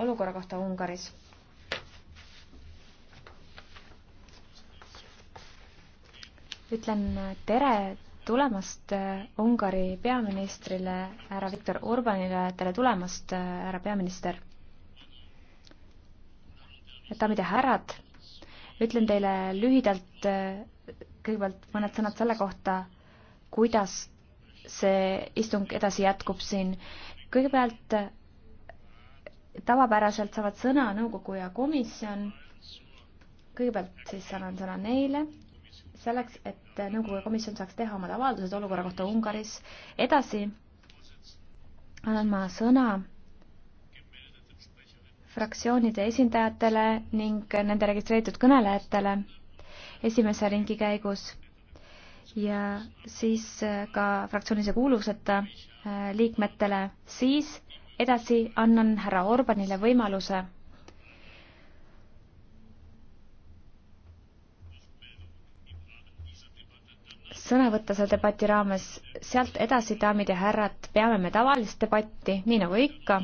olukorra kohta Ungaris. ütlen tere tulemast äh, Ungari peaministrile, härra Viktor Orbanile, tere tulemast, äh, härra peaminister. daamid ja härrad, ütlen teile lühidalt äh, kõigepealt mõned sõnad selle kohta, kuidas see istung edasi jätkub siin. kõigepealt tavapäraselt saavad sõna nõukogu ja komisjon. kõigepealt siis annan sõna neile selleks, et nõukogu ja komisjon saaks teha omad avaldused olukorra kohta Ungaris. edasi annan ma sõna fraktsioonide esindajatele ning nende registreeritud kõnelejatele esimese ringi käigus ja siis ka fraktsioonilise kuuluvuseta äh, liikmetele, siis edasi annan härra Orbanile võimaluse sõna võtta selle debati raames. sealt edasi, daamid ja härrad, peame me tavalist debatti, nii nagu ikka.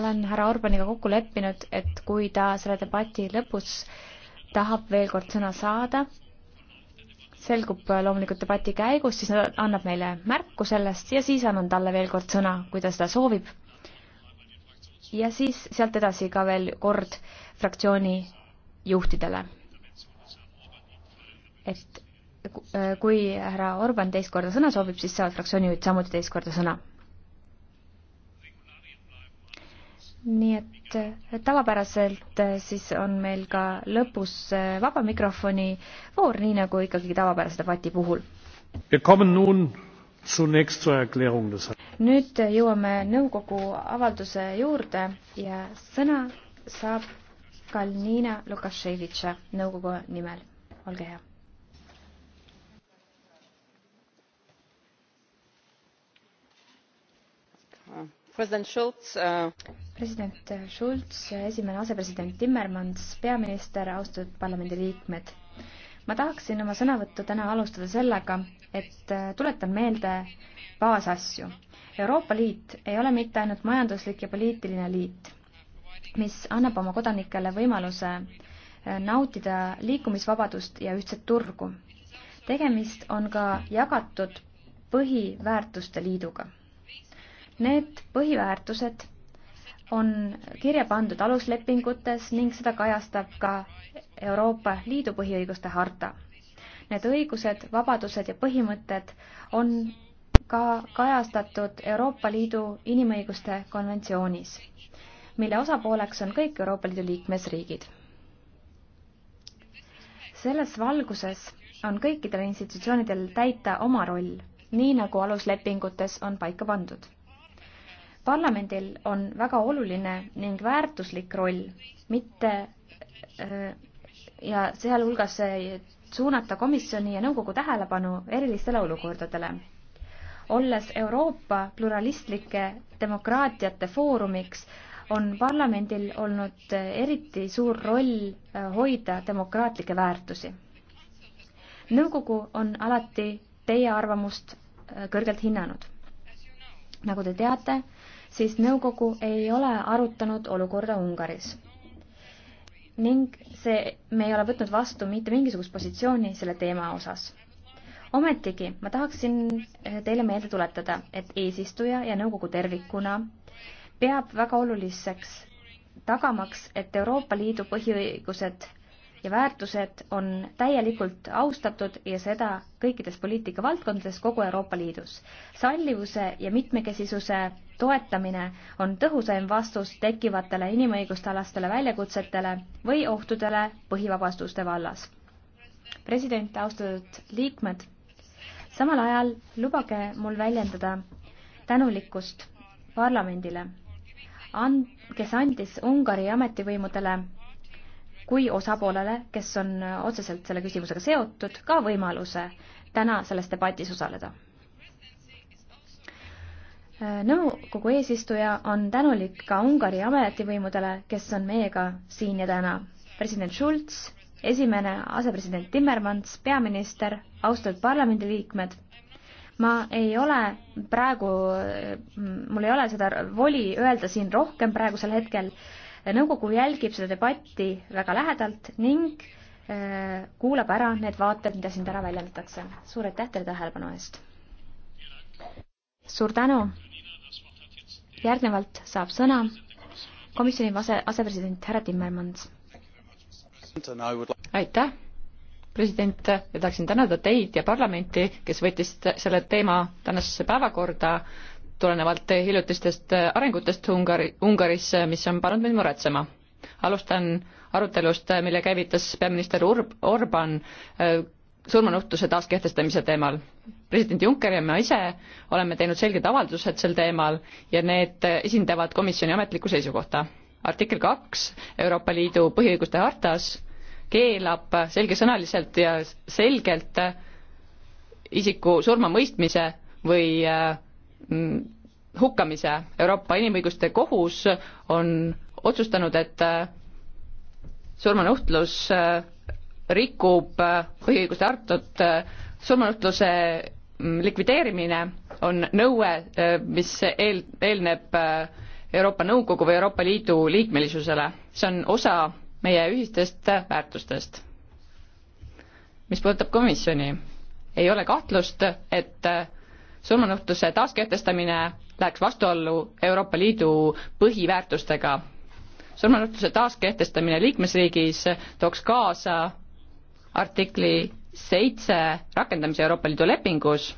olen härra Orbaniga kokku leppinud, et kui ta selle debati lõpus tahab veel kord sõna saada, selgub loomulikult debati käigus, siis annab meile märku sellest ja siis annan talle veel kord sõna, kui ta seda soovib ja siis sealt edasi ka veel kord fraktsiooni juhtidele. et äh, kui härra Orban teist korda sõna soovib, siis saavad fraktsiooni juhid samuti teist korda sõna. nii et äh, tavapäraselt äh, siis on meil ka lõpus vaba mikrofoni voor, nii nagu ikkagi tavapärast debati puhul. Wir kommen nun nüüd jõuame nõukogu avalduse juurde ja sõna saab Kalnina Lukaševitša nõukogu nimel. olge hea. president Schulz uh... president Schulz, esimene asepresident Timmermans, peaminister, austatud parlamendiliikmed. ma tahaksin oma sõnavõttu täna alustada sellega, et äh, tuletan meelde baasasju. Euroopa Liit ei ole mitte ainult majanduslik ja poliitiline liit, mis annab oma kodanikele võimaluse äh, nautida liikumisvabadust ja ühtset turgu. tegemist on ka jagatud põhiväärtuste liiduga. Need põhiväärtused on kirja pandud aluslepingutes ning seda kajastab ka Euroopa Liidu põhiõiguste harta Need õigused, vabadused ja põhimõtted on ka kajastatud Euroopa Liidu inimõiguste konventsioonis, mille osapooleks on kõik Euroopa Liidu liikmesriigid. selles valguses on kõikidel institutsioonidel täita oma roll, nii nagu aluslepingutes on paika pandud. parlamendil on väga oluline ning väärtuslik roll, mitte ja sealhulgas suunata komisjoni ja nõukogu tähelepanu erilistele olukordadele. olles Euroopa pluralistlike demokraatiate foorumiks, on parlamendil olnud eriti suur roll äh, hoida demokraatlikke väärtusi. nõukogu on alati teie arvamust äh, kõrgelt hinnanud. nagu te teate, siis nõukogu ei ole arutanud olukorda Ungaris ning see, me ei ole võtnud vastu mitte mingisugust positsiooni selle teema osas. ometigi ma tahaksin eh, teile meelde tuletada, et eesistuja ja nõukogu tervikuna peab väga oluliseks tagamaks, et Euroopa Liidu põhiõigused ja väärtused on täielikult austatud ja seda kõikides poliitikavaldkondades kogu Euroopa Liidus. sallivuse ja mitmekesisuse toetamine on tõhusaim vastus tekkivatele inimõigustalastele väljakutsetele või ohtudele põhivabastuste vallas. president, austatud liikmed, samal ajal lubage mul väljendada tänulikkust parlamendile, an-, kes andis Ungari ametivõimudele kui osapoolele, kes on otseselt selle küsimusega seotud, ka võimaluse täna selles debatis osaleda. nõukogu eesistuja on tänulik ka Ungari ametivõimudele, kes on meiega siin ja täna. president Schulz, esimene asepresident Timmermans, peaminister, austatud parlamendiliikmed ma ei ole praegu, mul ei ole seda voli öelda siin rohkem praegusel hetkel, nõukogu jälgib seda debatti väga lähedalt ning äh, kuulab ära need vaated, mida siin täna väljendatakse. suur aitäh teile tähelepanu eest! suur tänu! järgnevalt saab sõna komisjoni ase, asepresident härra Timmermans. aitäh, president, ja tahaksin tänada teid ja parlamenti, kes võttis selle teema tänasesse päevakorda tulenevalt hiljutistest arengutest Ungari, Ungaris, mis on pannud mind muretsema. alustan arutelust, mille käivitas peaminister Urb-, Orban äh, surmanuhtluse taaskehtestamise teemal. president Juncker ja ma ise oleme teinud selged avaldused sel teemal ja need esindavad komisjoni ametlikku seisukohta. artikkel kaks Euroopa Liidu põhiõiguste hartas keelab selgesõnaliselt ja selgelt isiku surmamõistmise või äh, hukkamise. Euroopa Inimõiguste Kohus on otsustanud, et äh, surmanuhtlus äh, rikub äh, põhiõiguste hartut, surmanuhtluse mm, likvideerimine on nõue, mis eel, eelneb Euroopa Nõukogu või Euroopa Liidu liikmelisusele. see on osa meie ühistest väärtustest. mis puudutab komisjoni, ei ole kahtlust, et surmanuhtluse taaskehtestamine läheks vastuollu Euroopa Liidu põhiväärtustega. surmanuhtluse taaskehtestamine liikmesriigis tooks kaasa artikli seitse rakendamise Euroopa Liidu lepingus,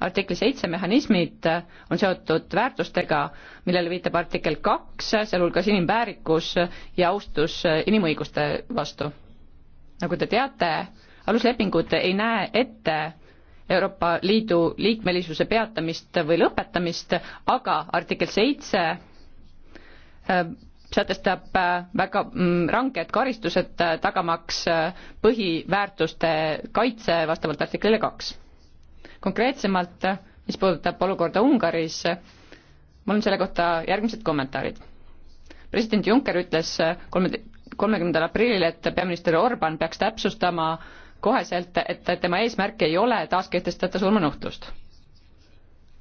artikli seitse mehhanismid on seotud väärtustega, millele viitab artikkel kaks, sealhulgas inimväärikus ja austus inimõiguste vastu. nagu te teate, aluslepingud ei näe ette Euroopa Liidu liikmelisuse peatamist või lõpetamist, aga artikkel seitse äh, sätestab äh, väga mm, ranged karistused, äh, tagamaks põhiväärtuste kaitse vastavalt artiklile kaks. konkreetsemalt, mis puudutab olukorda Ungaris, mul on selle kohta järgmised kommentaarid. president Juncker ütles kolme, kolmekümnendal aprillil, et peaminister Orban peaks täpsustama äh, koheselt, et tema eesmärk ei ole taaskehtestada surmanuhtlust.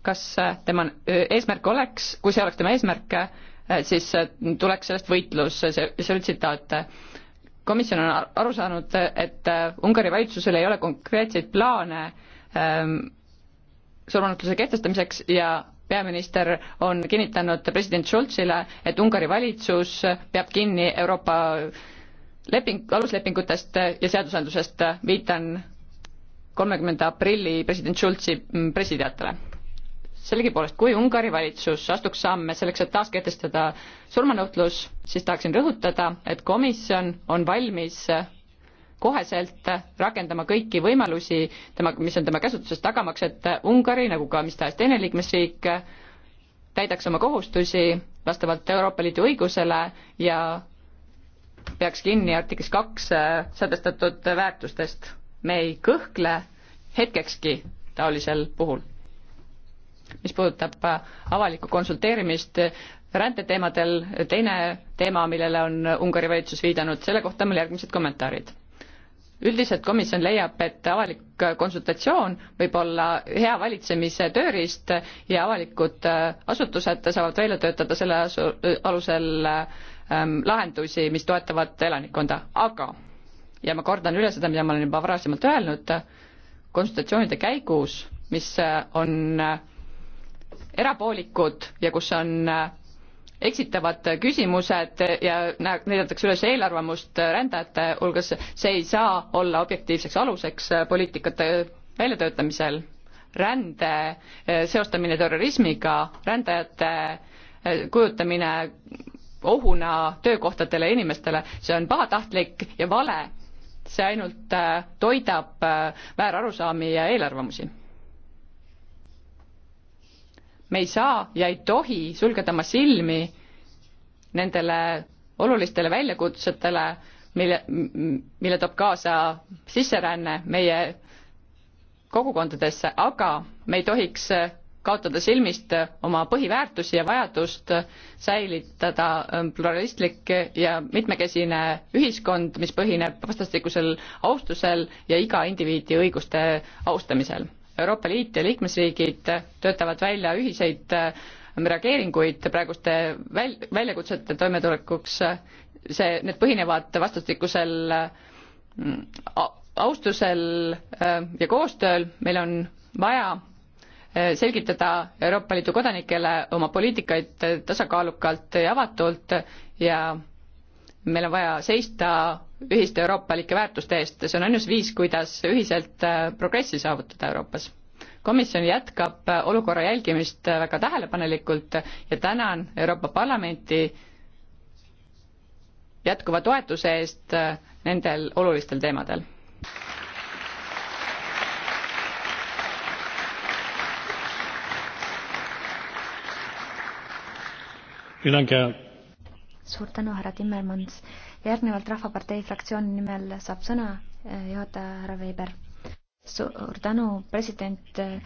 kas tema eesmärk oleks, kui see oleks tema eesmärk, siis tuleks sellest võitlus, see, see oli tsitaat. komisjon on aru saanud, et Ungari valitsusel ei ole konkreetseid plaane ähm, surmanuhtluse kehtestamiseks ja peaminister on kinnitanud president Schulzile, et Ungari valitsus peab kinni Euroopa leping, aluslepingutest ja seadusandlusest viitan kolmekümnenda aprilli president Schulzi mm, pressiteatele. sellegipoolest, kui Ungari valitsus astuks samme selleks, et taaskehtestada surmanuhtlus, siis tahaksin rõhutada, et komisjon on valmis koheselt rakendama kõiki võimalusi tema, mis on tema käsutuses, tagamaks, et Ungari, nagu ka mis tahes teine liikmesriik, täidaks oma kohustusi vastavalt Euroopa Liidu õigusele ja peaks kinni artiklis kaks äh, sätestatud väärtustest. me ei kõhkle hetkekski taolisel puhul. mis puudutab äh, avalikku konsulteerimist äh, rändeteemadel, teine teema, millele on Ungari valitsus viidanud, selle kohta on mul järgmised kommentaarid. üldiselt komisjon leiab, et avalik konsultatsioon võib olla hea valitsemise tööriist ja avalikud asutused saavad välja töötada selle alusel Ähm, lahendusi, mis toetavad elanikkonda, aga ja ma kordan üle seda, mida ma olen juba varasemalt öelnud, konsultatsioonide käigus, mis äh, on äh, erapoolikud ja kus on äh, eksitavad küsimused ja näidatakse üles eelarvamust rändajate hulgas, see ei saa olla objektiivseks aluseks poliitikate väljatöötamisel. rände seostamine terrorismiga, rändajate kujutamine ohuna töökohtadele ja inimestele, see on pahatahtlik ja vale. see ainult äh, toidab äh, väärarusaami ja eelarvamusi. me ei saa ja ei tohi sulgeda oma silmi nendele olulistele väljakutsetele, mille, mille toob kaasa sisseränne meie kogukondadesse, aga me ei tohiks äh, kaotada silmist äh, oma põhiväärtusi ja vajadust äh, säilitada ähm, pluralistlik ja mitmekesine ühiskond, mis põhineb vastastikusel austusel ja iga indiviidi õiguste austamisel. Euroopa Liit ja liikmesriigid äh, töötavad välja ühiseid reageeringuid praeguste väl-, väljakutsete toimetulekuks, see, need põhinevad vastastikusel mm, austusel ja koostööl, meil on vaja selgitada Euroopa Liidu kodanikele oma poliitikaid tasakaalukalt ja avatult ja meil on vaja seista ühiste euroopalike väärtuste eest, see on ainus viis, kuidas ühiselt äh, progressi saavutada Euroopas. komisjon jätkab äh, olukorra jälgimist äh, väga tähelepanelikult ja tänan Euroopa Parlamenti jätkuva toetuse eest nendel olulistel teemadel. suur tänu, härra Timmermans. järgnevalt Rahvapartei fraktsiooni nimel saab sõna eh, juhataja härra Veiber. suur tänu, president, eh,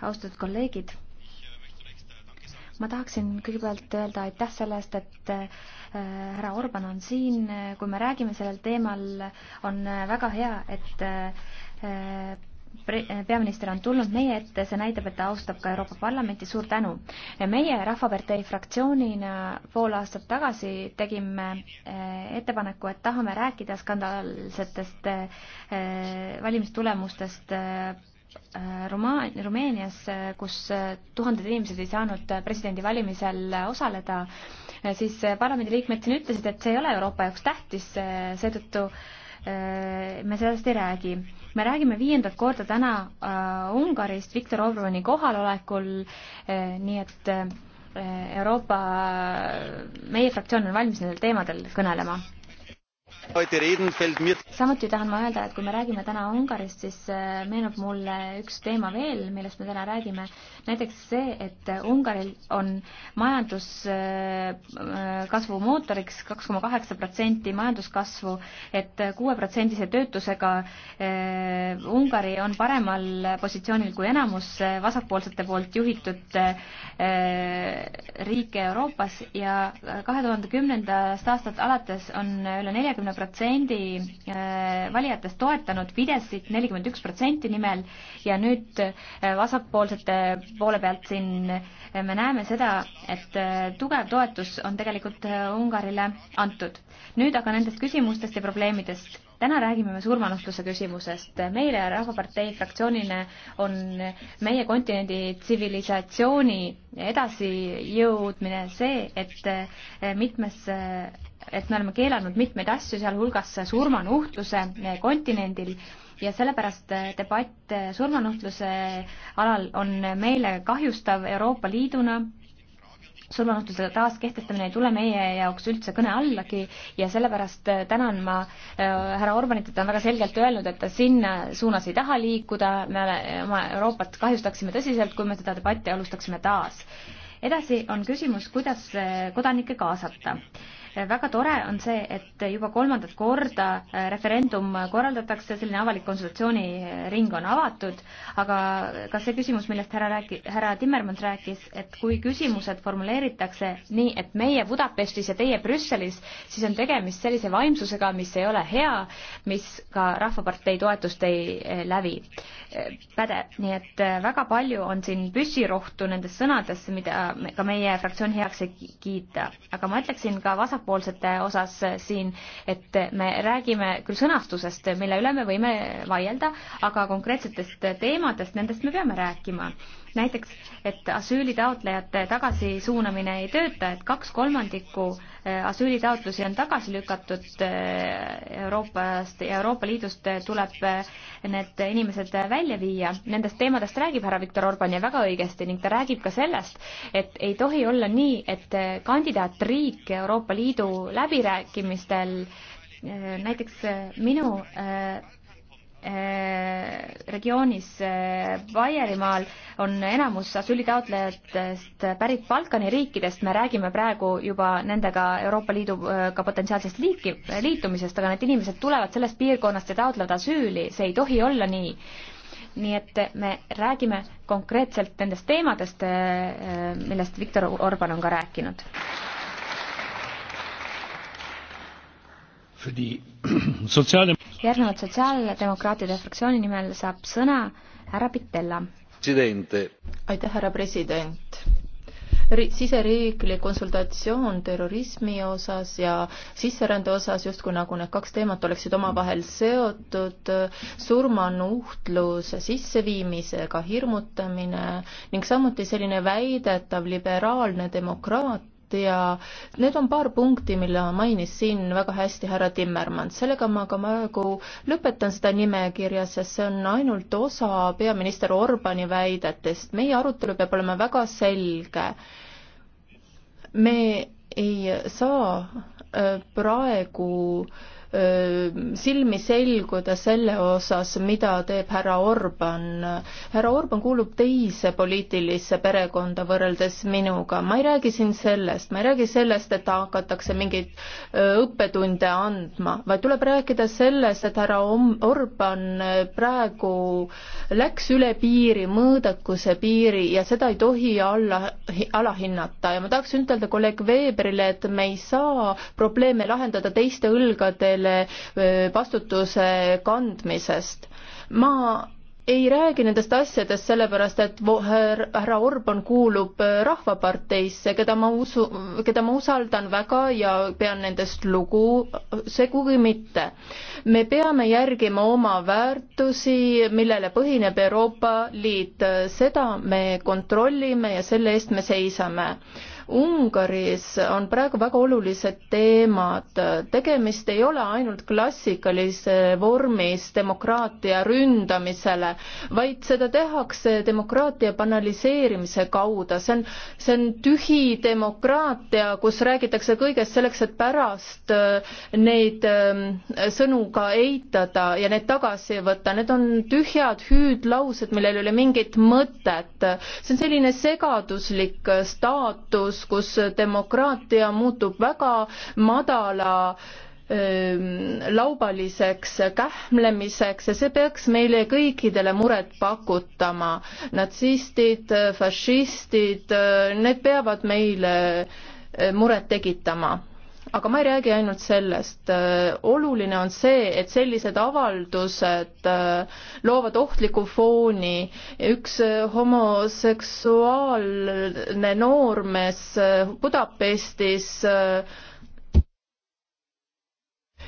austatud kolleegid ma tahaksin kõigepealt öelda aitäh selle eest, et eh, härra Orban on siin, kui me räägime sellel teemal, on väga hea, et peaminister on tulnud meie ette, see näitab, et ta austab ka Euroopa Parlamenti, suur tänu. meie Rahvapartei fraktsioonina pool aastat tagasi tegime eh, ettepaneku, et tahame rääkida skandaalsetest eh, valimistulemustest eh, Rumaan-, Rumeenias, kus tuhanded inimesed ei saanud presidendivalimisel osaleda, siis parlamendiliikmed siin ütlesid, et see ei ole Euroopa jaoks tähtis, seetõttu äh, Äh, me sellest ei räägi. me räägime viiendat korda täna äh, Ungarist Viktor Orbani kohalolekul, äh, nii et Euroopa, meie fraktsioon on valmis nendel teemadel kõnelema samuti tahan ma öelda, et kui me räägime täna Ungarist, siis äh, meenub mulle üks teema veel, millest me täna räägime. näiteks see, et Ungaril on majanduskasvu äh, mootoriks kaks koma kaheksa protsenti majanduskasvu et, et kuueprotsendise töötusega äh, Ungari on paremal positsioonil kui enamus vasakpoolsete poolt juhitud riike Euroopas ja kahe tuhande kümnendast aastast alates on üle neljakümne seitsmekümne protsendi äh, valijatest toetanud Fidesit nelikümmend üks protsenti nimel ja nüüd äh, vasakpoolsete poole pealt siin äh, me näeme seda, et tugev toetus on tegelikult Ungarile antud. nüüd aga nendest küsimustest ja probleemidest täna räägime me surmanuhtluse küsimusest. meile Rahvapartei fraktsioonina on meie kontinendi tsivilisatsiooni edasijõudmine see, et mitmes et me oleme keelanud mitmeid asju, sealhulgas surmanuhtluse kontinendil ja sellepärast debatt surmanuhtluse alal on meile kahjustav Euroopa Liiduna surmanuhtluse taaskehtestamine ei tule meie jaoks üldse kõne allagi ja sellepärast tänan ma äh, härra Orbanit, et ta on väga selgelt öelnud, et ta sinna suunas ei taha liikuda, me oma Euroopat kahjustaksime tõsiselt, kui me seda debatti alustaksime taas. edasi on küsimus, kuidas äh, kodanikke kaasata väga tore on see, et juba kolmandat korda äh, referendum korraldatakse, selline avalik konsultatsiooniring äh, on avatud, aga ka see küsimus, millest härra rääki-, härra Timmermans rääkis, et kui küsimused formuleeritakse nii, et meie Budapestis ja teie Brüsselis, siis on tegemist sellise vaimsusega, mis ei ole hea, mis ka Rahvapartei toetust ei äh, lävi, päde. nii et väga palju on siin püssirohtu nendes sõnades, mida ka meie fraktsioon heaks ei kiita. aga ma ütleksin ka vasak- vasakpoolsete osas siin, et me räägime küll sõnastusest, mille üle me võime vaielda, aga konkreetsetest teemadest, nendest me peame rääkima. näiteks, et asüülitaotlejate tagasisuunamine ei tööta, et kaks kolmandikku äh, Eh, asüülitaotlusi on tagasi lükatud eh, Euroopast ja Euroopa Liidust eh, tuleb need inimesed välja viia. Nendest teemadest räägib härra Viktor Orban ja väga õigesti ning ta räägib ka sellest, et ei tohi olla nii, et kandidaatriik Euroopa Liidu läbirääkimistel näiteks minu Eh, regioonis eh, Baierimaal on enamus asüülitaotlejatest pärit Balkani riikidest, me räägime praegu juba nendega Euroopa Liiduga eh, potentsiaalsest liiki, liitumisest, aga need inimesed tulevad sellest piirkonnast ja taotlevad asüüli, see ei tohi olla nii. nii et me räägime konkreetselt nendest teemadest, millest Viktor Orban on ka rääkinud. järgnevalt Sotsiaaldemokraatide fraktsiooni nimel saab sõna härra Pitella. aitäh, härra president siseriiklik konsultatsioon terrorismi osas ja sisserände osas, justkui nagu need kaks teemat oleksid omavahel seotud, surmanuhtluse sisseviimisega hirmutamine ning samuti selline väidetav liberaalne demokraatia, teemat ja need on paar punkti, mille mainis siin väga hästi härra Timmermann. sellega ma ka praegu lõpetan seda nimekirja, sest see on ainult osa peaminister Orbani väidetest. meie arutelu peab olema väga selge. me ei saa äh, praegu äh, silmi selguda selle osas, mida teeb härra Orban. härra Orban kuulub teise poliitilisse perekonda võrreldes minuga. ma ei räägi siin sellest, ma ei räägi sellest, et hakatakse mingeid õppetunde andma, vaid tuleb rääkida sellest, et härra Orban praegu läks üle piiri, mõõdakuse piiri ja seda ei tohi alla, alahinnata ja ma tahaks ütelda kolleeg Veeberile, et me ei saa probleeme lahendada teiste õlgadel, selle vastutuse kandmisest. ma ei räägi nendest asjadest sellepärast, et härra Orban kuulub Rahvaparteisse, keda ma usu, keda ma usaldan väga ja pean nendest lugu, segugi mitte. me peame järgima oma väärtusi, millele põhineb Euroopa Liit, seda me kontrollime ja selle eest me seisame Ungaris on praegu väga olulised teemad, tegemist ei ole ainult klassikalise vormis demokraatia ründamisele, vaid seda tehakse demokraatia banaliseerimise kaudu, see on, see on tühi demokraatia, kus räägitakse kõigest selleks, et pärast äh, neid ähm, sõnu ka eitada ja need tagasi võtta, need on tühjad hüüdlaused, millel ei ole mingit mõtet. see on selline segaduslik äh, staatus, maailmas, kus demokraatia muutub väga madala ehm, laubaliseks kähmlemiseks ja see peaks meile kõikidele muret pakutama. natsistid, fašistid, need peavad meile eh, muret tekitama aga ma ei räägi ainult sellest. Äh, oluline on see, et sellised avaldused äh, loovad ohtliku fooni. üks äh, homoseksuaalne noormees Budapestis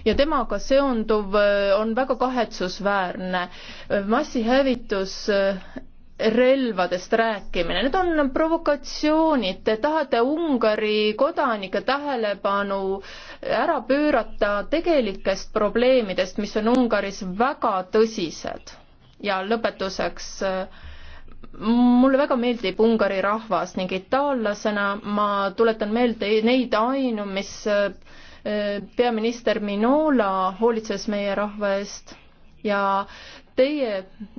ja temaga seonduv on väga kahetsusväärne. massihävitus relvadest rääkimine, need on provokatsioonid, te tahate Ungari kodanike tähelepanu ära pöörata tegelikest probleemidest, mis on Ungaris väga tõsised. ja lõpetuseks, mulle väga meeldib Ungari rahvas ning itaallasena ma tuletan meelde neid ainu, mis eh, peaminister Minola hoolitses meie rahva eest ja teie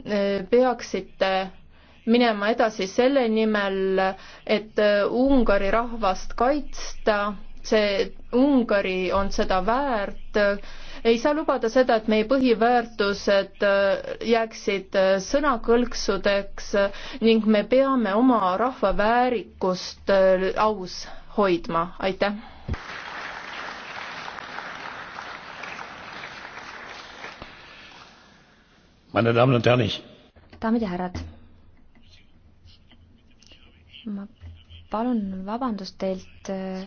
eh, peaksite minema edasi selle nimel, et äh, Ungari rahvast kaitsta, see Ungari on seda väärt, ei saa lubada seda, et meie põhiväärtused äh, jääksid äh, sõnakõlksudeks ning me peame oma rahva väärikust aus hoidma, aitäh. daamid ja härrad ma palun vabandust teilt. Äh,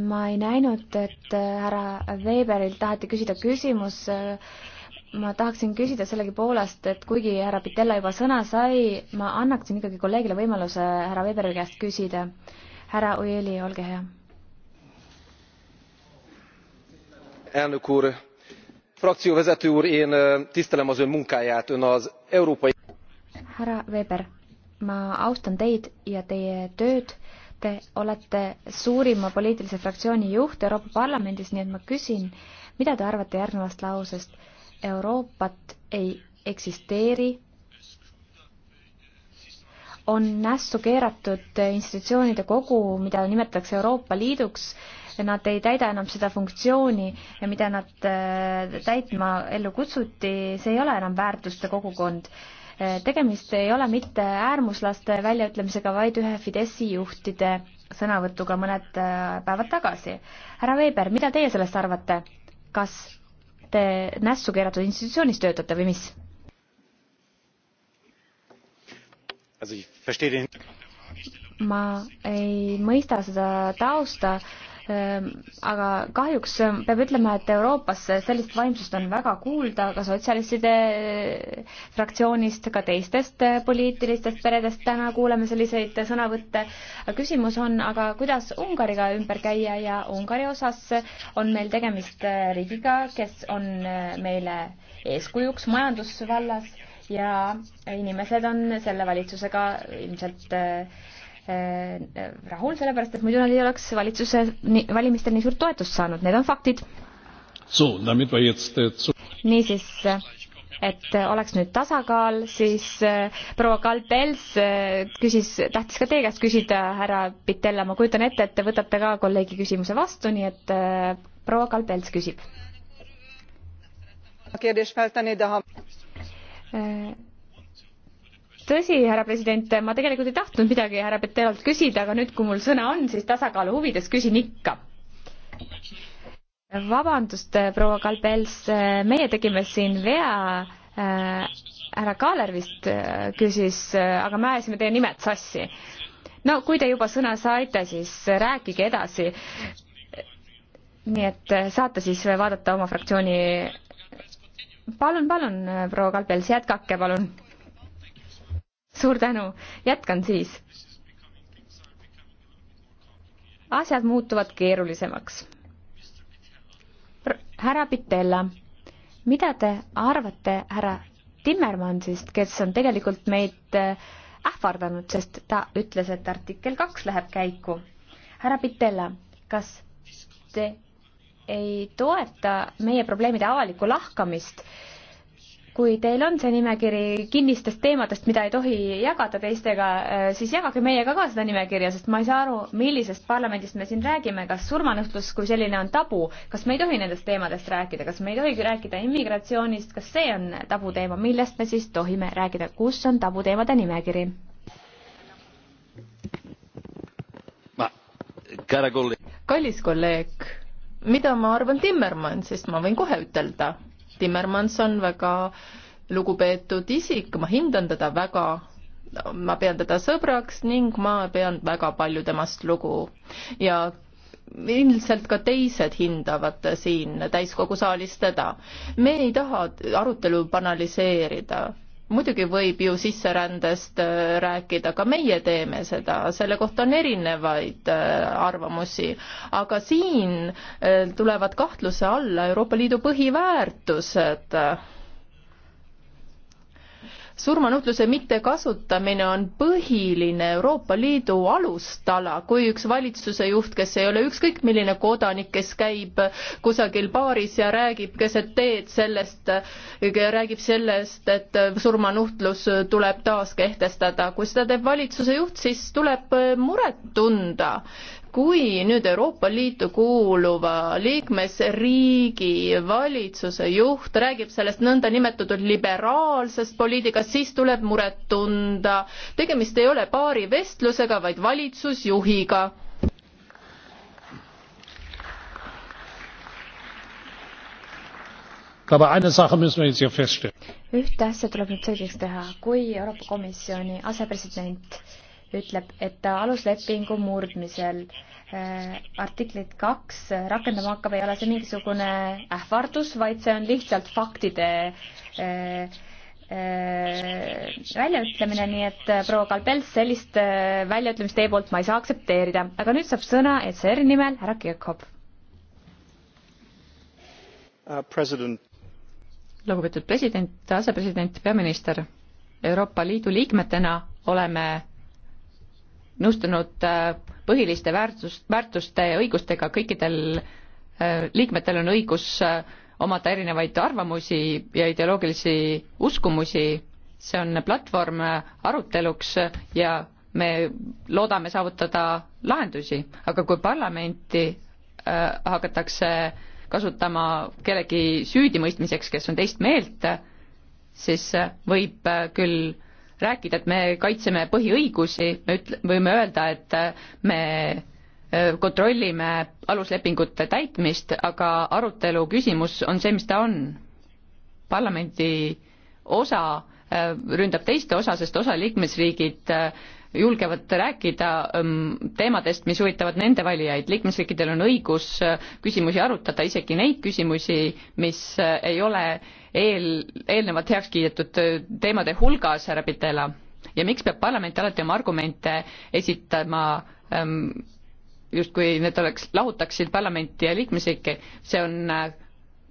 ma ei näinud, et äh, härra Weberilt taheti küsida küsimus. ma tahaksin küsida sellegipoolest, et kuigi härra Pitella juba sõna sai, ma annaksin ikkagi kolleegile võimaluse härra Weberi käest küsida. härra Ujeli, olge hea. elnök úr, frakcióvezető úr én tisztelem az ön munkáját ön az európai. härra weber ma austan teid ja teie tööd te olete suurima poliitilise fraktsiooni juht euroopa parlamendis nii et ma küsin mida te arvate järgnevast lausest euroopat ei eksisteeri on nässu keeratud institutsioonide kogu mida nimetatakse euroopa liiduks nad ei täida enam seda funktsiooni, mida nad äh, täitma ellu kutsuti, see ei ole enam väärtuste kogukond. Äh, tegemist ei ole mitte äärmuslaste väljaütlemisega, vaid ühe Fideszi juhtide sõnavõtuga mõned äh, päevad tagasi. härra Weber, mida teie sellest arvate? kas te nässu keeratud institutsioonis töötate või mis? ma ei mõista seda tausta Ehm, aga kahjuks ehm, peab ütlema, et Euroopas sellist vaimsust on väga kuulda ka sotsialistide ehm, fraktsioonist, ka teistest poliitilistest peredest täna kuuleme selliseid sõnavõtte. küsimus on aga, kuidas Ungariga ümber käia ja Ungari osas on meil tegemist riigiga, kes on meile eeskujuks majandusvallas ja inimesed on selle valitsusega ilmselt äh, Äh, rahul, sellepärast et muidu nad ei oleks valitsuse valimistel nii suurt toetust saanud, need on faktid. Äh, niisiis, et äh, oleks nüüd tasakaal, siis proua Kalpels küsis, tahtis ka teie käest küsida, härra Pitella, ma kujutan ette, et te võtate ka kolleegi küsimuse vastu, nii et proua Kalpels küsib tõsi, härra president, ma tegelikult ei tahtnud midagi härra Petelalt küsida, aga nüüd, kui mul sõna on, siis tasakaalu huvides küsin ikka. vabandust, proua Kalbels, meie tegime siin vea äh,. härra Kaaler vist äh, küsis äh,, aga me ajasime teie nimed sassi. no kui te juba sõna saite, siis rääkige edasi. nii et äh, saate siis vaadata oma fraktsiooni palun, palun, äh, proua Kalbels, jätkake, palun suur tänu, jätkan siis. asjad muutuvad keerulisemaks. härra Pitella, mida te arvate härra Timmermansist, kes on tegelikult meid äh, ähvardanud, sest ta ütles, et artikkel kaks läheb käiku. härra Pitella, kas te ei toeta meie probleemide avalikku lahkamist kui teil on see nimekiri kinnistest teemadest, mida ei tohi jagada teistega, äh, siis jagage meiega ka seda nimekirja, sest ma ei saa aru, millisest parlamendist me siin räägime, kas surmanuhtlus kui selline on tabu, kas me ei tohi nendest teemadest rääkida, kas me ei tohi rääkida immigratsioonist, kas see on tabuteema, millest me siis tohime rääkida, kus on tabuteemade nimekiri? kallis kolleeg, mida ma arvan Timmermansist, ma võin kohe ütelda Timmermans on väga lugupeetud isik, ma hindan teda väga, ma pean teda sõbraks ning ma pean väga palju temast lugu. ja ilmselt ka teised hindavad siin täiskogu saalis teda. me ei taha arutelu banaliseerida muidugi võib ju sisserändest äh, rääkida, ka meie teeme seda, selle kohta on erinevaid äh, arvamusi, aga siin äh, tulevad kahtluse alla Euroopa Liidu põhiväärtused surmanuhtluse mittekasutamine on põhiline Euroopa Liidu alustala, kui üks valitsuse juht, kes ei ole ükskõik milline kodanik, kes käib kusagil baaris ja räägib keset teed sellest, räägib sellest, et surmanuhtlus tuleb taas kehtestada. kui seda teeb valitsuse juht, siis tuleb muret tunda kui nüüd Euroopa Liitu kuuluva liikmesriigi valitsuse juht räägib sellest nõndanimetatud liberaalsest poliitikast, siis tuleb muret tunda. tegemist ei ole paari vestlusega, vaid valitsusjuhiga. ühte asja tuleb nüüd selgeks teha, kui Euroopa Komisjoni asepresident ütleb, et aluslepingu murdmisel äh, artiklit kaks rakendama hakkab, ei ole see mingisugune ähvardus, vaid see on lihtsalt faktide äh, äh, väljaütlemine, nii et proua Kalbels, sellist väljaütlemist teie poolt ma ei saa aktsepteerida. aga nüüd saab sõna ECR-i nimel härra Kirchhoff. Uh, lugupeetud president, asepresident, peaminister, Euroopa Liidu liikmetena oleme nõustunud äh, põhiliste väärtust, väärtuste ja õigustega, kõikidel äh, liikmetel on õigus äh, omada erinevaid arvamusi ja ideoloogilisi uskumusi, see on platvorm aruteluks ja me loodame saavutada lahendusi, aga kui parlamenti hakatakse kasutama kellegi süüdimõistmiseks, kes on teist meelt, siis võib küll rääkida, et me kaitseme põhiõigusi, me üt-, võime öelda, et äh, me äh, kontrollime aluslepingute täitmist, aga arutelu küsimus on see, mis ta on. parlamendi osa äh, ründab teiste osa, sest osa liikmesriigid julgevad rääkida ähm, teemadest, mis huvitavad nende valijaid. liikmesriikidel on õigus küsimusi arutada, isegi neid küsimusi, mis ei ole eel, eelnevalt heaks kiidetud teemade hulgas, härra Pitela, ja miks peab parlament alati oma argumente esitama ähm, justkui need oleks, lahutaksid parlamenti ja liikmesriike, see on äh,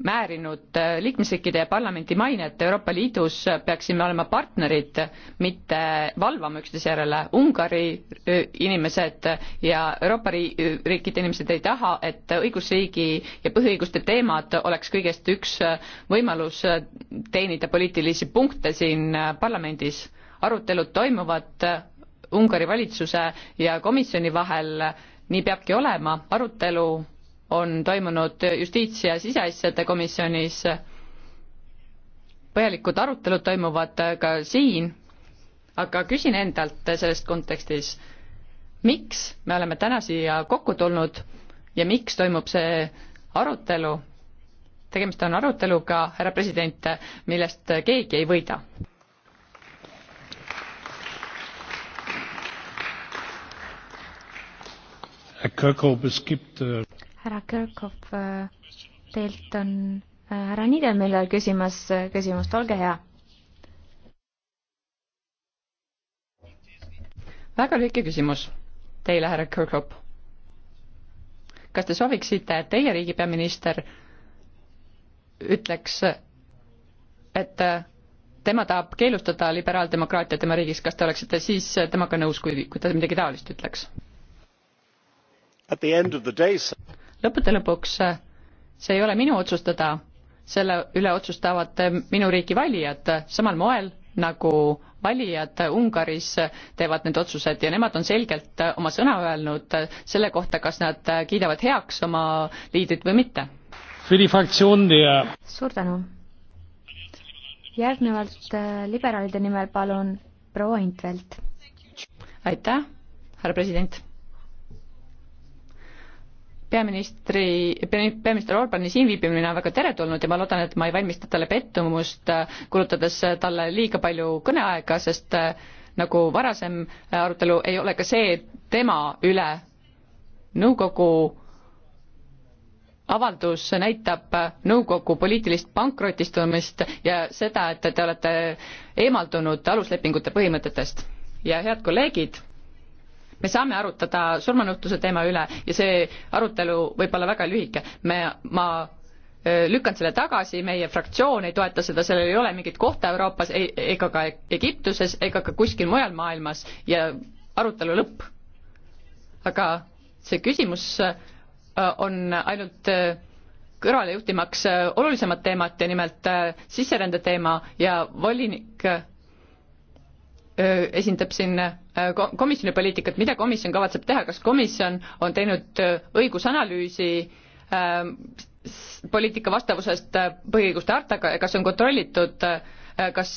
määrinud äh, liikmesriikide ja parlamenti mainet Euroopa Liidus peaksime olema partnerid, mitte valvama üksteise järele. Ungari äh, inimesed ja Euroopa riikide inimesed ei taha, et õigusriigi ja põhiõiguste teemad oleks kõigest üks äh, võimalus teenida poliitilisi punkte siin parlamendis. arutelud toimuvad Ungari valitsuse ja komisjoni vahel, nii peabki olema, arutelu on toimunud justiits- ja siseasjade komisjonis, põhjalikud arutelud toimuvad ka siin, aga küsin endalt selles kontekstis, miks me oleme täna siia kokku tulnud ja miks toimub see arutelu, tegemist on aruteluga, härra president, millest keegi ei võida herr kirkhope es gibt. Äh, härra Kirkhoff, eh, teilt on eh, härra Niedermüller küsimas eh, küsimust, olge hea. väga lühike küsimus teile, härra Kirkhoff. kas te sooviksite, et teie riigi peaminister ütleks, et tema tahab keelustada liberaaldemokraatia tema riigis, kas te oleksite siis temaga nõus, kui, kui ta midagi taolist ütleks? lõppude lõpuks äh, see ei ole minu otsustada, selle üle otsustavad äh, minu riigi valijad samal moel, nagu valijad Ungaris äh, teevad need otsused ja nemad on selgelt oma sõna öelnud selle kohta, kas nad kiidavad heaks oma liidrit või mitte. suur tänu. järgnevalt liberaalide nimel palun proua Intvelt. aitäh, härra president peaministri, peaminister Orbani siinviibimine on väga teretulnud ja ma loodan, et ma ei valmista talle pettumust, kulutades talle liiga palju kõneaega, sest äh, nagu varasem äh, arutelu, ei ole ka see tema üle. nõukogu avaldus näitab äh, nõukogu poliitilist pankrotistumist ja seda, et te olete eemaldunud aluslepingute põhimõtetest. ja head kolleegid me saame arutada surmanuhtluse teema üle ja see arutelu võib olla väga lühike. me, ma äh, lükkan selle tagasi, meie fraktsioon ei toeta seda, sellel ei ole mingit kohta Euroopas ega ka Egiptuses ega ka kuskil mujal maailmas ja arutelu lõpp. aga see küsimus äh, on ainult äh, kõrvale juhtimaks olulisemat teemat ja nimelt sisserände teema ja volinik esindab siin komisjoni poliitikat, mida komisjon kavatseb teha, kas komisjon on teinud õigusanalüüsi poliitika vastavusest põhiõiguste hartaga ja kas on kontrollitud, kas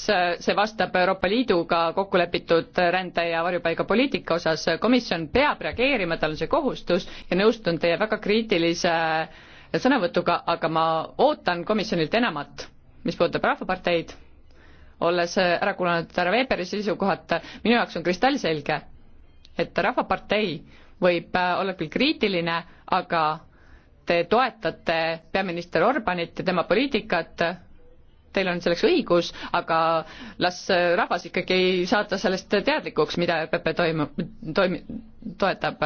see vastab Euroopa Liiduga kokku lepitud rände- ja varjupaigapoliitika osas, komisjon peab reageerima, tal on see kohustus ja nõustun teie väga kriitilise sõnavõtuga, aga ma ootan komisjonilt enamat, mis puudutab Rahvaparteid olles äh, ära kuulanud härra Weberi seisukohad, minu jaoks on kristallselge, et Rahvapartei võib äh, olla küll kriitiline, aga te toetate peaminister Orbanit ja tema poliitikat, teil on selleks õigus, aga las äh, rahvas ikkagi ei saada sellest teadlikuks, mida ÖPP toimu-, toimi-, toetab.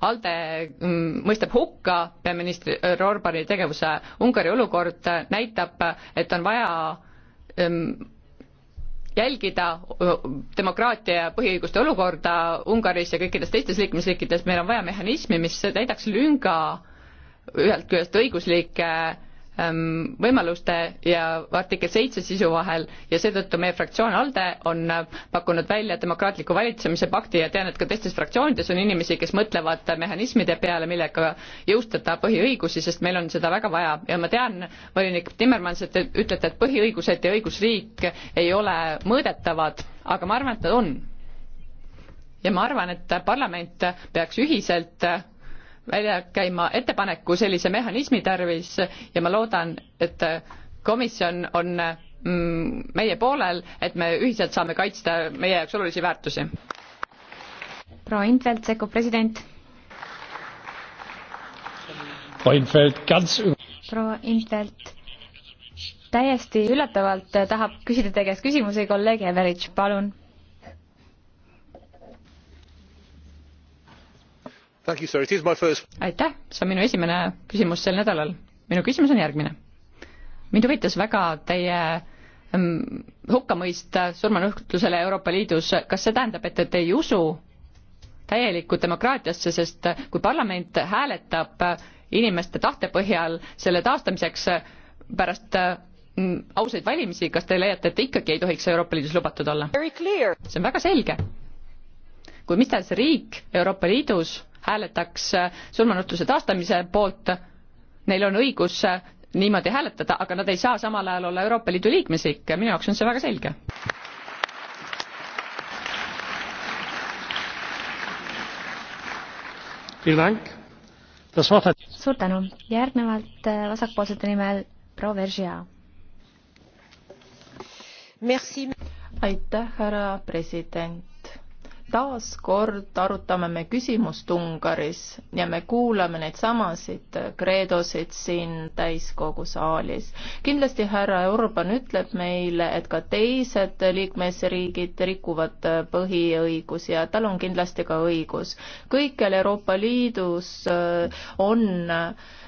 ALDE mm, mõistab hukka peaministri Orbani tegevuse, Ungari olukord näitab, et on vaja mm, jälgida demokraatia ja põhiõiguste olukorda Ungaris ja kõikides teistes liikmesriikides, meil on vaja mehhanismi, mis täidaks lünga ühelt küljest õiguslike Ähm, võimaluste ja artikkel seitse sisu vahel ja seetõttu meie fraktsioon ALDE on äh, pakkunud välja demokraatliku valitsemise pakti ja tean, et ka teistes fraktsioonides on inimesi, kes mõtlevad mehhanismide peale, millega jõustada põhiõigusi, sest meil on seda väga vaja ja ma tean, volinik Timmermans, et te ütlete, et põhiõigused ja õigusriik ei ole mõõdetavad, aga ma arvan, et nad on ja ma arvan, et parlament peaks ühiselt välja käima ettepaneku sellise mehhanismi tarvis ja ma loodan, et komisjon on mm, meie poolel, et me ühiselt saame kaitsta meie jaoks olulisi väärtusi. proua Intvelt sekkub president. proua Intvelt, ganz proua Intvelt, täiesti üllatavalt tahab küsida teie käest küsimusi kolleeg Everidž, palun aitäh, see on minu esimene küsimus sel nädalal. minu küsimus on järgmine. mind huvitas väga teie mm, hukkamõist surmanuhtlusele Euroopa Liidus, kas see tähendab, et te ei usu täielikku demokraatiasse, sest kui parlament hääletab inimeste tahte põhjal selle taastamiseks pärast mm, ausaid valimisi, kas te leiate, et ikkagi ei tohiks Euroopa Liidus lubatud olla? see on väga selge. kui mis tahes riik Euroopa Liidus hääletaks äh, surmanutluse taastamise poolt, neil on õigus äh, niimoodi hääletada, aga nad ei saa samal ajal olla Euroopa Liidu liikmesriik, minu jaoks on see väga selge. suur tänu, järgnevalt äh, vasakpoolsete nimel proua Veržia. aitäh, härra president taas kord arutame me küsimust Ungaris ja me kuulame neid samasid kreedosid siin täiskogu saalis. kindlasti härra Orban ütleb meile, et ka teised liikmesriigid rikuvad põhiõigusi ja tal on kindlasti ka õigus. kõikjal Euroopa Liidus äh, on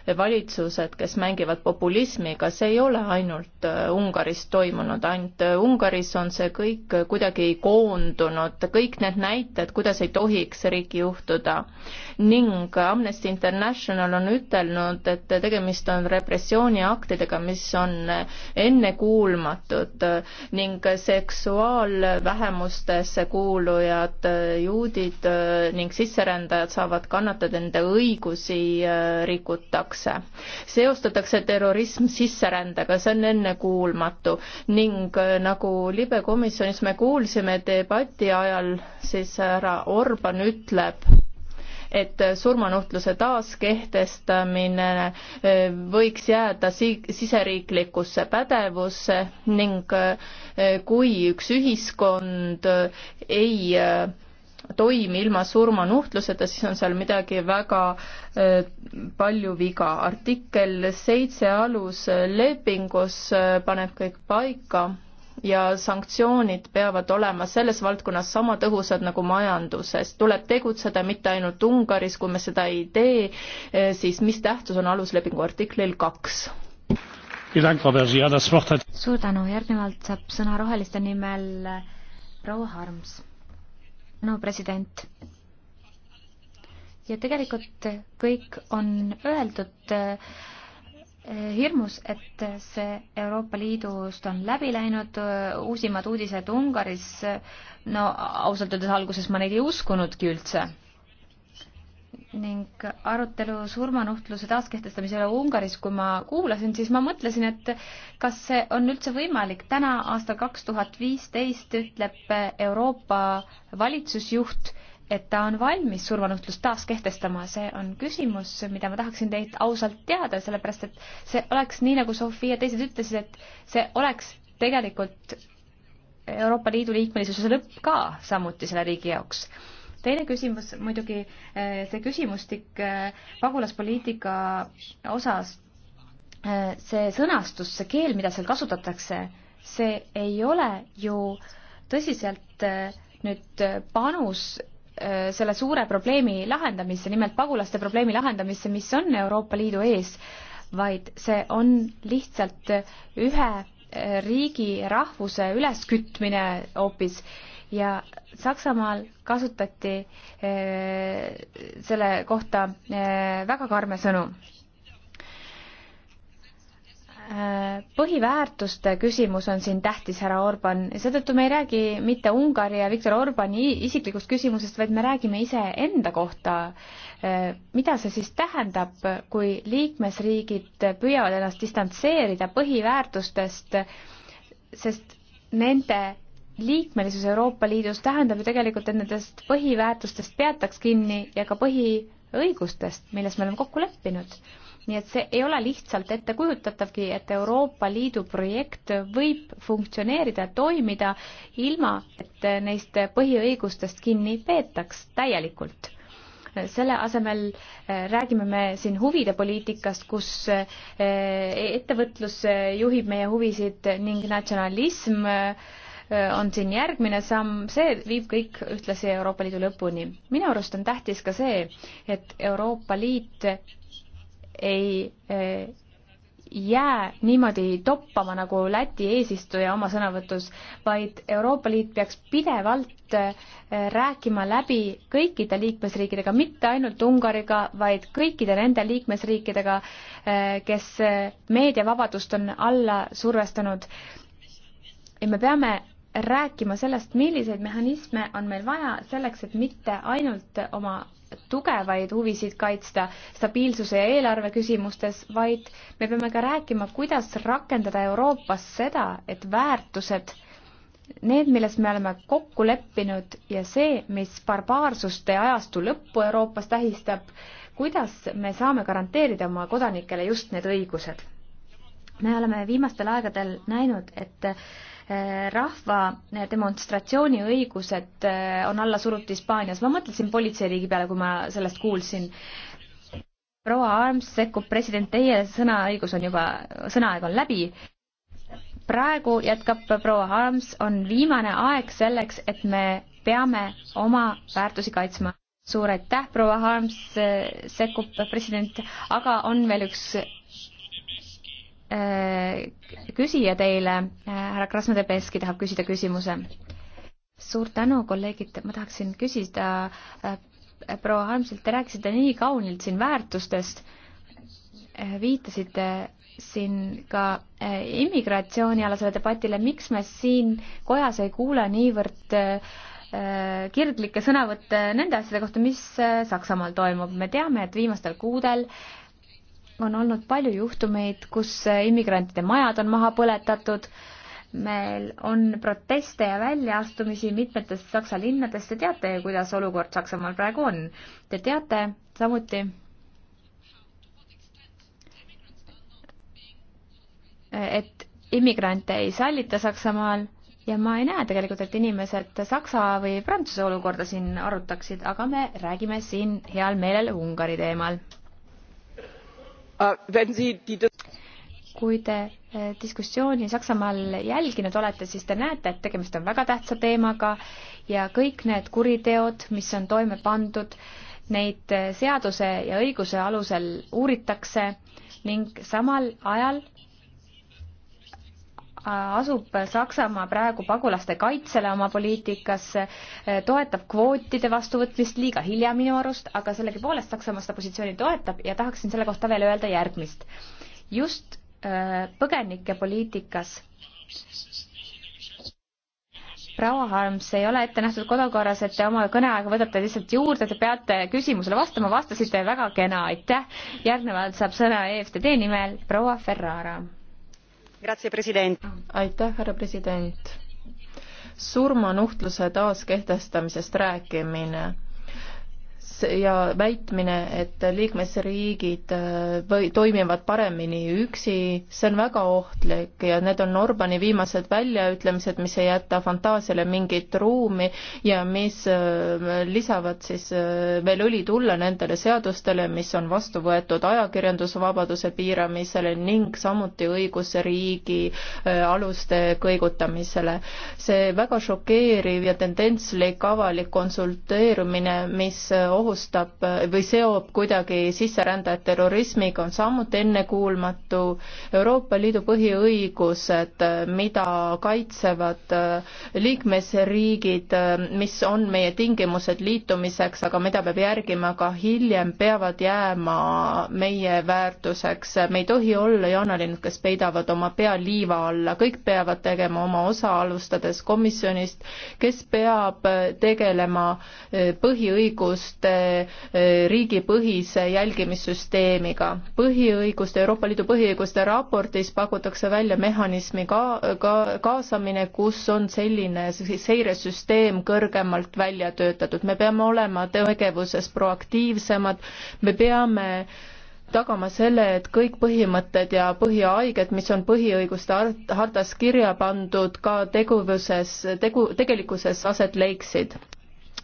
valitsused, kes mängivad populismiga, see ei ole ainult äh, Ungaris toimunud, ainult äh, Ungaris on see kõik kuidagi koondunud, kõik need näited, kuidas ei tohiks riiki juhtuda. ning Amnesty International on ütelnud, et tegemist on repressiooniaktidega, mis on äh, ennekuulmatud ning seksuaalvähemustesse kuulujad, juudid ning sisserändajad saavad kannatada, nende õigusi rikutakse tehakse. seostatakse terrorism sisserändega, see on ennekuulmatu ning äh, nagu libe komisjonis me kuulsime debati ajal, siis härra Orban ütleb, et surmanuhtluse taaskehtestamine äh, võiks jääda siseriiklikusse pädevusse ning äh, kui üks ühiskond ei toimi ilma surmanuhtluseta, siis on seal midagi väga äh, palju viga. artikkel seitse aluslepingus äh, äh, paneb kõik paika ja sanktsioonid peavad olema selles valdkonnas sama tõhusad nagu majanduses. tuleb tegutseda mitte ainult Ungaris, kui me seda ei tee, siis mis tähtsus on aluslepingu artiklil kaks? suur tänu, järgnevalt saab sõna roheliste nimel proua Harms no president. ja tegelikult kõik on öeldud eh, hirmus, et see Euroopa Liidust on läbi läinud, eh, uusimad uudised Ungaris, no ausalt öeldes alguses ma neid ei uskunudki üldse ning arutelu surmanuhtluse taaskehtestamise üle Ungaris, kui ma kuulasin, siis ma mõtlesin, et kas see on üldse võimalik. täna, aastal kaks tuhat viisteist, ütleb Euroopa valitsusjuht, et ta on valmis surmanuhtlust taaskehtestama. see on küsimus, mida ma tahaksin teilt ausalt teada, sellepärast et see oleks nii, nagu Sofi ja teised ütlesid, et see oleks tegelikult Euroopa Liidu liikmelisuse lõpp ka samuti selle riigi jaoks teine küsimus muidugi, eh, see küsimustik eh, pagulaspoliitika osas, eh, see sõnastus, see keel, mida seal kasutatakse, see ei ole ju tõsiselt nüüd panus selle suure probleemi lahendamisse, nimelt pagulaste probleemi lahendamisse, mis on Euroopa Liidu ees, vaid see on lihtsalt ühe riigi rahvuse üleskütmine hoopis ja Saksamaal kasutati eh, selle kohta eh, väga karme sõnu. Eh, põhiväärtuste küsimus on siin tähtis, härra Orban, seetõttu me ei räägi mitte Ungari ja Viktor Orbani isiklikust küsimusest, vaid me räägime iseenda kohta. mida see siis tähendab, kui liikmesriigid püüavad ennast distantseerida põhiväärtustest, sest nende liikmelisus Euroopa Liidus tähendab ju tegelikult, et nendest põhiväärtustest peataks kinni ja ka põhiõigustest, milles me oleme kokku leppinud. nii et see ei ole lihtsalt ettekujutatav,gi, et Euroopa Liidu projekt võib funktsioneerida, toimida ilma, et neist põhiõigustest kinni peetaks täielikult selle asemel eh, räägime me siin huvide poliitikast, kus eh, ettevõtlus juhib meie huvisid ning natsionalism äh, Äh, on siin järgmine samm, see viib kõik ühtlasi Euroopa Liidu lõpuni. minu arust on tähtis ka see, et Euroopa Liit ei äh, jää niimoodi toppama nagu Läti eesistuja oma sõnavõtus, vaid Euroopa Liit peaks pidevalt äh, rääkima läbi kõikide liikmesriikidega, mitte ainult Ungariga, vaid kõikide nende liikmesriikidega, kes meediavabadust on alla survestanud. ja me peame rääkima sellest, milliseid mehhanisme on meil vaja selleks, et mitte ainult oma tugevaid huvisid kaitsta stabiilsuse ja eelarve küsimustes, vaid me peame ka rääkima, kuidas rakendada Euroopas seda, et väärtused, need, milles me oleme kokku leppinud ja see, mis barbaarsuste ajastu lõppu Euroopas tähistab, kuidas me saame garanteerida oma kodanikele just need õigused? me oleme viimastel aegadel näinud, et Eh, rahva eh, demonstratsiooni õigused eh, on alla surutud Hispaanias. ma mõtlesin politseiriigi peale, kui ma sellest kuulsin. proua Arms sekkub, president, teie sõnaõigus on juba, sõnaaeg on läbi praegu jätkab proua Harms, on viimane aeg selleks, et me peame oma väärtusi kaitsma. suur aitäh, proua Harms, sekkub president, aga on veel üks Äh, küsija teile, äh, härra Krasnodebeski tahab küsida küsimuse. suur tänu, kolleegid, ma tahaksin küsida äh, proua Harmsilt, te rääkisite nii kaunilt siin väärtustest, viitasite siin ka immigratsioonialasele debatile, miks me siin kojas ei kuule niivõrd kirglikke sõnavõtte nende asjade kohta, mis Saksamaal toimub. me teame, et viimastel kuudel äh, on olnud palju juhtumeid, kus immigrantide majad on maha põletatud, meil on proteste ja väljaastumisi mitmetest Saksa linnadest, te teate ju, kuidas olukord Saksamaal praegu on. Te teate samuti, et immigrante ei sallita Saksamaal ja ma ei näe tegelikult, et inimesed Saksa või Prantsuse olukorda siin arutaksid, aga me räägime siin heal meelel Ungari teemal Äh, kui te äh, diskussiooni Saksamaal jälginud olete, siis te näete, et tegemist on väga tähtsa teemaga ja kõik need kuriteod, mis on toime pandud, neid äh, seaduse ja õiguse alusel uuritakse ning samal ajal Äh, asub Saksamaa praegu pagulaste kaitsele oma poliitikasse, äh, toetab kvootide vastuvõtmist liiga hilja minu arust, aga sellegipoolest Saksamaa seda positsiooni toetab ja tahaksin selle kohta veel öelda järgmist. just äh, põgenikepoliitikas proua Harms, ei ole ette nähtud kodukorras, et te oma kõneaega võtate lihtsalt juurde, te peate küsimusele vastama, vastasite väga kena, aitäh. järgnevalt saab sõna EFTD nimel proua Ferrara aitäh, härra president surmanuhtluse taaskehtestamisest rääkimine ja väitmine, et liikmesriigid äh, või toimivad paremini üksi, see on väga ohtlik ja need on Orbani viimased väljaütlemised, mis ei jäta fantaasiale mingit ruumi ja mis äh, lisavad siis äh, veel õli tulla nendele seadustele, mis on vastu võetud ajakirjandusvabaduse piiramisele ning samuti õigusriigi aluste kõigutamisele. see väga šokeeriv ja tendentslik avalik konsulteerumine, mis ohustab ohustab äh, või seob kuidagi sisserändajat terrorismiga, on samuti ennekuulmatu. Euroopa Liidu põhiõigused, äh, mida kaitsevad äh, liikmesriigid, mis on meie tingimused liitumiseks, aga mida peab järgima ka hiljem, peavad jääma meie väärtuseks. me ei tohi olla jaanalinud, kes peidavad oma pea liiva alla, kõik peavad tegema oma osa, alustades komisjonist, kes peab tegelema põhiõiguste riigipõhise jälgimissüsteemiga. põhiõiguste, Euroopa Liidu põhiõiguste raportis pakutakse välja mehhanismi ka, ka kaasamine, kus on selline seiresüsteem kõrgemalt välja töötatud. me peame olema tegevuses proaktiivsemad, me peame tagama selle, et kõik põhimõtted ja põhihaiged, mis on põhiõiguste hartas kirja pandud, ka tegevuses, tegu, tegelikkuses aset leiksid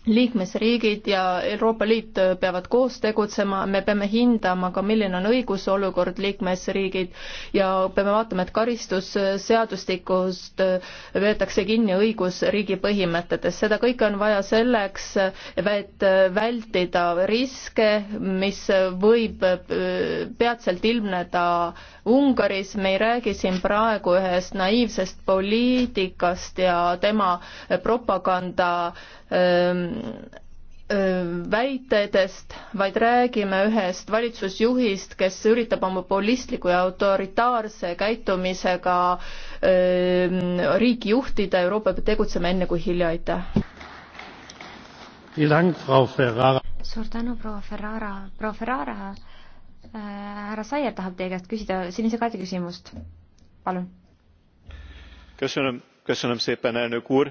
liikmesriigid ja Euroopa Liit peavad koos tegutsema, me peame hindama ka, milline on õigusolukord liikmesriigid ja peame vaatama, et karistusseadustikust veetakse kinni õigusriigi põhimõtetest. seda kõike on vaja selleks, et vältida riske, mis võib peatselt ilmneda Ungaris. me ei räägi siin praegu ühest naiivsest poliitikast ja tema propaganda väitedest, vaid räägime ühest valitsusjuhist, kes üritab oma populistliku ja autoritaarse käitumisega riiki juhtida, Euroopa peab tegutsema enne kui hilja, aitäh. suur tänu, proua Ferrara, proua Ferrara, äh, härra Saier tahab teie käest küsida sinise kaardi küsimust, palun. köszönöm, köszönöm szépen, elnök úr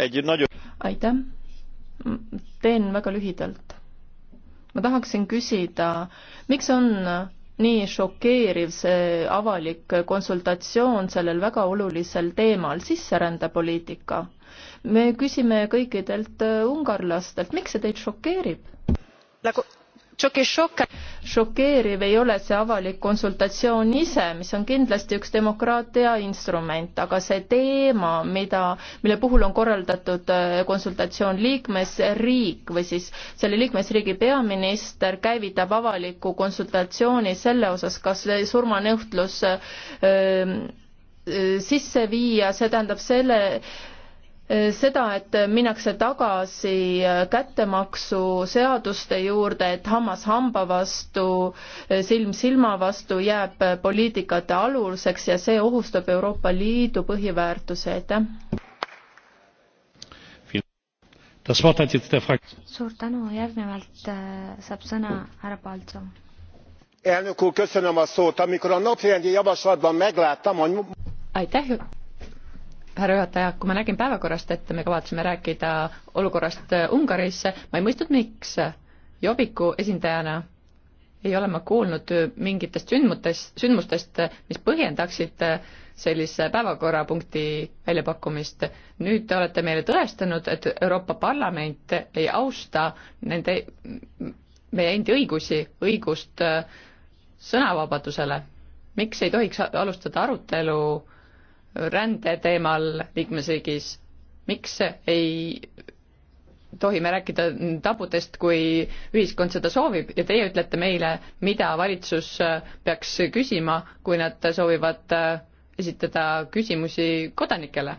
aitäh, teen väga lühidalt. ma tahaksin küsida, miks on nii šokeeriv see avalik konsultatsioon sellel väga olulisel teemal, sisserändepoliitika. me küsime kõikidelt ungarlastelt, miks see teid šokeerib? Nagu- šokeeriv ei ole see avalik konsultatsioon ise, mis on kindlasti üks demokraatia instrument, aga see teema, mida, mille puhul on korraldatud äh, konsultatsioon liikmesriik või siis selle liikmesriigi peaminister käivitab avaliku konsultatsiooni selle osas, kas surmanõhtlus öö, äh, äh, sisse viia, see tähendab selle, seda, et minnakse tagasi kättemaksuseaduste juurde, et hammas hamba vastu, silm silma vastu jääb poliitikate aluseks ja see ohustab Euroopa Liidu põhiväärtusi, aitäh. suur tänu, järgnevalt äh, saab sõna härra Paltso. elnök úr, köszönöm a szót, amikor a napirendi javaslatban megláttam, hogy aitäh härra juhataja, kui ma nägin päevakorrast, et me kavatseme rääkida olukorrast äh, Ungaris, ma ei mõistnud, miks. Jobiku esindajana ei ole ma kuulnud äh, mingitest sündmutest, sündmustest, äh, mis põhjendaksid sellise päevakorrapunkti väljapakkumist. nüüd te olete meile tõestanud, et Euroopa Parlament ei austa nende, mm, meie endi õigusi, õigust sõnavabadusele. miks ei tohiks alustada arutelu rände teemal liikmesriigis, miks ei tohime rääkida tabudest, kui ühiskond seda soovib ja teie ütlete meile, mida valitsus peaks küsima, kui nad soovivad esitada küsimusi kodanikele.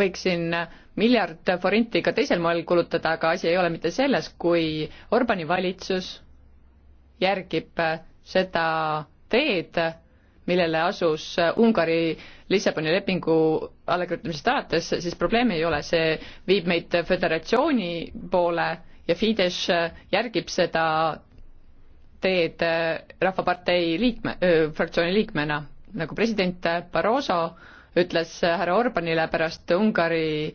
võiksin miljard forinti ka teisel moel kulutada, aga asi ei ole mitte selles, kui Orbani valitsus järgib seda teed, millele asus äh, Ungari Lissaboni lepingu allakirjutamisest alates, siis probleemi ei ole, see viib meid föderatsiooni poole ja Fidesz äh, järgib seda teed äh, Rahvapartei liikme, fraktsiooni liikmena, nagu president Barroso ütles härra Orbanile pärast Ungari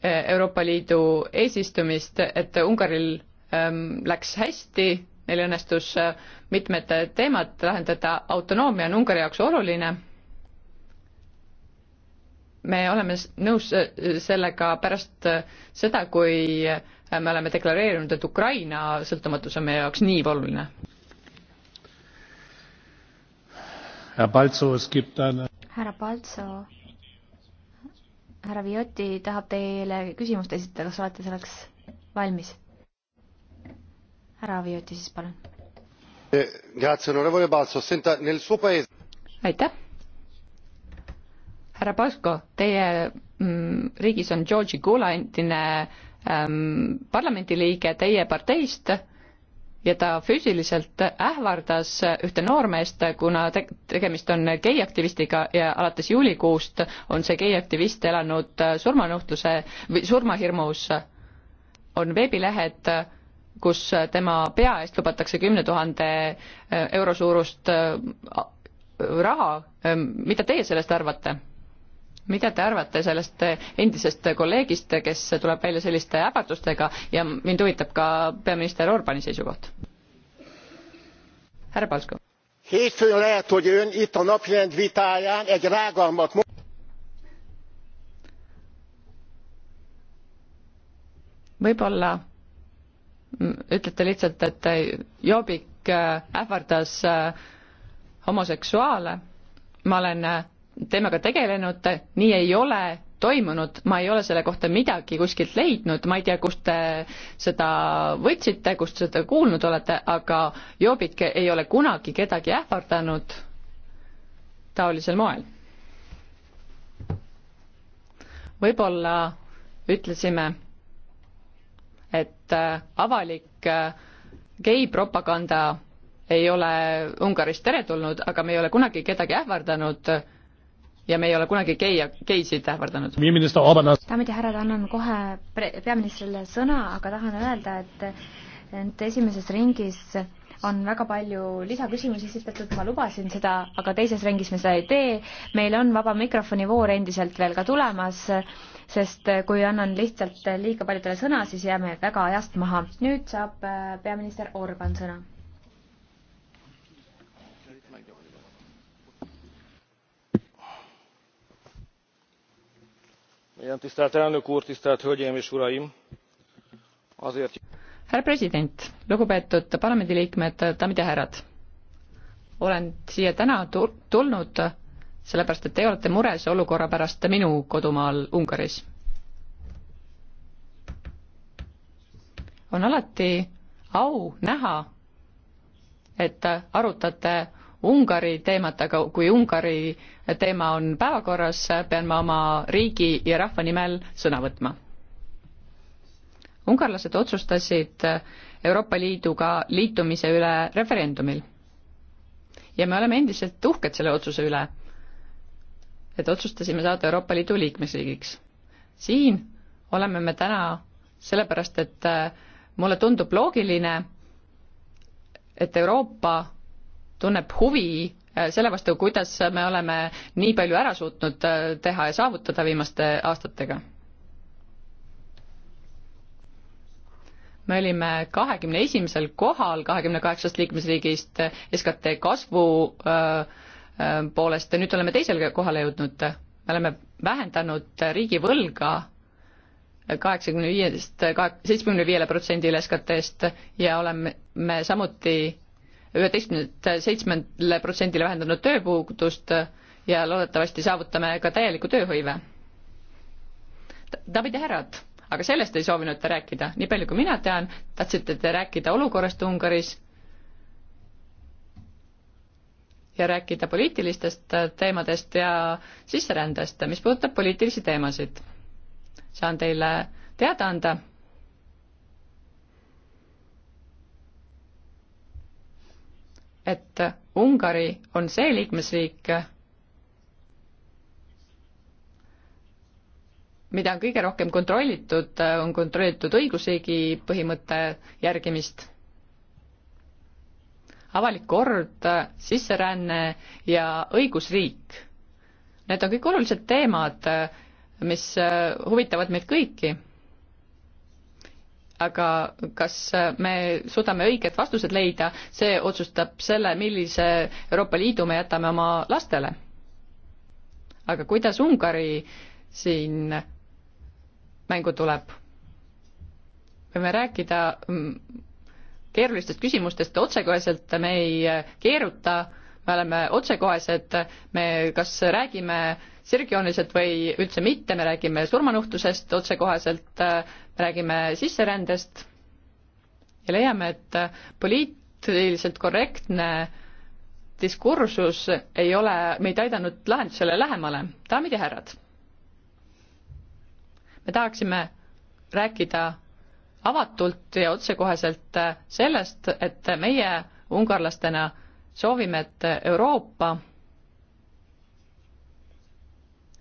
Euroopa Liidu eesistumist, et Ungaril ähm, läks hästi, neil õnnestus äh, mitmed teemad lahendada, autonoomia on Ungari jaoks oluline. me oleme nõus äh, sellega pärast äh, seda, kui me oleme deklareerinud, et Ukraina sõltumatus on meie jaoks nii oluline. härra Paltso, härra Viotti tahab teile küsimust esitada, kas olete selleks valmis? härra Avioti siis palun. Eh, aitäh. härra Pasko, teie mm, riigis on Georgi Kula endine ähm, parlamendiliige teie parteist ja ta füüsiliselt ähvardas ühte noormeest, kuna te tegemist on geiaktivistiga ja alates juulikuust on see geiaktivist elanud surmanuhtluse või surmahirmus, on veebilehed kus tema pea eest lubatakse kümne tuhande äh, euro suurust äh, raha, ähm, mida teie sellest arvate? mida te arvate sellest äh, endisest kolleegist, kes tuleb välja selliste ähvardustega ja mind huvitab ka peaminister Orbani seisukoht? härra Palsko. hétfőn lehet, hogy ön itt a napirend vitáján egy rágalmat võib-olla ütlete lihtsalt, et Joobik äh, ähvardas äh, homoseksuaale, ma olen äh, teemaga tegelenud, nii ei ole toimunud, ma ei ole selle kohta midagi kuskilt leidnud, ma ei tea, kust te seda võtsite, kust seda kuulnud olete, aga Joobik ei ole kunagi kedagi ähvardanud taolisel moel. võib-olla ütlesime et äh, avalik äh, geipropaganda ei ole Ungaris teretulnud, aga me ei ole kunagi kedagi ähvardanud ja me ei ole kunagi gei, geisid ähvardanud. daamid ja härrad, annan kohe peaministrile sõna, aga tahan öelda, et nüüd esimeses ringis on väga palju lisaküsimusi esitatud, ma lubasin seda, aga teises ringis me seda ei tee. meil on vaba mikrofoni voor endiselt veel ka tulemas sest kui annan lihtsalt liiga paljudele sõna, siis jääme väga ajast maha. nüüd saab äh, peaminister Orban sõna. härra president, lugupeetud parlamendiliikmed, daamid ja härrad. olen siia täna tulnud sellepärast et teie olete mures olukorra pärast minu kodumaal Ungaris. on alati au näha, et arutate Ungari teemat, aga kui Ungari teema on päevakorras, pean ma oma riigi ja rahva nimel sõna võtma. ungarlased otsustasid Euroopa Liiduga liitumise üle referendumil. ja me oleme endiselt uhked selle otsuse üle et otsustasime saada Euroopa Liidu liikmesriigiks. siin oleme me täna sellepärast, et äh, mulle tundub loogiline, et Euroopa tunneb huvi äh, selle vastu, kuidas me oleme nii palju ära suutnud äh, teha ja saavutada viimaste aastatega. me olime kahekümne esimesel kohal kahekümne kaheksast liikmesriigist SKT kasvu äh, Äh, poolest ja nüüd oleme teisele kohale jõudnud. me oleme vähendanud riigivõlga kaheksakümne viiest, seitsmekümne viiele protsendile SKT-st ja oleme me samuti üheteistkümnelt seitsmele protsendile vähendanud tööpuudust ja loodetavasti saavutame ka täieliku tööhõive. daamid ja härrad, aga sellest ei soovinud te rääkida, nii palju kui mina tean, tahtsite te rääkida olukorrast Ungaris ja rääkida poliitilistest teemadest ja sisserändest, mis puudutab poliitilisi teemasid. saan teile teada anda. et Ungari on see liikmesriik, mida on kõige rohkem kontrollitud, on kontrollitud õigusriigi põhimõtte järgimist avalik kord, sisseränne ja õigusriik. Need on kõik olulised teemad, mis huvitavad meid kõiki. aga kas me suudame õiged vastused leida, see otsustab selle, millise Euroopa Liidu me jätame oma lastele. aga kuidas Ungari siin mängu tuleb? võime rääkida keerulistest küsimustest ka otsekoheselt, me ei äh, keeruta, me oleme otsekohesed, me kas räägime sirgjooneliselt või üldse mitte, me räägime surmanuhtlusest otsekoheselt, äh, räägime sisserändest ja leiame, et äh, poliitiliselt korrektne diskursus ei ole meid aidanud lahendusele lähemale. daamid ja härrad, me tahaksime rääkida avatult ja otsekoheselt äh, sellest, et meie ungarlastena soovime, et Euroopa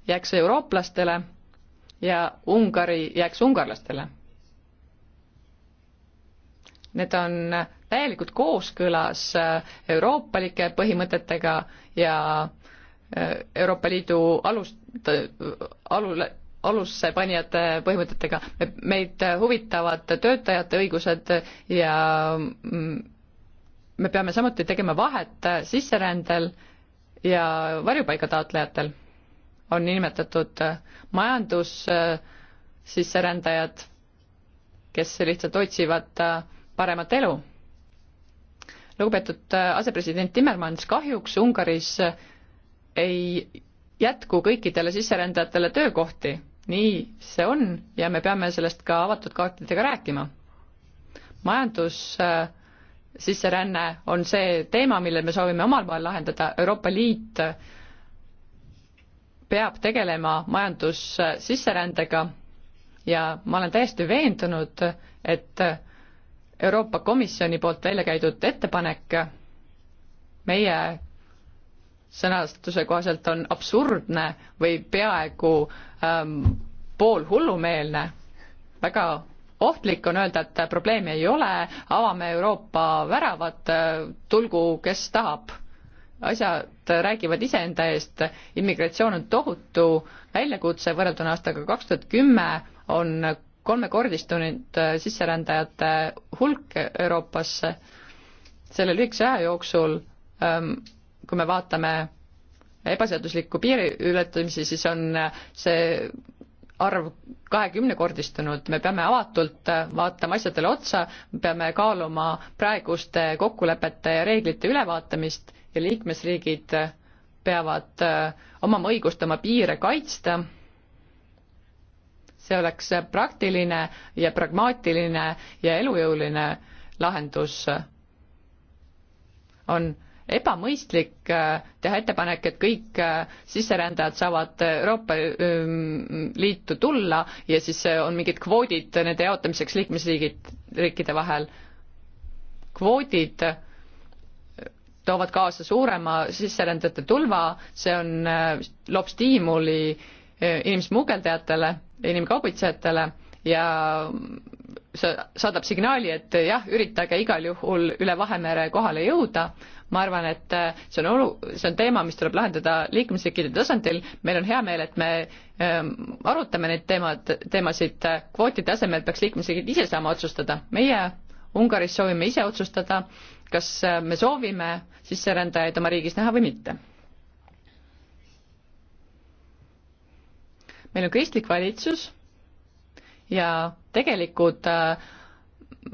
jääks eurooplastele ja Ungari jääks ungarlastele. Need on täielikult kooskõlas äh, euroopalike põhimõtetega ja äh, Euroopa Liidu alust, alule, alusse panijate põhimõtetega. meid huvitavad töötajate õigused ja mm, me peame samuti tegema vahet sisserändel ja varjupaiga taotlejatel. on niinimetatud majandussisserändajad, äh, kes lihtsalt otsivad äh, paremat elu. lugupeetud äh, asepresident Timmermans, kahjuks Ungaris ei jätku kõikidele sisserändajatele töökohti nii see on ja me peame sellest ka avatud kaartidega rääkima. majandus äh, sisseränne on see teema, mille me soovime omal moel lahendada, Euroopa Liit peab tegelema majandussisserändega äh, ja ma olen täiesti veendunud, et Euroopa Komisjoni poolt välja käidud ettepanek meie sõnastuse kohaselt on absurdne või peaaegu ähm, poolhullumeelne. väga ohtlik on öelda, et probleemi ei ole, avame Euroopa väravad, äh, tulgu kes tahab. asjad räägivad iseenda eest, immigratsioon on tohutu väljakutse võrrelduna aastaga kaks tuhat kümme, on kolmekordistunud äh, sisserändajate hulk Euroopasse selle lühikese aja jooksul ähm, kui me vaatame ebaseaduslikku piiriületamisi, siis on see arv kahekümnekordistunud, me peame avatult vaatama asjadele otsa, peame kaaluma praeguste kokkulepete ja reeglite ülevaatamist ja liikmesriigid peavad omama õigust oma piire kaitsta. see oleks praktiline ja pragmaatiline ja elujõuline lahendus on ebamõistlik äh, teha ettepanek, et kõik äh, sisserändajad saavad Euroopa ähm, Liitu tulla ja siis äh, on mingid kvoodid nende jaotamiseks liikmesriigid, riikide vahel. kvoodid toovad kaasa suurema sisserändajate tulva, see on, loob stiimuli inimsmugeldajatele, inimkaubitsejatele ja mm, see saadab signaali, et jah, üritage igal juhul üle Vahemere kohale jõuda, ma arvan, et äh, see on olu-, see on teema, mis tuleb lahendada liikmesriikide tasandil, meil on hea meel, et me ähm, arutame neid teemad, teemasid, kvootide asemel peaks liikmesriigid ise saama otsustada, meie Ungaris soovime ise otsustada, kas äh, me soovime sisserändajaid oma riigis näha või mitte. meil on kristlik valitsus ja tegelikud äh,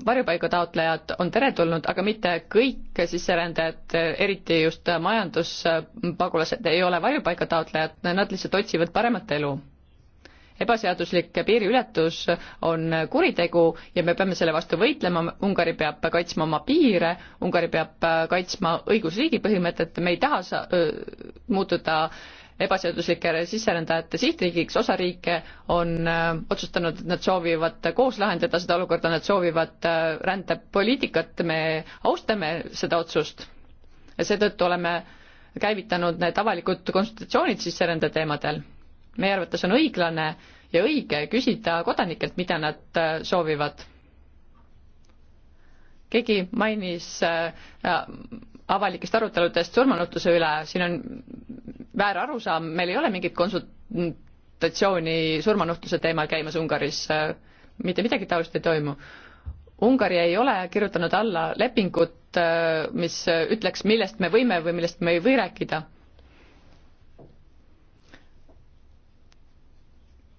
varjupaiga taotlejad on teretulnud, aga mitte kõik sisserändajad, eriti just majanduspagulased, ei ole varjupaiga taotlejad, nad lihtsalt otsivad paremat elu. ebaseaduslik piiriületus on kuritegu ja me peame selle vastu võitlema, Ungari peab kaitsma oma piire, Ungari peab kaitsma õigusriigi põhimõtet, me ei taha sa-, muutuda äh, ebaseaduslike sisserändajate sihtriigiks, osa riike on äh, otsustanud, et nad soovivad koos lahendada seda olukorda, nad soovivad äh, rändepoliitikat, me austame seda otsust ja seetõttu oleme käivitanud need avalikud konsultatsioonid sisserände teemadel. meie arvates on õiglane ja õige küsida kodanikelt, mida nad äh, soovivad. keegi mainis avalikest aruteludest surmanutuse üle, siin on väär arusaam, meil ei ole mingit konsultatsiooni surmanuhtluse teemal käimas Ungaris, mitte midagi taolist ei toimu. Ungari ei ole kirjutanud alla lepingut, mis ütleks, millest me võime või millest me ei või rääkida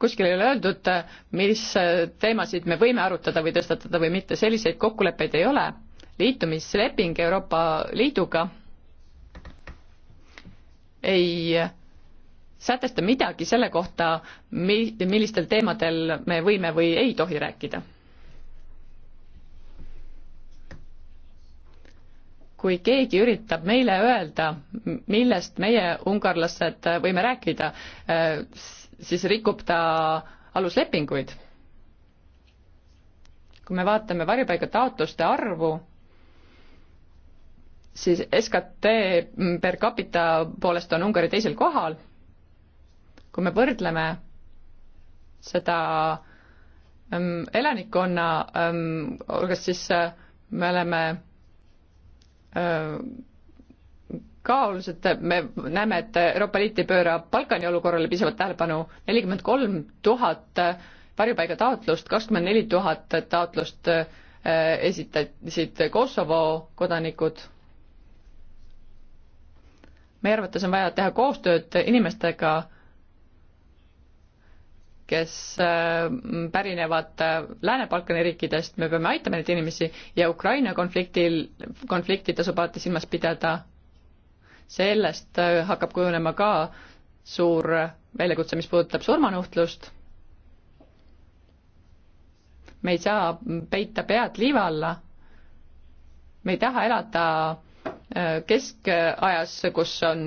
kuskil ei ole öeldud, mis teemasid me võime arutada või tõstatada või mitte, selliseid kokkuleppeid ei ole liitumisleping Euroopa Liiduga ei sätesta midagi selle kohta, mi-, millistel teemadel me võime või ei tohi rääkida. kui keegi üritab meile öelda, millest meie, ungarlased, võime rääkida, siis rikub ta aluslepinguid. kui me vaatame varjupaigataotluste arvu, siis SKT per capita poolest on Ungari teisel kohal, kui me võrdleme seda ähm, elanikkonna ähm, hulgast, siis äh, me oleme äh, ka oluliselt, me näeme, et Euroopa Liit ei pööra Balkani olukorrale piisavalt tähelepanu, nelikümmend kolm tuhat äh, varjupaigataotlust, kakskümmend neli tuhat taotlust äh, esitasid Kosovo kodanikud meie arvates on vaja teha koostööd inimestega, kes äh, pärinevad äh, Lääne-Balkani riikidest, me peame aitama neid inimesi ja Ukraina konfliktil, konflikti tasub alati silmas pidada. sellest äh, hakkab kujunema ka suur väljakutse, mis puudutab surmanuhtlust. me ei saa peita pead liiva alla. me ei taha elada Äh, keskajas, kus on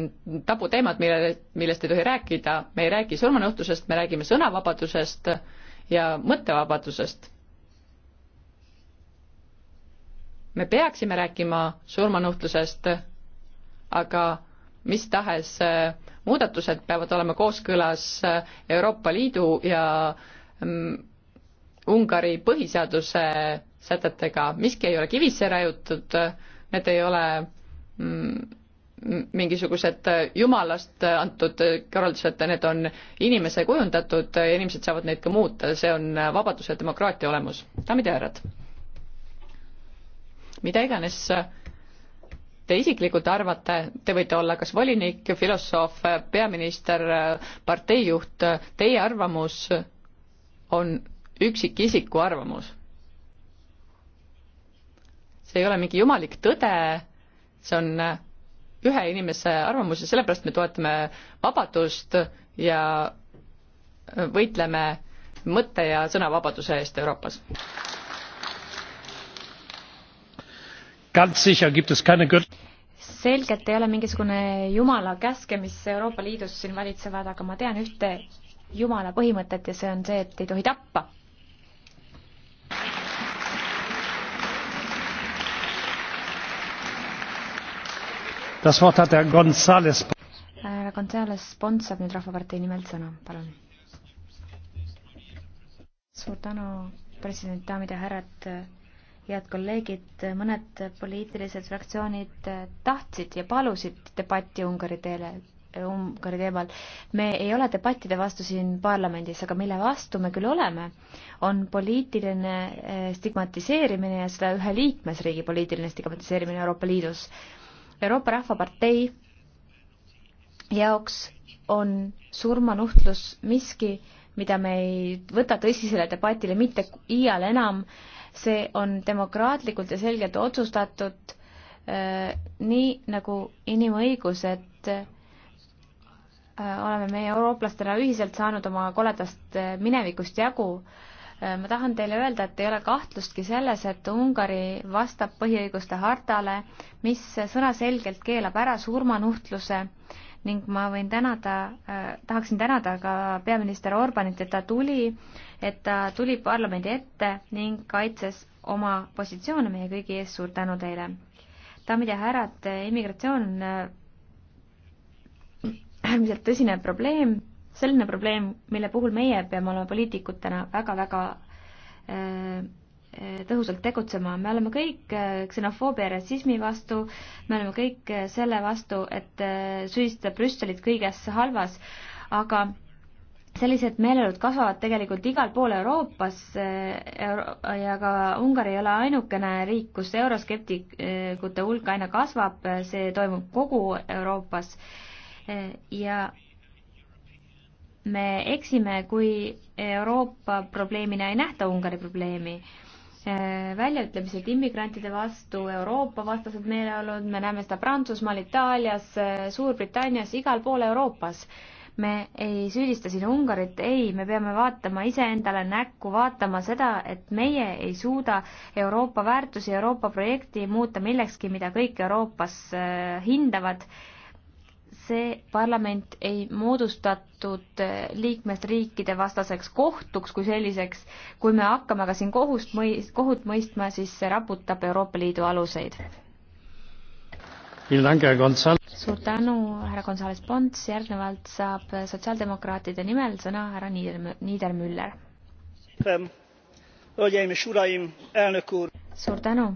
tabuteemad, mille, millest ei tohi rääkida, me ei räägi surmanuhtlusest, me räägime sõnavabadusest ja mõttevabadusest. me peaksime rääkima surmanuhtlusest, aga mis tahes äh, muudatused peavad olema kooskõlas äh, Euroopa Liidu ja mm, Ungari põhiseaduse sätetega, miski ei ole kivisse raiutud, need ei ole Mm, mingisugused äh, jumalast äh, antud äh, korraldused, need on inimese kujundatud ja inimesed saavad neid ka muuta, see on vabaduse ja demokraatia olemus. daamid ja härrad, mida iganes te isiklikult arvate, te võite olla kas volinik, filosoof, peaminister, parteijuht, teie arvamus on üksikisiku arvamus. see ei ole mingi jumalik tõde see on äh, ühe inimese arvamus ja sellepärast me toetame vabadust ja äh, võitleme mõtte ja sõnavabaduse eest Euroopas. selgelt ei ole mingisugune jumala käske, mis Euroopa Liidus siin valitsevad, aga ma tean ühte jumala põhimõtet ja see on see, et ei tohi tappa Das Wort hat Herr González. härra äh, González Pons saab nüüd Rahvapartei nimel sõna, palun. suur tänu, president, daamid ja härrad, head kolleegid, mõned poliitilised fraktsioonid tahtsid ja palusid debatti Ungari teele Ungari teemal. me ei ole debattide vastu siin parlamendis, aga mille vastu me küll oleme, on poliitiline eh, stigmatiseerimine ja seda ühe liikmesriigi poliitiline stigmatiseerimine Euroopa Liidus. Euroopa Rahvapartei jaoks on surmanuhtlus miski, mida me ei võta tõsisele debatile mitte iial enam, see on demokraatlikult ja selgelt otsustatud äh, nii nagu inimõigused äh, oleme meie eurooplastena ühiselt saanud oma koledast äh, minevikust jagu Äh, ma tahan teile öelda, et ei ole kahtlustki selles, et Ungari vastab põhiõiguste hartale, mis sõnaselgelt keelab ära surmanuhtluse ning ma võin tänada, äh, tahaksin tänada ka peaminister Orbanit, et ta tuli, et ta tuli parlamendi ette ning kaitses oma positsioone meie kõigi ees, suur tänu teile. daamid ja härrad, immigratsioon on äh, äärmiselt tõsine probleem selline probleem, mille puhul meie peame olema poliitikutena väga-väga äh, tõhusalt tegutsema, me oleme kõik äh, ksenofoobia ja rassismi vastu, me oleme kõik äh, selle vastu, et süüdistada Brüsselit kõiges halvas, aga sellised meeleolud kasvavad tegelikult igal pool Euroopas Euro ja ka Ungari ei ole ainukene riik, kus euroskeptikute hulk aina kasvab, see toimub kogu Euroopas ja me eksime, kui Euroopa probleemina ei nähta Ungari probleemi. Äh, väljaütlemised immigrantide vastu, Euroopa vastased meeleolud, me näeme seda Prantsusmaal, Itaalias, äh, Suurbritannias, igal pool Euroopas me ei süüdista siin Ungarit, ei, me peame vaatama iseendale näkku, vaatama seda, et meie ei suuda Euroopa väärtusi, Euroopa projekti muuta millekski, mida kõik Euroopas äh, hindavad see parlament ei moodustatud eh, liikmesriikide vastaseks kohtuks kui selliseks. kui me hakkame aga siin kohust mõis-, kohut mõistma, siis see raputab Euroopa Liidu aluseid. suur tänu, härra Gonzales Pons, järgnevalt saab sotsiaaldemokraatide nimel sõna härra Niider, Niidermüller. suur tänu,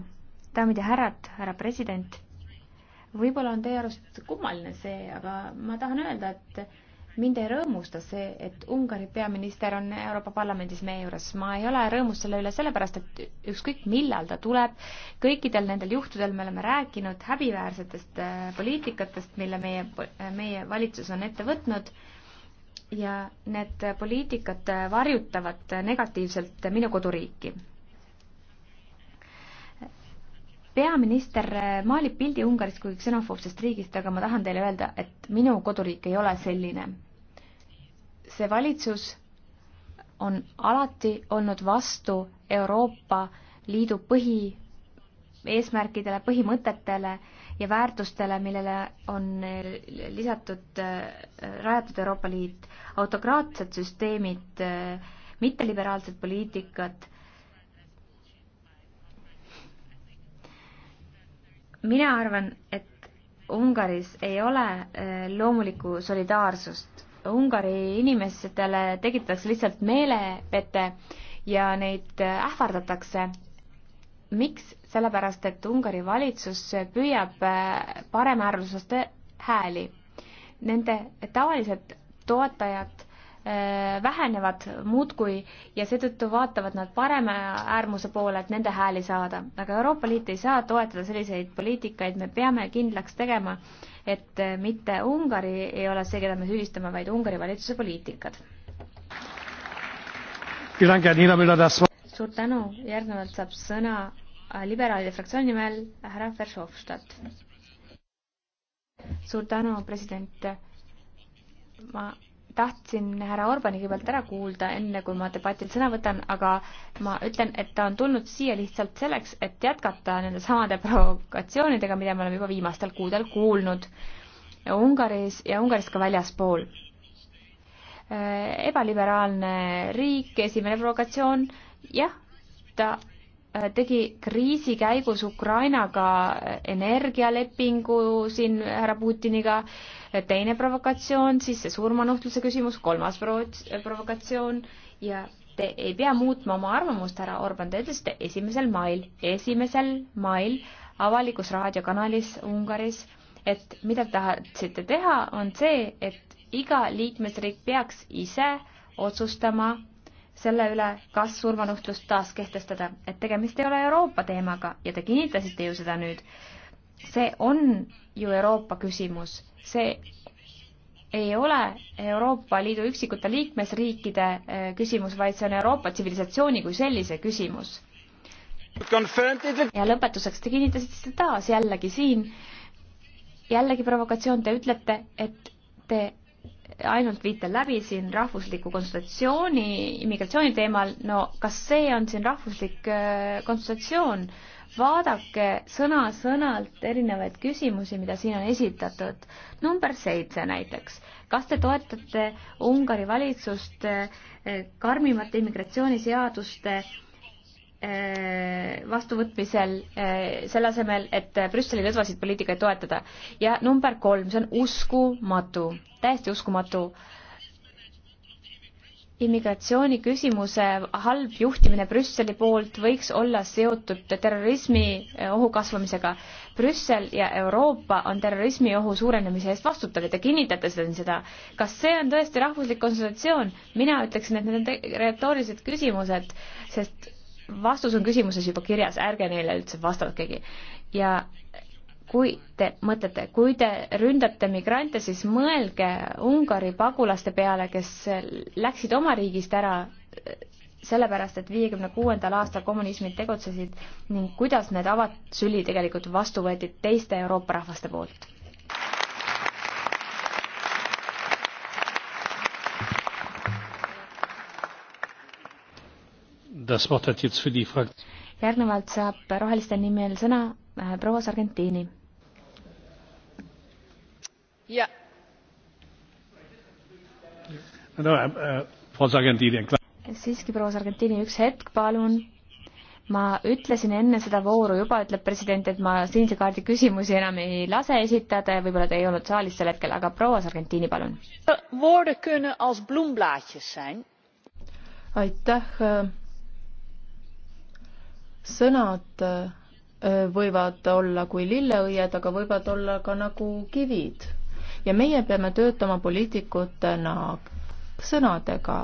daamid ja härrad, härra president võib-olla on teie arust kummaline see, aga ma tahan öelda, et mind ei rõõmusta see, et Ungari peaminister on Euroopa Parlamendis meie juures. ma ei ole rõõmus selle üle sellepärast, et ükskõik millal ta tuleb, kõikidel nendel juhtudel me oleme rääkinud häbiväärsetest äh, poliitikatest, mille meie, äh, meie valitsus on ette võtnud ja need poliitikad äh, varjutavad negatiivselt minu koduriiki peaminister äh, maalib pildi Ungarist kui ksenofoobsest riigist, aga ma tahan teile öelda, et minu koduriik ei ole selline. see valitsus on alati olnud vastu Euroopa Liidu põhi eesmärkidele, põhimõtetele ja väärtustele, millele on äh, lisatud, äh, rajatud Euroopa Liit, autokraatsed süsteemid, mitteliberaalsed poliitikad mina arvan, et Ungaris ei ole äh, loomulikku solidaarsust. Ungari inimestele tekitatakse lihtsalt meelepete ja neid äh, ähvardatakse. miks? sellepärast, et Ungari valitsus püüab äh, paremäärmuslaste hääli. Nende tavalised toetajad Äh, vähenevad muudkui ja seetõttu vaatavad nad parema äärmuse poole, et nende hääli saada. aga Euroopa Liit ei saa toetada selliseid poliitikaid, me peame kindlaks tegema, et äh, mitte Ungari ei ole see, keda me süüdistame, vaid Ungari valitsuse poliitikad. suur tänu, järgnevalt saab sõna äh, liberaalide fraktsiooni nimel härra Verhofstadt. suur tänu, president. ma tahtsin härra Orbani kõigepealt ära kuulda, enne kui ma debatil sõna võtan, aga ma ütlen, et ta on tulnud siia lihtsalt selleks, et jätkata nende samade provokatsioonidega, mida me oleme juba viimastel kuudel kuulnud Ungaris ja Ungaris ka väljaspool. Äh, ebaliberaalne riik, esimene provokatsioon, jah, ta Äh, tegi kriisi käigus Ukrainaga äh, energialepingu siin härra Putiniga, äh, teine provokatsioon, siis see surmanuhtluse küsimus, kolmas provo-, provokatsioon ja te ei pea muutma oma arvamust, härra Orban, te ütlesite esimesel mail, esimesel mail avalikus raadiokanalis Ungaris, et mida te tahtsite teha, on see, et iga liikmesriik peaks ise otsustama selle üle, kas surmanuhtlust taas kehtestada, et tegemist ei ole Euroopa teemaga ja te kinnitasite ju seda nüüd. see on ju Euroopa küsimus, see ei ole Euroopa Liidu üksikute liikmesriikide eh, küsimus, vaid see on Euroopa tsivilisatsiooni kui sellise küsimus. ja lõpetuseks te kinnitasite seda taas jällegi siin, jällegi provokatsioon, te ütlete, et te ainult viite läbi siin rahvusliku konsultatsiooni immigratsiooni teemal, no kas see on siin rahvuslik äh, konsultatsioon? vaadake sõna-sõnalt erinevaid küsimusi, mida siin on esitatud. number seitse näiteks. kas te toetate Ungari valitsust äh, karmimate immigratsiooniseaduste äh, Äh, vastuvõtmisel äh, selle asemel, et Brüsseli lõdvasid poliitikaid toetada. ja number kolm, see on uskumatu, täiesti uskumatu. immigratsiooni küsimuse halb juhtimine Brüsseli poolt võiks olla seotud terrorismi äh, ohu kasvamisega. Brüssel ja Euroopa on terrorismi ohu suurenemise eest vastutavad ja kinnitate seda. kas see on tõesti rahvuslik konsultatsioon? mina ütleksin, et need on retoorilised küsimused, sest vastus on küsimuses juba kirjas, ärge neile üldse vastakegi. ja kui te mõtlete, kui te ründate migrante, siis mõelge Ungari pagulaste peale, kes läksid oma riigist ära äh, sellepärast, et viiekümne kuuendal aastal kommunismid tegutsesid ning kuidas need avatsüli tegelikult vastu võeti teiste Euroopa rahvaste poolt Äh, järgnevalt saab Roheliste nimel sõna äh, proua Sargentini. Äh, siiski, proua Sargentini, üks hetk, palun. ma ütlesin enne seda vooru juba, ütleb president, et ma sinise kaardi küsimusi enam ei lase esitada ja võib-olla te ei olnud saalis sel hetkel, aga proua Sargentini, palun. aitäh sõnad äh, võivad olla kui lilleõied, aga võivad olla ka nagu kivid. ja meie peame töötama poliitikutena sõnadega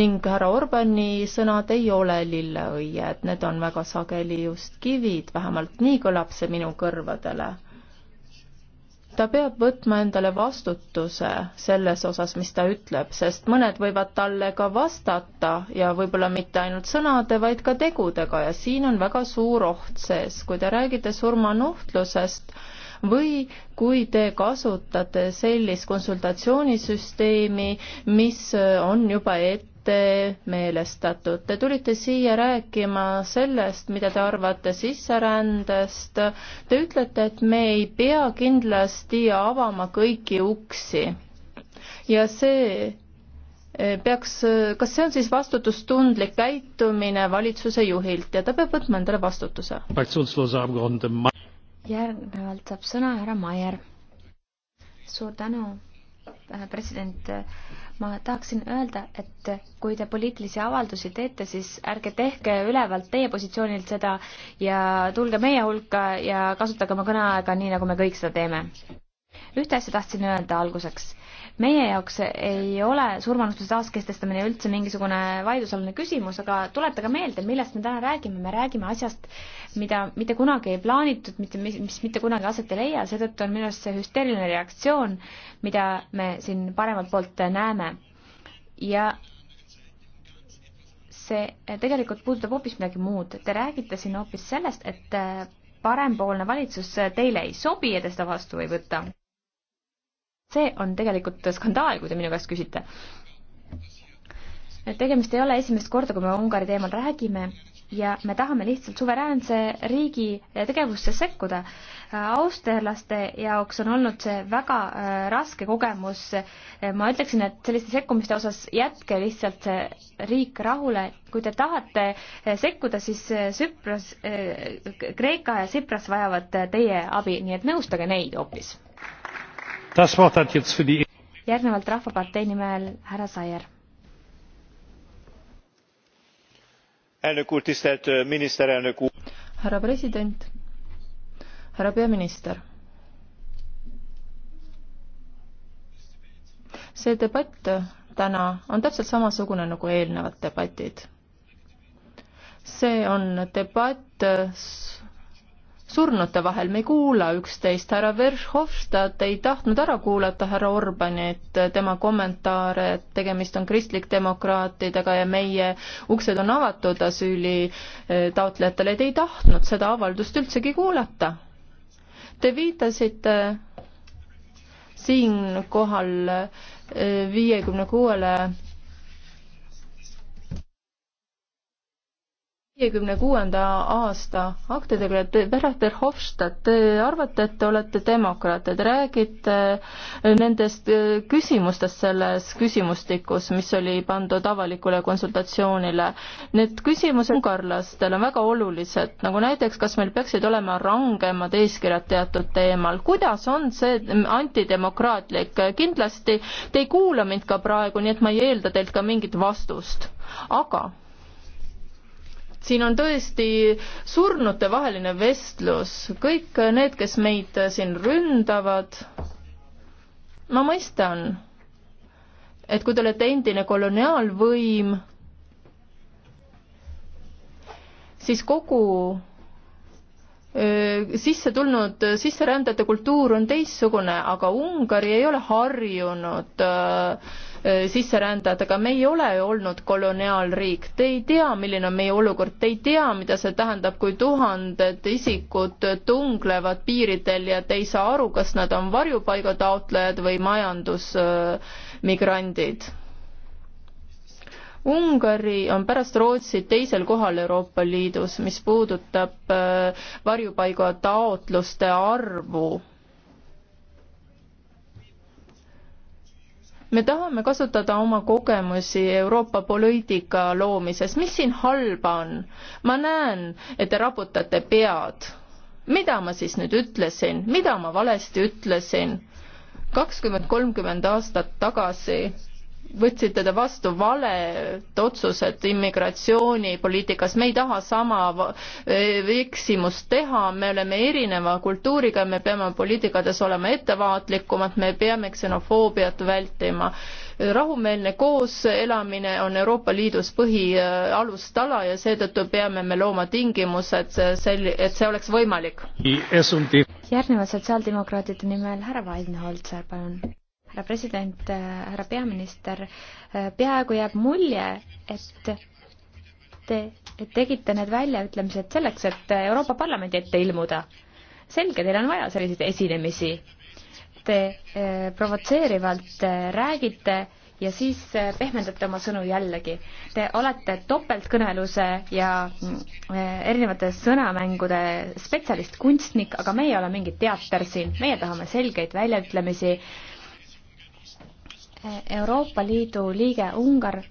ning härra Orbani sõnad ei ole lilleõied, need on väga sageli just kivid, vähemalt nii kõlab see minu kõrvadele ta peab võtma endale vastutuse selles osas, mis ta ütleb, sest mõned võivad talle ka vastata ja võib-olla mitte ainult sõnade, vaid ka tegudega ja siin on väga suur oht sees. kui te räägite surmanuhtlusest või kui te kasutate sellist konsultatsioonisüsteemi, mis on juba ette olete meelestatud. Te tulite siia rääkima sellest, mida te arvate sisserändest. Te ütlete, et me ei pea kindlasti avama kõiki uksi. ja see e, peaks, kas see on siis vastutustundlik käitumine valitsuse juhilt ja ta peab võtma endale vastutuse? järgnevalt saab sõna härra Maier. suur tänu Äh, president, äh, ma tahaksin öelda, et kui te poliitilisi avaldusi teete, siis ärge tehke ülevalt teie positsioonilt seda ja tulge meie hulka ja kasutage oma kõneaega nii, nagu me kõik seda teeme. ühte asja tahtsin öelda alguseks meie jaoks ei ole surmanustuse taaskestestamine üldse mingisugune vaidlusalune küsimus, aga tuletage meelde, millest me täna räägime, me räägime asjast, mida mitte kunagi ei plaanitud, mitte, mis, mis mitte kunagi aset ei leia, seetõttu on minu arust see hüsteeriline reaktsioon, mida me siin paremalt poolt näeme. ja see tegelikult puudutab hoopis midagi muud, te räägite siin hoopis sellest, et parempoolne valitsus teile ei sobi ja te seda vastu ei võta see on tegelikult skandaal, kui te minu käest küsite. tegemist ei ole esimest korda, kui me Ungari teemal räägime ja me tahame lihtsalt suveräänse riigi tegevusse sekkuda. austerlaste jaoks on olnud see väga äh, raske kogemus. ma ütleksin, et selliste sekkumiste osas jätke lihtsalt see riik rahule. kui te tahate äh, sekkuda, siis äh, Süpras, Kreeka ja Sipras vajavad teie abi, nii et nõustage neid hoopis järgnevalt Rahvapartei nimel härra Saier. härra president, härra peaminister. see debatt täna on täpselt samasugune nagu eelnevad debatid. see on debatt surnute vahel, me ei kuula üksteist, härra Verhofstadt ei tahtnud ära kuulata härra Orbanit, tema kommentaare, et tegemist on kristlikdemokraatidega ja meie uksed on avatud asüüli eh, taotlejatele, et ei tahtnud seda avaldust üldsegi kuulata. Te viitasite siinkohal eh, viiekümne kuuele viiekümne kuuenda aasta aktidega, et pärast Verhofstadt, te arvate, et te olete demokraat, et räägite nendest äh, küsimustest selles küsimustikus, mis oli pandud avalikule konsultatsioonile. Need küsimused ungarlastel on väga olulised, nagu näiteks, kas meil peaksid olema rangemad eeskirjad teatud teemal, kuidas on see antidemokraatlik, kindlasti te ei kuula mind ka praegu, nii et ma ei eelda teilt ka mingit vastust, aga siin on tõesti surnute vaheline vestlus, kõik need, kes meid siin ründavad, ma mõistan, et kui te olete endine koloniaalvõim, siis kogu sisse tulnud sisserändajate kultuur on teistsugune, aga Ungari ei ole harjunud äh, Äh, sisserändajatega, me ei ole olnud koloniaalriik, te ei tea, milline on meie olukord, te ei tea, mida see tähendab, kui tuhanded isikud tunglevad piiridel ja te ei saa aru, kas nad on varjupaigataotlejad või majandusmigrandid. Ungari on pärast Rootsit teisel kohal Euroopa Liidus, mis puudutab äh, varjupaiga taotluste arvu me tahame kasutada oma kogemusi Euroopa poliitika loomises, mis siin halba on? ma näen, et te raputate pead. mida ma siis nüüd ütlesin, mida ma valesti ütlesin? kakskümmend, kolmkümmend aastat tagasi võtsite te vastu valed otsused immigratsioonipoliitikas, me ei taha sama eh, eksimust teha, me oleme erineva kultuuriga, me peame poliitikates olema ettevaatlikumad, me peame ksenofoobiat vältima. rahumeelne kooselamine on Euroopa Liidus põhialustala ja seetõttu peame me looma tingimused sel-, et see oleks võimalik. järgnevalt sotsiaaldemokraatide nimel härra Vaidna Holtser, palun härra president, härra peaminister, peaaegu jääb mulje, et te et tegite need väljaütlemised selleks, et Euroopa Parlamendi ette ilmuda. selge, teil on vaja selliseid esinemisi. Te eh, provotseerivalt eh, räägite ja siis eh, pehmendate oma sõnu jällegi. Te olete topeltkõneluse ja mm, erinevate sõnamängude spetsialist, kunstnik, aga meie ei ole mingi teater siin, meie tahame selgeid väljaütlemisi Euroopa Liidu liige Ungari,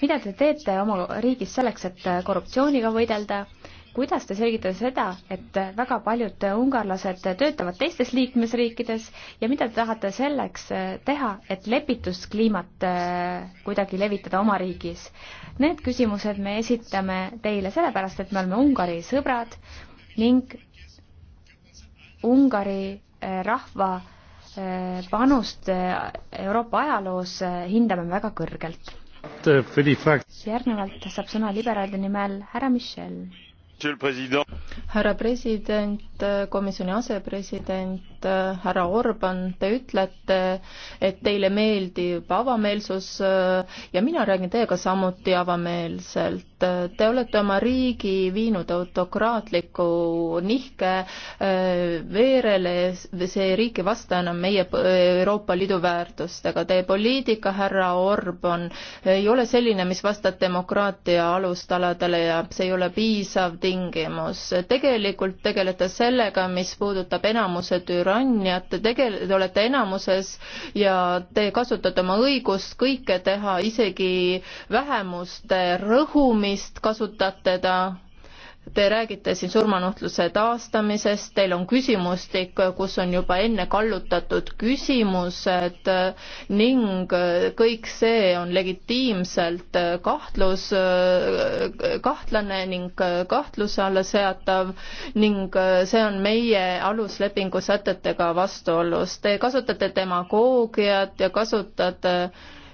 mida te teete oma riigis selleks, et korruptsiooniga võidelda? kuidas te selgitate seda, et väga paljud ungarlased töötavad teistes liikmesriikides ja mida te tahate selleks teha, et lepituskliimat äh, kuidagi levitada oma riigis? Need küsimused me esitame teile sellepärast, et me oleme Ungari sõbrad ning Ungari äh, rahva Äh, panust äh, Euroopa ajaloos äh, hindame me väga kõrgelt. järgnevalt saab sõna liberaalide nimel härra Michel. härra president, komisjoni asepresident, et äh, härra Orban, te ütlete, et teile meeldib avameelsus äh, ja mina räägin teiega samuti avameelselt. Te olete oma riigi viinud autokraatliku nihke äh, veerele, see riik ei vasta enam meie Euroopa Liidu väärtustega. Teie poliitika, härra Orban, ei ole selline, mis vastab demokraatia alustaladele ja see ei ole piisav tingimus. tegelikult tegelete sellega, mis puudutab enamuse türa-, Suurbritanniat, tege-, te olete enamuses ja te kasutate oma õigust kõike teha, isegi vähemuste rõhumist kasutate ta Te räägite siin surmanuhtluse taastamisest, teil on küsimustik, kus on juba enne kallutatud küsimused ning kõik see on legitiimselt kahtlus, kahtlane ning kahtluse alla seatav ning see on meie aluslepingu sätetega vastuolus. Te kasutate demagoogiat ja kasutate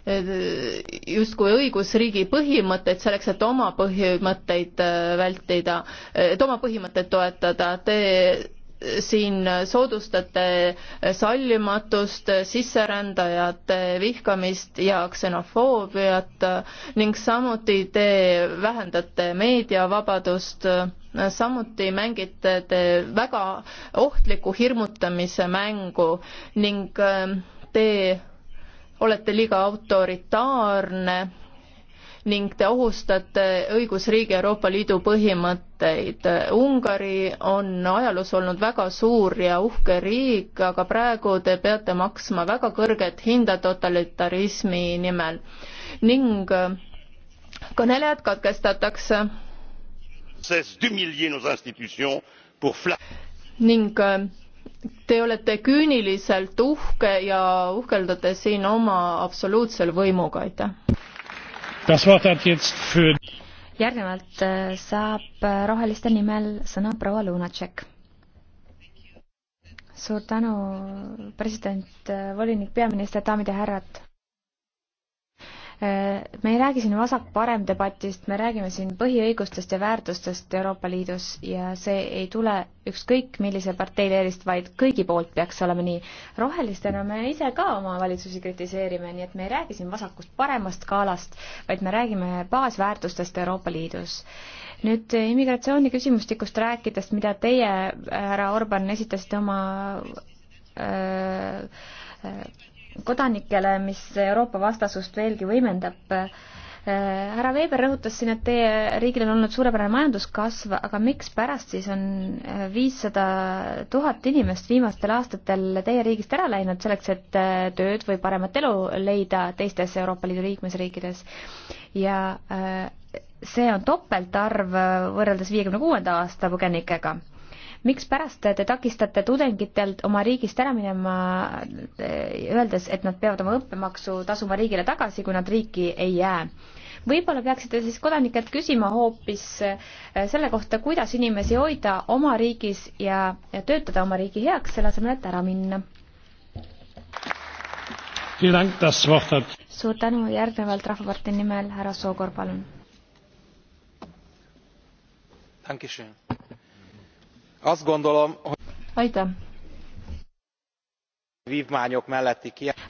Äh, justkui õigusriigi põhimõtteid selleks, et oma põhimõtteid äh, vältida, äh, et oma põhimõtteid toetada. Te siin soodustate sallimatust, sisserändajate vihkamist ja ksenofoobiat ning samuti te vähendate meediavabadust, samuti mängite te väga ohtlikku hirmutamise mängu ning te olete liiga autoritaarne ning te ohustate õigusriigi Euroopa Liidu põhimõtteid. Ungari on ajaloos olnud väga suur ja uhke riik, aga praegu te peate maksma väga kõrget hinda totalitarismi nimel ning äh, kõnelejad katkestatakse. ning äh, Te olete küüniliselt uhke ja uhkeldate siin oma absoluutsel võimuga, aitäh. järgnevalt äh, saab äh, Roheliste nimel sõna proua Lunatšek. suur tänu, president, äh, volinik, peaminister, daamid ja härrad Äh, me ei räägi siin vasak-parem debatist, me räägime siin põhiõigustest ja väärtustest Euroopa Liidus ja see ei tule ükskõik millise partei leerist, vaid kõigi poolt peaks olema nii. rohelistena me ise ka oma valitsusi kritiseerime, nii et me ei räägi siin vasakust-paremast skaalast, vaid me räägime baasväärtustest Euroopa Liidus nüüd immigratsiooni küsimustikust rääkides, mida teie, härra Orban, esitasite oma öö, äh, öö, äh, kodanikele, mis Euroopa vastasust veelgi võimendab. Äh, härra Weber rõhutas siin, et teie riigil on olnud suurepärane majanduskasv, aga mikspärast siis on äh, viissada tuhat inimest viimastel aastatel teie riigist ära läinud selleks, et äh, tööd või paremat elu leida teistes Euroopa Liidu liikmesriikides ja see on topeltarv võrreldes viiekümne kuuenda aasta põgenikega mikspärast te takistate tudengitelt oma riigist ära minema, öeldes, et nad peavad oma õppemaksu tasuma riigile tagasi, kui nad riiki ei jää? võib-olla peaksite siis kodanikelt küsima hoopis äh, selle kohta, kuidas inimesi hoida oma riigis ja, ja töötada oma riigi heaks, selle asemel, et ära minna. suur tänu, järgnevalt Rahvapartei nimel härra Sookor, palun azt gondolom hogy aitäh!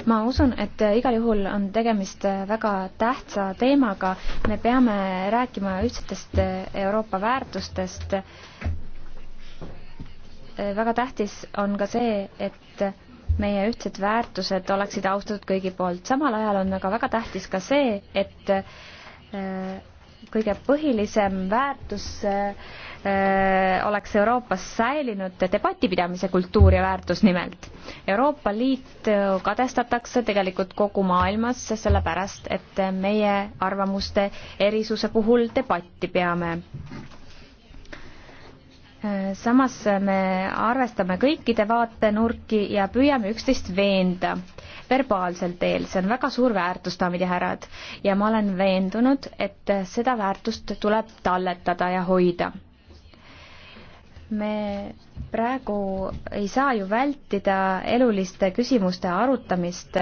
ma usun, et igal juhul on tegemist väga tähtsa teemaga, me peame rääkima ühtsetest Euroopa väärtustest. väga tähtis on ka see, et meie ühtsed väärtused oleksid austatud kõigi poolt, samal ajal on aga väga tähtis ka see, et kõige põhilisem väärtus äh, oleks Euroopas säilinud debati pidamise kultuur ja väärtus nimelt. Euroopa Liit äh, kadestatakse tegelikult kogu maailmas, sellepärast et meie arvamuste erisuse puhul debatti peame äh, samas me arvestame kõikide vaatenurki ja püüame üksteist veenda verbaalsel teel, see on väga suur väärtus, daamid ja härrad. ja ma olen veendunud, et seda väärtust tuleb talletada ja hoida. me praegu ei saa ju vältida eluliste küsimuste arutamist.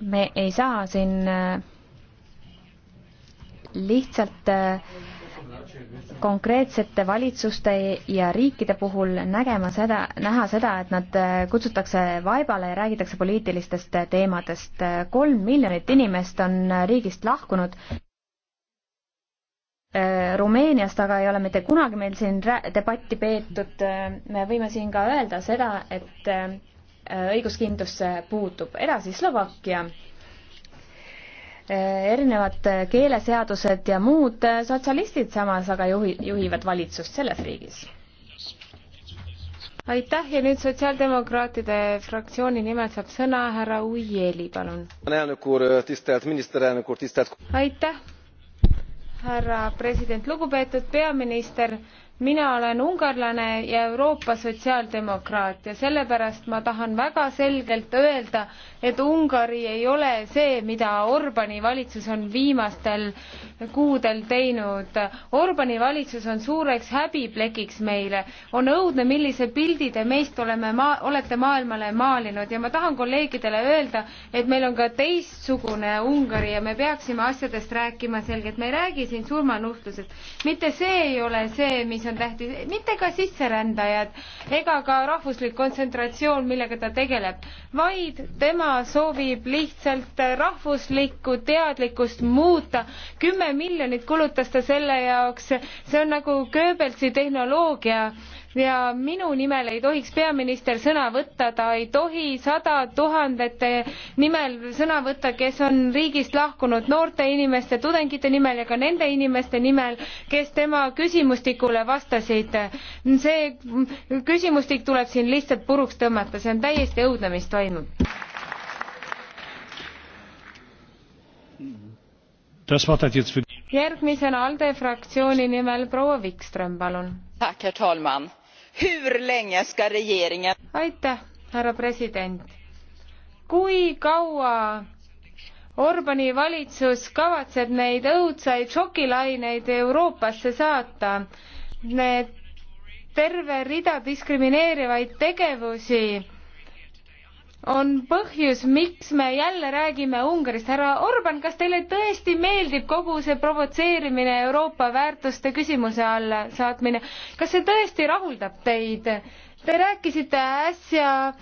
me ei saa siin lihtsalt äh, konkreetsete valitsuste ja riikide puhul nägema seda, näha seda, et nad äh, kutsutakse vaibale ja räägitakse poliitilistest äh, teemadest. Äh, kolm miljonit inimest on riigist lahkunud. Rumeeniast aga ei ole mitte kunagi meil siin debatti peetud. me võime siin ka öelda seda, et õiguskindlus puudub. edasi Slovakkia Eh, erinevad eh, keeleseadused ja muud, eh, sotsialistid samas aga juhi, juhivad valitsust selles riigis. aitäh ja nüüd sotsiaaldemokraatide fraktsiooni nimel saab sõna härra Ujjeli, palun. aitäh, härra president, lugupeetud peaminister mina olen ungarlane ja Euroopa sotsiaaldemokraat ja sellepärast ma tahan väga selgelt öelda, et Ungari ei ole see, mida Orbani valitsus on viimastel kuudel teinud. Orbani valitsus on suureks häbiplekiks meile. on õudne, millise pildi te meist oleme maa, olete maailmale maalinud ja ma tahan kolleegidele öelda, et meil on ka teistsugune Ungari ja me peaksime asjadest rääkima selgelt. me ei räägi siin surmanuhtlusest. mitte see ei ole see, mis mis on tähtis, mitte ka sisserändajad ega ka rahvuslik kontsentratsioon, millega ta tegeleb, vaid tema soovib lihtsalt rahvuslikku teadlikkust muuta. kümme miljonit kulutas ta selle jaoks, see on nagu Goebbelsi tehnoloogia ja minu nimel ei tohiks peaminister sõna võtta, ta ei tohi sada tuhandete nimel sõna võtta, kes on riigist lahkunud noorte inimeste, tudengite nimel ja ka nende inimeste nimel, kes tema küsimustikule vastasid. see küsimustik tuleb siin lihtsalt puruks tõmmata, see on täiesti õudne, mis toimub. järgmisena ALDE fraktsiooni nimel proua Wikström, palun herr talman! aitäh, härra president. kui kaua Orbani valitsus kavatseb neid õudsaid šokilaineid Euroopasse saata? Need terve rida diskrimineerivaid tegevusi on põhjus, miks me jälle räägime Ungarist. härra Orban, kas teile tõesti meeldib kogu see provotseerimine Euroopa väärtuste küsimuse alla saatmine? kas see tõesti rahuldab teid? Te rääkisite äsja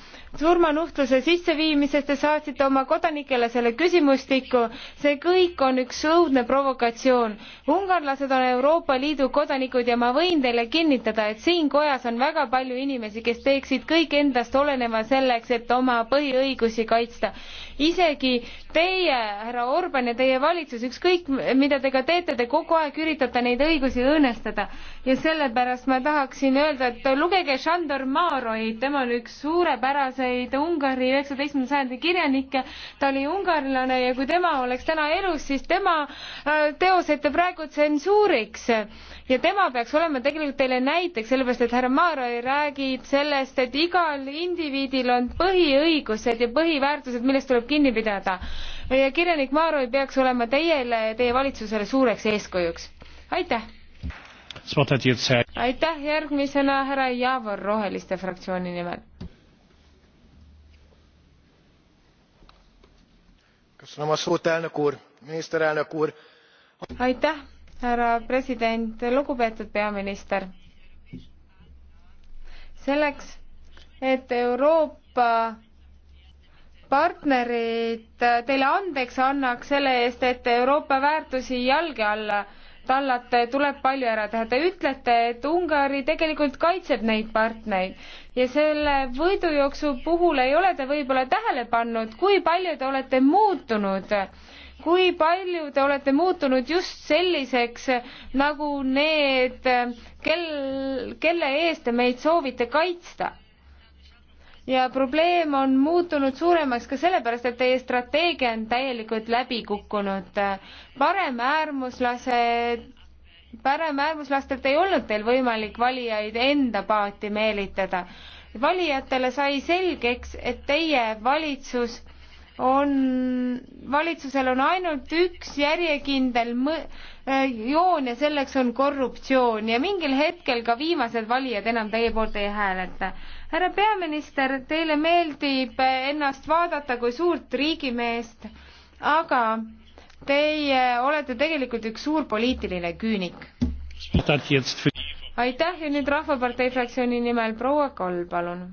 surmanuhtluse sisseviimisest, te saatsite oma kodanikele selle küsimustiku. see kõik on üks õudne provokatsioon. ungarlased on Euroopa Liidu kodanikud ja ma võin teile kinnitada, et siin kojas on väga palju inimesi, kes teeksid kõik endast oleneva selleks, et oma põhiõigusi kaitsta. isegi teie, härra Orban ja teie valitsus, ükskõik mida te ka teete, te kogu aeg üritate neid õigusi õõnestada. ja sellepärast ma tahaksin öelda, et lugege Shandor Maroid, tema on üks suurepäraseid Ungari üheksateistkümnenda sajandi kirjanikke, ta oli ungarlane ja kui tema oleks täna elus, siis tema äh, teoseid te praegu tsensuuriks ja tema peaks olema tegelikult teile näiteks, sellepärast et härra Maaroi räägib sellest, et igal indiviidil on põhiõigused ja põhiväärtused, millest tuleb kinni pidada. ja kirjanik Maaroi peaks olema teile ja teie valitsusele suureks eeskujuks. aitäh! aitäh, järgmisena härra Javor Roheliste fraktsiooni nimel. aitäh, härra president, lugupeetud peaminister. selleks, et Euroopa partnerid teile andeks annaks selle eest, et Euroopa väärtusi jalge alla tallate, tuleb palju ära teha. Te ütlete, et Ungari tegelikult kaitseb neid partneid ja selle võidujooksu puhul ei ole te võib-olla tähele pannud, kui palju te olete muutunud kui palju te olete muutunud just selliseks nagu need, kel, kelle eest te meid soovite kaitsta ja probleem on muutunud suuremaks ka sellepärast, et teie strateegia on täielikult läbi kukkunud. paremäärmuslased, paremäärmuslastelt ei olnud teil võimalik valijaid enda paati meelitada. valijatele sai selgeks, et teie valitsus on, valitsusel on ainult üks järjekindel mõ-, joon ja selleks on korruptsioon ja mingil hetkel ka viimased valijad enam teie poolt ei hääleta härra peaminister, teile meeldib ennast vaadata kui suurt riigimeest, aga teie olete tegelikult üks suur poliitiline küünik. aitäh ja nüüd Rahvapartei fraktsiooni nimel proua Kall, palun.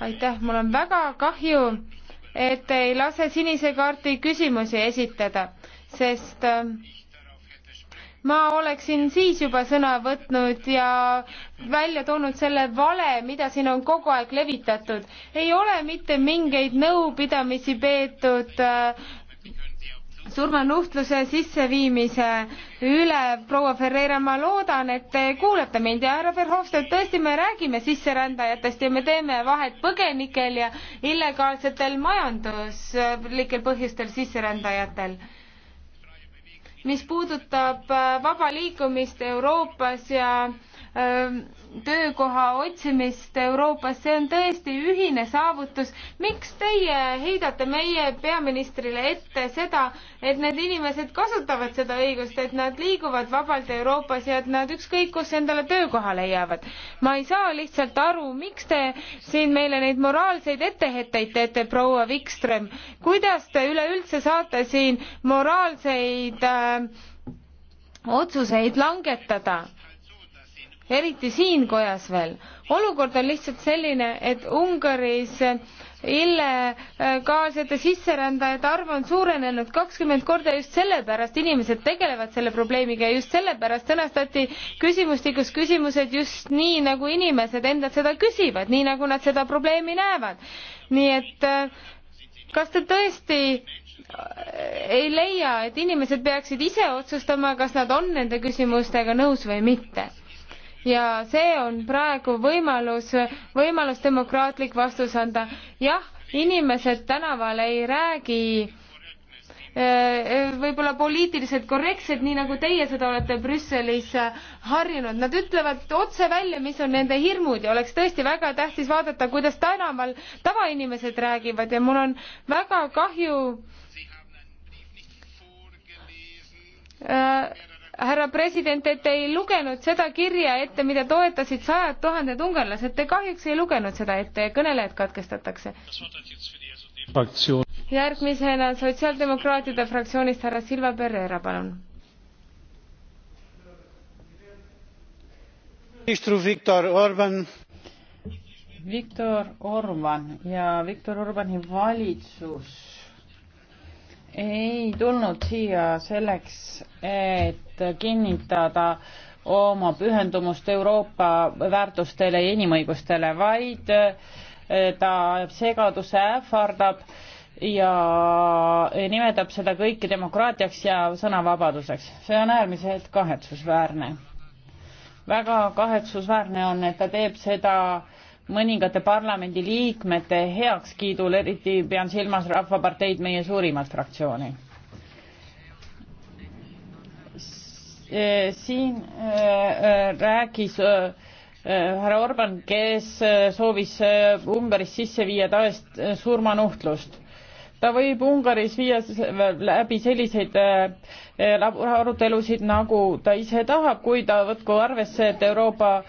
aitäh, mul on väga kahju, et ei lase sinise kaardi küsimusi esitada, sest äh, ma oleksin siis juba sõna võtnud ja välja toonud selle vale, mida siin on kogu aeg levitatud. ei ole mitte mingeid nõupidamisi peetud äh, surmanuhtluse sisseviimise üle. proua Ferreira, ma loodan, et te kuulete mind ja härra Verhofstadt, tõesti, me räägime sisserändajatest ja me teeme vahet põgenikel ja illegaalsetel majanduslikel põhjustel sisserändajatel mis puudutab äh, vaba liikumist Euroopas ja töökoha otsimist Euroopas, see on tõesti ühine saavutus. miks teie heidate meie peaministrile ette seda, et need inimesed kasutavad seda õigust, et nad liiguvad vabalt Euroopas ja et nad ükskõik kus endale töökoha leiavad? ma ei saa lihtsalt aru, miks te siin meile neid moraalseid etteheteid teete, proua Wikström. kuidas te üleüldse saate siin moraalseid äh, otsuseid langetada? eriti siin kojas veel. olukord on lihtsalt selline, et Ungaris illegaalsete äh, sisserändajate arv on suurenenud kakskümmend korda just sellepärast, inimesed tegelevad selle probleemiga ja just sellepärast sõnastati küsimustikus küsimused just nii, nagu inimesed endad seda küsivad, nii nagu nad seda probleemi näevad. nii et äh, kas te tõesti äh, ei leia, et inimesed peaksid ise otsustama, kas nad on nende küsimustega nõus või mitte? ja see on praegu võimalus, võimalus demokraatlik vastus anda. jah, inimesed tänaval ei räägi äh, võib-olla poliitiliselt korrektsed, nii nagu teie seda olete Brüsselis äh, harjunud. Nad ütlevad otse välja, mis on nende hirmud ja oleks tõesti väga tähtis vaadata, kuidas tänaval tavainimesed räägivad ja mul on väga kahju äh, härra president, et te ei lugenud seda kirja ette, mida toetasid sajad tuhanded ungarlased, te kahjuks ei lugenud seda ette ja kõnelejad katkestatakse. järgmisena Sotsiaaldemokraatide fraktsioonist härra Silva Pereira, palun. minister Viktor Orban Viktor Orban ja Viktor Orbani valitsus ei tulnud siia selleks, et kinnitada oma pühendumust Euroopa väärtustele ja inimõigustele, vaid eh, ta ajab segaduse, ähvardab ja nimetab seda kõike demokraatiaks ja sõnavabaduseks. see on äärmiselt kahetsusväärne. väga kahetsusväärne on, et ta teeb seda äh, mõningate parlamendiliikmete heakskiidul, eriti pean silmas Rahvaparteid, meie suurimat fraktsiooni. siin äh, äh, rääkis äh, härra Orban, kes soovis Ungaris sisse viia taest surmanuhtlust ta võib Ungaris viia läbi selliseid arutelusid, nagu ta ise tahab, kui ta võtku arvesse, et Euroopa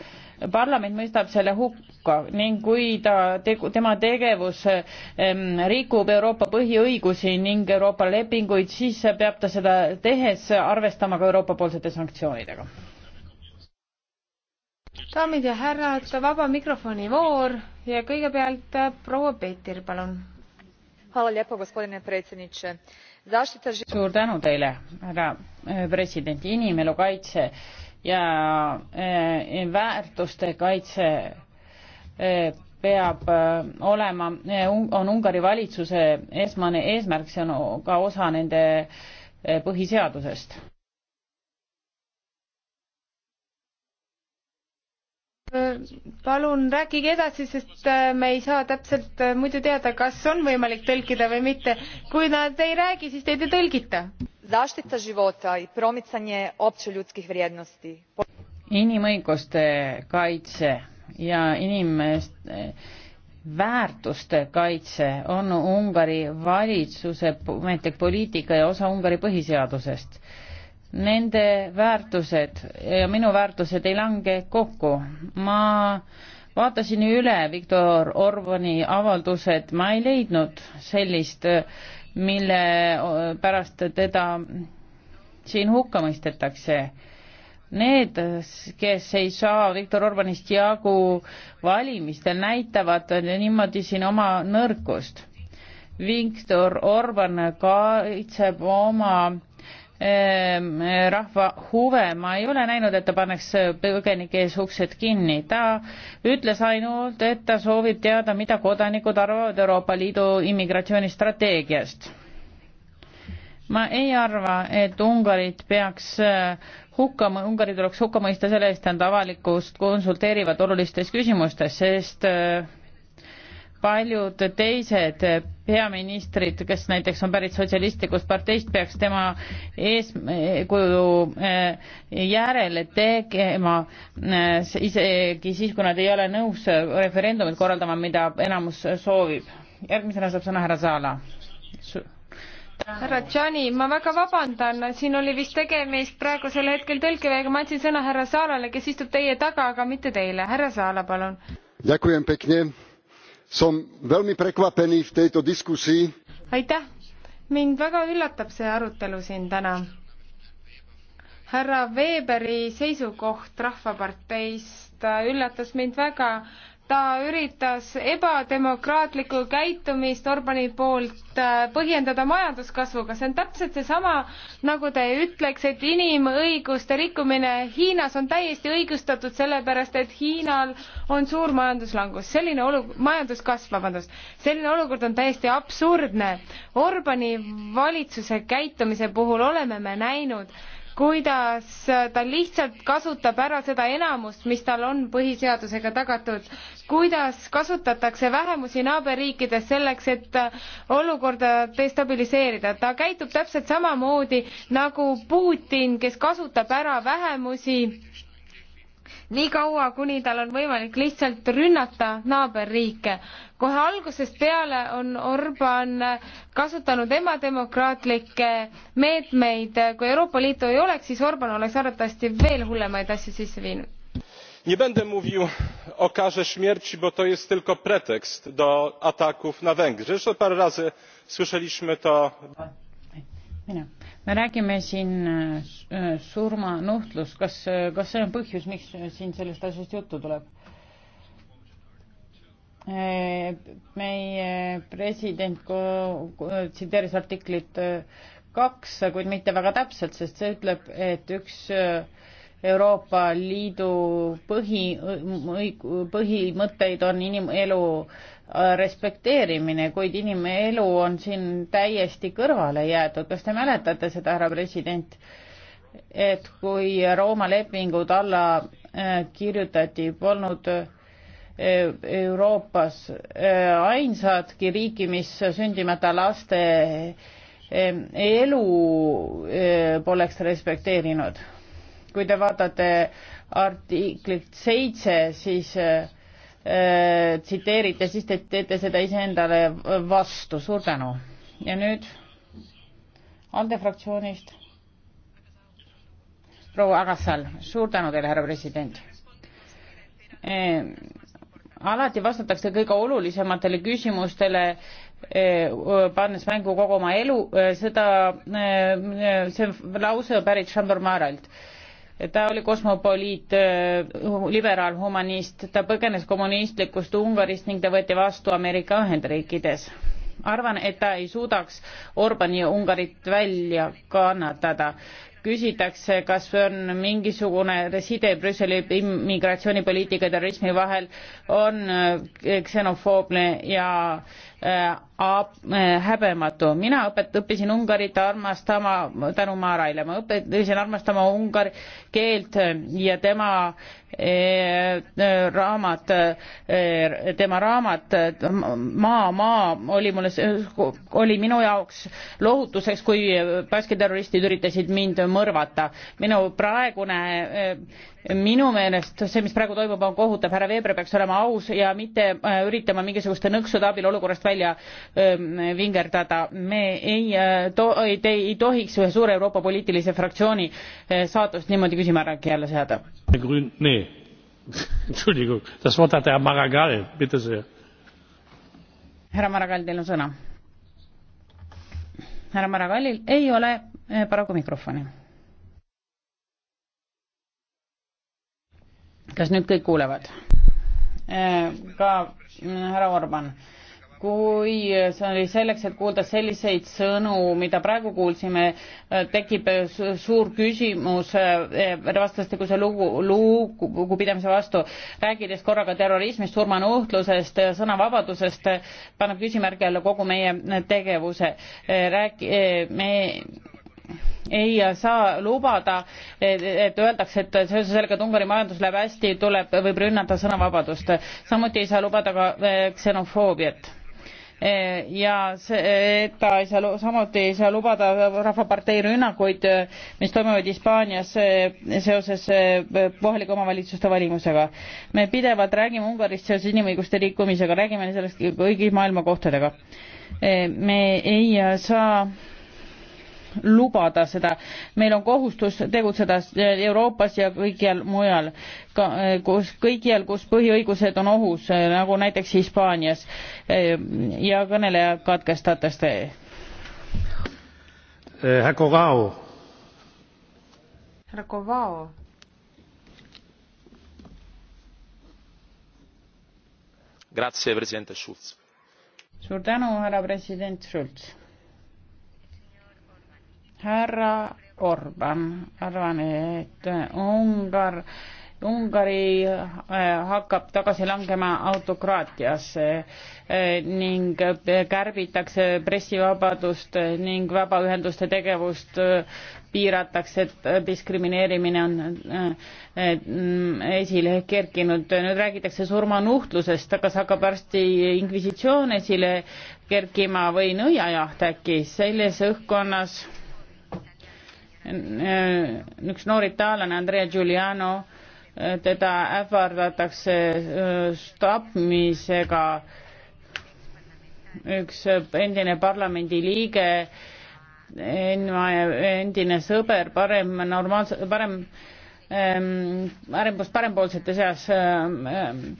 parlament mõistab selle hukka ning kui ta tegu, tema tegevus ähm, rikub Euroopa põhiõigusi ning Euroopa lepinguid, siis peab ta seda tehes arvestama ka Euroopa poolsete sanktsioonidega. daamid ja härrad, vaba mikrofoni voor ja kõigepealt proua Peeter, palun. suur tänu teile, härra eh, president, inimelu kaitse ja eh, väärtuste kaitse eh, peab eh, olema, on Ungari valitsuse esmane eesmärk, see on ka osa nende põhiseadusest. palun rääkige edasi, sest me ei saa täpselt muidu teada, kas on võimalik tõlkida või mitte. kui nad ei räägi, siis teid ei tõlgita zaštita života i promicanje općeljudskih vrijednosti inimõiguste kaitse ja inimeste väärtuste kaitse on Ungari valitsuse ametlik poliitika ja osa Ungari põhiseadusest. Nende väärtused ja minu väärtused ei lange kokku. ma vaatasin üle Viktor Orbani avaldused, ma ei leidnud sellist mille pärast teda siin hukka mõistetakse. Need, kes ei saa Viktor Orbanist jagu valimistel, näitavad niimoodi siin oma nõrkust. Viktor Orban kaitseb oma Ehm, eh, rahva huve, ma ei ole näinud, et ta paneks eh, põgenike ees uksed kinni, ta ütles ainult, et ta soovib teada, mida kodanikud arvavad Euroopa Liidu immigratsioonistrateegiast. ma ei arva, et Ungarit peaks eh, hukka, Ungari tuleks hukka mõista selle eest, et nad avalikkust konsulteerivad olulistes küsimustes, sest paljud teised peaministrid, kes näiteks on pärit sotsialistlikust parteist, peaks tema eeskuju eh, järele tegema, eh, isegi siis, kui nad ei ole nõus referendumit korraldama, mida enamus soovib. järgmisena saab sõna härra Saala härra Tšani, ma väga vabandan, siin oli vist tegemist praegusel hetkel tõlkeveega, ma andsin sõna härra Saalale, kes istub teie taga, aga mitte teile. härra Saala, palun som veľmi prekvapený v tejto diskusii. aitäh, mind väga üllatab see arutelu siin täna. härra Weberi seisukoht Rahvaparteist üllatas mind väga ta üritas ebademokraatlikku käitumist Orbani poolt äh, põhjendada majanduskasvuga. see on täpselt seesama, nagu te ütleks, et inimõiguste rikkumine Hiinas on täiesti õigustatud, sellepärast et Hiinal on suur majanduslangus. selline olu-, majanduskasv, vabandust, selline olukord on täiesti absurdne. Orbani valitsuse käitumise puhul oleme me näinud, kuidas ta lihtsalt kasutab ära seda enamust, mis tal on põhiseadusega tagatud, kuidas kasutatakse vähemusi naaberriikides selleks, et olukorda destabiliseerida. ta käitub täpselt samamoodi nagu Putin, kes kasutab ära vähemusi niikaua, kuni tal on võimalik lihtsalt rünnata naaberriike. kohe algusest peale on Orban kasutanud ebademokraatlikke meetmeid, kui Euroopa Liitu ei oleks, siis Orban oleks arvatavasti veel hullemaid asju sisse viinud. Nie będę mówił o karze śmierci, bo to jest tylko pretekst do ataków na Węgry. Zresztą parę razy słyszeliśmy to. Mina me räägime siin äh, surmanuhtlus, kas, äh, kas see on põhjus, miks äh, siin sellest asjast juttu tuleb? meie president tsiteeris artiklit kaks, kuid mitte väga täpselt, sest see ütleb, et üks Euroopa Liidu põhi, põhimõtteid on inimelu äh, respekteerimine, kuid inimelu on siin täiesti kõrvale jäetud. kas te mäletate seda, härra president, et kui Rooma lepingud alla äh, kirjutati, polnud äh, Euroopas ainsatki riiki, mis sündimata laste elu poleks respekteerinud kui te vaatate artiklit seitse, siis äh, tsiteerite, siis te teete seda iseendale vastu, suur tänu. ja nüüd ALDE fraktsioonist proua Agassal, suur tänu teile, härra president e,. alati vastatakse kõige olulisematele küsimustele e,, pannes mängu kogu oma elu e,, seda, see lause pärit Šandor Maaralt ta oli kosmopoliit, äh, liberaal, humanist, ta põgenes kommunistlikust Ungarist ning ta võeti vastu Ameerika Ühendriikides. arvan, et ta ei suudaks Orbani Ungarit välja kannatada. küsitakse, kas on mingisugune side Brüsseli immigratsioonipoliitika ja terrorismi vahel, on äh, ksenofoobne ja Äh, äh, häbematu. mina õpet-, õppisin Ungarit armastama tänu Maaraile, ma õppisin armastama ungari keelt äh, ja tema eh, raamat eh,, tema raamat Maa, maa oli mulle, oli minu jaoks lohutuseks, kui baskiterroristid üritasid mind mõrvata. minu praegune eh, minu meelest see, mis praegu toimub, on kohutav, härra Veeber peaks olema aus ja mitte äh, üritama mingisuguste nõksude abil olukorrast välja ähm, vingerdada. me ei äh, to-, ei, ei tohiks ühe suure Euroopa poliitilise fraktsiooni äh, saatust niimoodi küsimärgi alla seada. Nee. Entschuldigung, das Wort hat Herr Maragall, bitte sehr. härra Maragall, teil on sõna. härra Maragallil ei ole paraku mikrofoni kas nüüd kõik kuulevad? Äh, ka härra Orban, kui see oli selleks, et kuulda selliseid sõnu, mida praegu kuulsime, äh, tekib suur küsimus äh, vastastikuse lugu, lugupidamise vastu. rääkides korraga terrorismist, surmanuhtlusest, sõnavabadusest, paneb küsimärgi alla kogu meie tegevuse. rääki-, me ei saa lubada, et öeldakse, et seoses sellega, et Ungari majandus läheb hästi, tuleb, võib rünnata sõnavabadust. samuti ei saa lubada ka eh, ksenofoobiat eh, ja see, et ta ei saa, samuti ei saa lubada Rahvapartei rünnakuid, mis toimuvad Hispaanias eh, seoses kohalike omavalitsuste valimusega. me pidevalt räägime Ungarist seoses inimõiguste rikkumisega, räägime sellest kõigi maailma kohtadega. me ei saa lubada seda. meil on kohustus tegutseda Euroopas ja kõikjal mujal, eh, kus kõikjal, kus põhiõigused on ohus, eh, nagu näiteks Hispaanias eh, ja kõneleja katkestatakse. härra Covao. härra Covao. grazie presidente schulz suur tänu härra president schulz härra Orban, arvan, et Ungar, Ungari äh, hakkab tagasi langema autokraatiasse äh, ning äh, kärbitakse pressivabadust ning vabaühenduste tegevust piiratakse, et diskrimineerimine on mm, esile kerkinud. nüüd räägitakse surmanuhtlusest, kas hakkab varsti inkvisitsioon esile kerkima või nõiajaht äkki selles õhkkonnas üks noor itaallane Andrea Giuliano, teda ähvardatakse tapmisega. üks endine parlamendiliige, endine sõber, parem normaalse, parem ääremust ähm, parempoolsete seas. Ähm, ähm,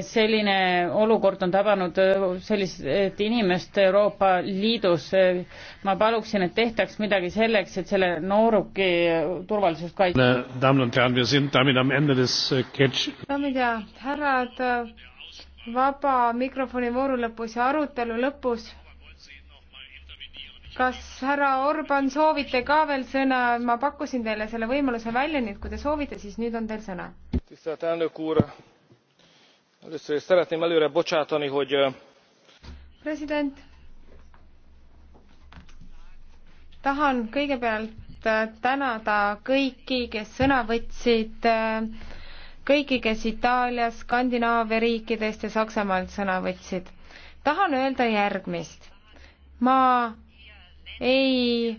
selline olukord on tabanud äh, sellist inimest Euroopa Liidus. ma paluksin, et tehtaks midagi selleks, et selle nooruki turvalisust kaitsta. Äh, daamid ja härrad, äh, vaba mikrofoni vooru lõpus ja arutelu lõpus kas härra Orban, soovite ka veel sõna? ma pakkusin teile selle võimaluse välja, nii et kui te soovite, siis nüüd on teil sõna. president. tahan kõigepealt tänada kõiki, kes sõna võtsid, kõiki, kes Itaalias, Skandinaavia riikidest ja Saksamaalt sõna võtsid. tahan öelda järgmist. ma ei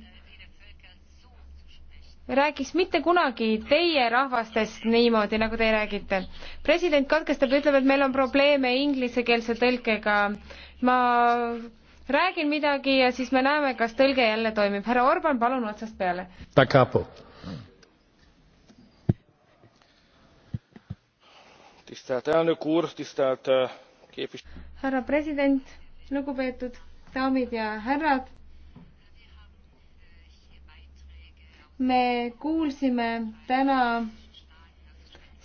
räägiks mitte kunagi teie rahvastest niimoodi, nagu teie räägite. president katkestab ja ütleb, et meil on probleeme inglisekeelse tõlkega. ma räägin midagi ja siis me näeme, kas tõlge jälle toimib. härra Orban, palun otsast peale. härra president, lugupeetud daamid ja härrad me kuulsime täna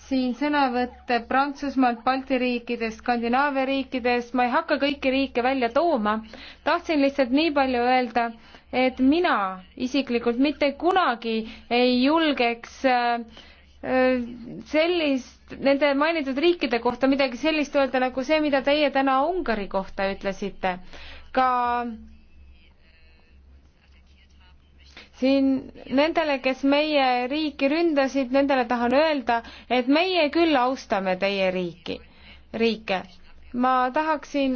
siin sõnavõtte Prantsusmaalt, Balti riikidest, Skandinaavia riikidest, ma ei hakka kõiki riike välja tooma, tahtsin lihtsalt nii palju öelda, et mina isiklikult mitte kunagi ei julgeks äh, äh, sellist, nende mainitud riikide kohta midagi sellist öelda, nagu see, mida teie täna Ungari kohta ütlesite. ka siin nendele, kes meie riiki ründasid, nendele tahan öelda, et meie küll austame teie riiki, riike. ma tahaksin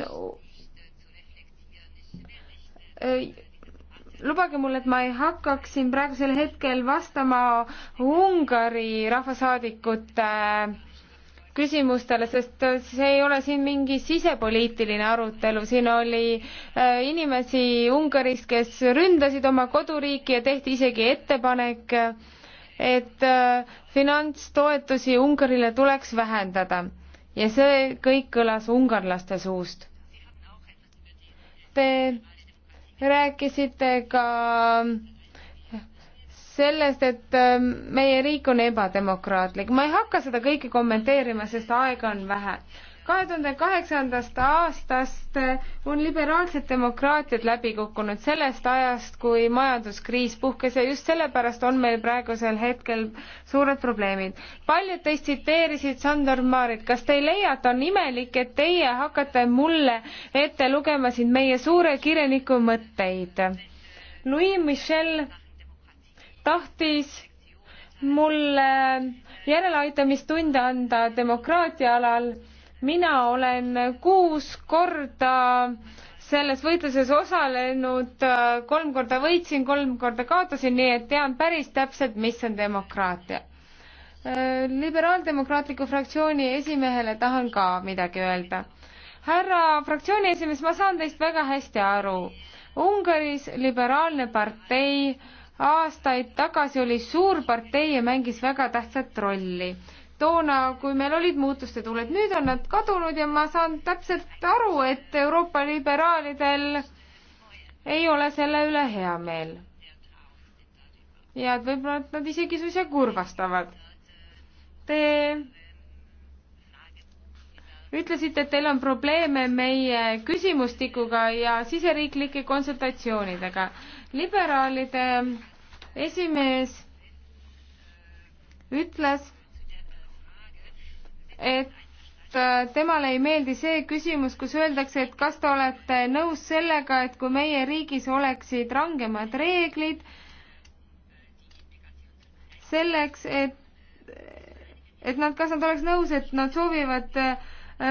lubage mul, et ma ei hakkaks siin praegusel hetkel vastama Ungari rahvasaadikute äh, küsimustele, sest see ei ole siin mingi sisepoliitiline arutelu, siin oli äh, inimesi Ungarist, kes ründasid oma koduriiki ja tehti isegi ettepanek, et äh, finantstoetusi Ungarile tuleks vähendada ja see kõik kõlas ungarlaste suust. Te rääkisite ka äh, sellest, et ähm, meie riik on ebademokraatlik. ma ei hakka seda kõike kommenteerima, sest aega on vähe. kahe tuhande kaheksandast aastast äh, on liberaalsed demokraatiad läbi kukkunud, sellest ajast, kui majanduskriis puhkes ja just sellepärast on meil praegusel hetkel suured probleemid. paljud teist tsiteerisid Sandor Maarit, kas te ei leia, et on imelik, et teie hakkate mulle ette lugema siin meie suure kirjaniku mõtteid? Louis Michel tahtis mulle järeleaitamistunde anda demokraatia alal. mina olen kuus korda selles võitluses osalenud, kolm korda võitsin, kolm korda kaotasin, nii et tean päris täpselt, mis on demokraatia. liberaaldemokraatliku fraktsiooni esimehele tahan ka midagi öelda. härra fraktsiooni esimees, ma saan teist väga hästi aru. Ungaris liberaalne partei aastaid tagasi oli suur partei ja mängis väga tähtsat rolli. toona, kui meil olid muutuste tuled, nüüd on nad kadunud ja ma saan täpselt aru, et Euroopa liberaalidel ei ole selle üle hea meel. ja et võib-olla nad isegi suisa kurvastavad. Te ütlesite, et teil on probleeme meie küsimustikuga ja siseriiklike konsultatsioonidega liberaalide esimees ütles, et äh, temale ei meeldi see küsimus, kus öeldakse, et kas te olete nõus sellega, et kui meie riigis oleksid rangemad reeglid selleks, et, et nad, kas nad oleks nõus, et nad soovivad äh,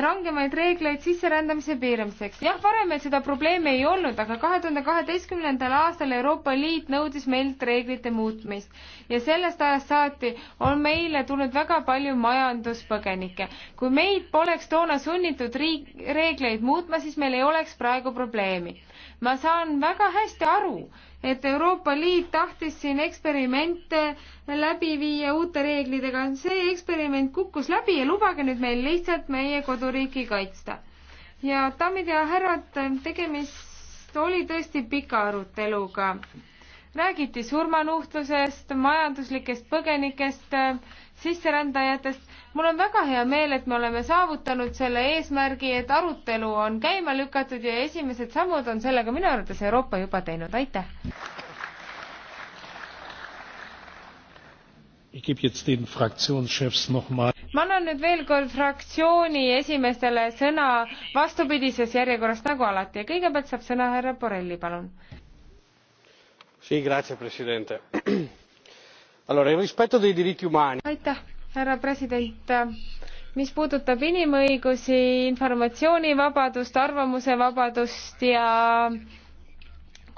rangemaid reegleid sisserändamise piiramiseks. jah, varem meil seda probleemi ei olnud, aga kahe tuhande kaheteistkümnendal aastal Euroopa Liit nõudis meilt reeglite muutmist ja sellest ajast saati on meile tulnud väga palju majanduspõgenikke. kui meid poleks toona sunnitud riik, reegleid muutma, siis meil ei oleks praegu probleemi ma saan väga hästi aru, et Euroopa Liit tahtis siin eksperimente läbi viia uute reeglidega, see eksperiment kukkus läbi ja lubage nüüd meil lihtsalt meie koduriiki kaitsta. ja daamid ja härrad, tegemist oli tõesti pika aruteluga. räägiti surmanuhtlusest, majanduslikest põgenikest, sisserändajatest mul on väga hea meel, et me oleme saavutanud selle eesmärgi, et arutelu on käima lükatud ja esimesed sammud on sellega minu arvates Euroopa juba teinud, aitäh! ma annan nüüd veel kord fraktsiooni esimeestele sõna vastupidises järjekorras nagu alati ja kõigepealt saab sõna härra Borrelli, palun. aitäh! härra president, mis puudutab inimõigusi, informatsioonivabadust, arvamusevabadust ja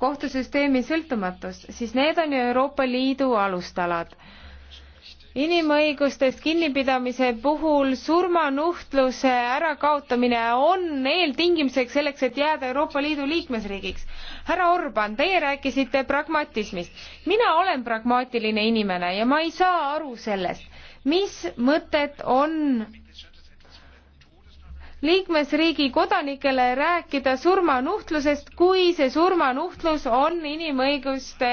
kohtusüsteemi sõltumatust, siis need on ju Euroopa Liidu alustalad. inimõigustest kinnipidamise puhul surmanuhtluse ärakaotamine on eeltingimuseks selleks, et jääda Euroopa Liidu liikmesriigiks. härra Orban, teie rääkisite pragmatismist. mina olen pragmaatiline inimene ja ma ei saa aru sellest mis mõtet on liikmesriigi kodanikele rääkida surmanuhtlusest, kui see surmanuhtlus on inimõiguste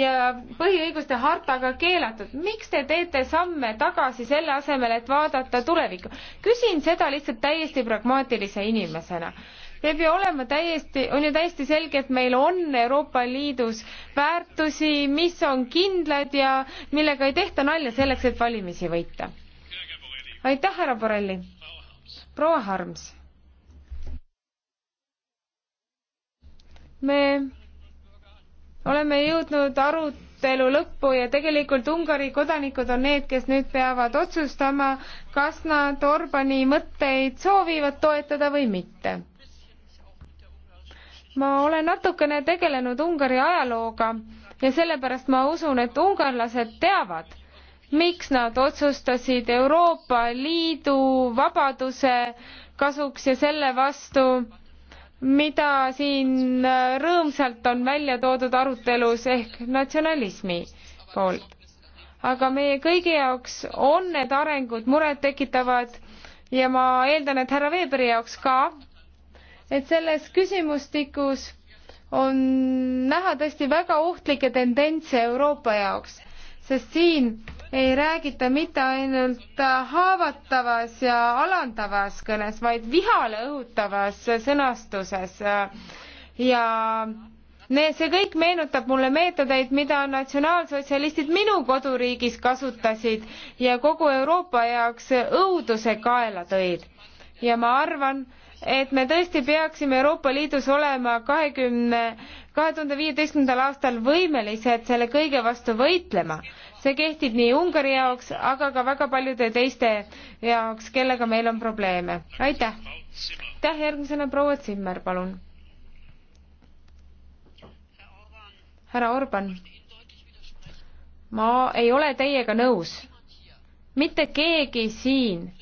ja põhiõiguste hartaga keelatud. miks te teete samme tagasi selle asemel, et vaadata tulevikku? küsin seda lihtsalt täiesti pragmaatilise inimesena ei pea olema täiesti, on ju täiesti selge, et meil on Euroopa Liidus väärtusi, mis on kindlad ja millega ei tehta nalja selleks, et valimisi võita. aitäh, härra Borrelli. proua Harms. me oleme jõudnud arutelu lõppu ja tegelikult Ungari kodanikud on need, kes nüüd peavad otsustama, kas nad Orbani mõtteid soovivad toetada või mitte ma olen natukene tegelenud Ungari ajalooga ja sellepärast ma usun, et ungarlased teavad, miks nad otsustasid Euroopa Liidu vabaduse kasuks ja selle vastu, mida siin rõõmsalt on välja toodud arutelus ehk natsionalismi poolt. aga meie kõigi jaoks on need arengud murettekitavad ja ma eeldan, et härra Weberi jaoks ka et selles küsimustikus on näha tõesti väga ohtlikke tendentse Euroopa jaoks, sest siin ei räägita mitte ainult haavatavas ja alandavas kõnes, vaid vihale õhutavas sõnastuses ja see kõik meenutab mulle meetodeid, mida natsionaalsotsialistid minu koduriigis kasutasid ja kogu Euroopa jaoks õuduse kaela tõid. ja ma arvan, et me tõesti peaksime Euroopa Liidus olema kahekümne, kahe tuhande viieteistkümnendal aastal võimelised selle kõige vastu võitlema. see kehtib nii Ungari jaoks, aga ka väga paljude teiste jaoks, kellega meil on probleeme. aitäh! aitäh, järgmisena proua Zimmer, palun. härra Orban, ma ei ole teiega nõus. mitte keegi siin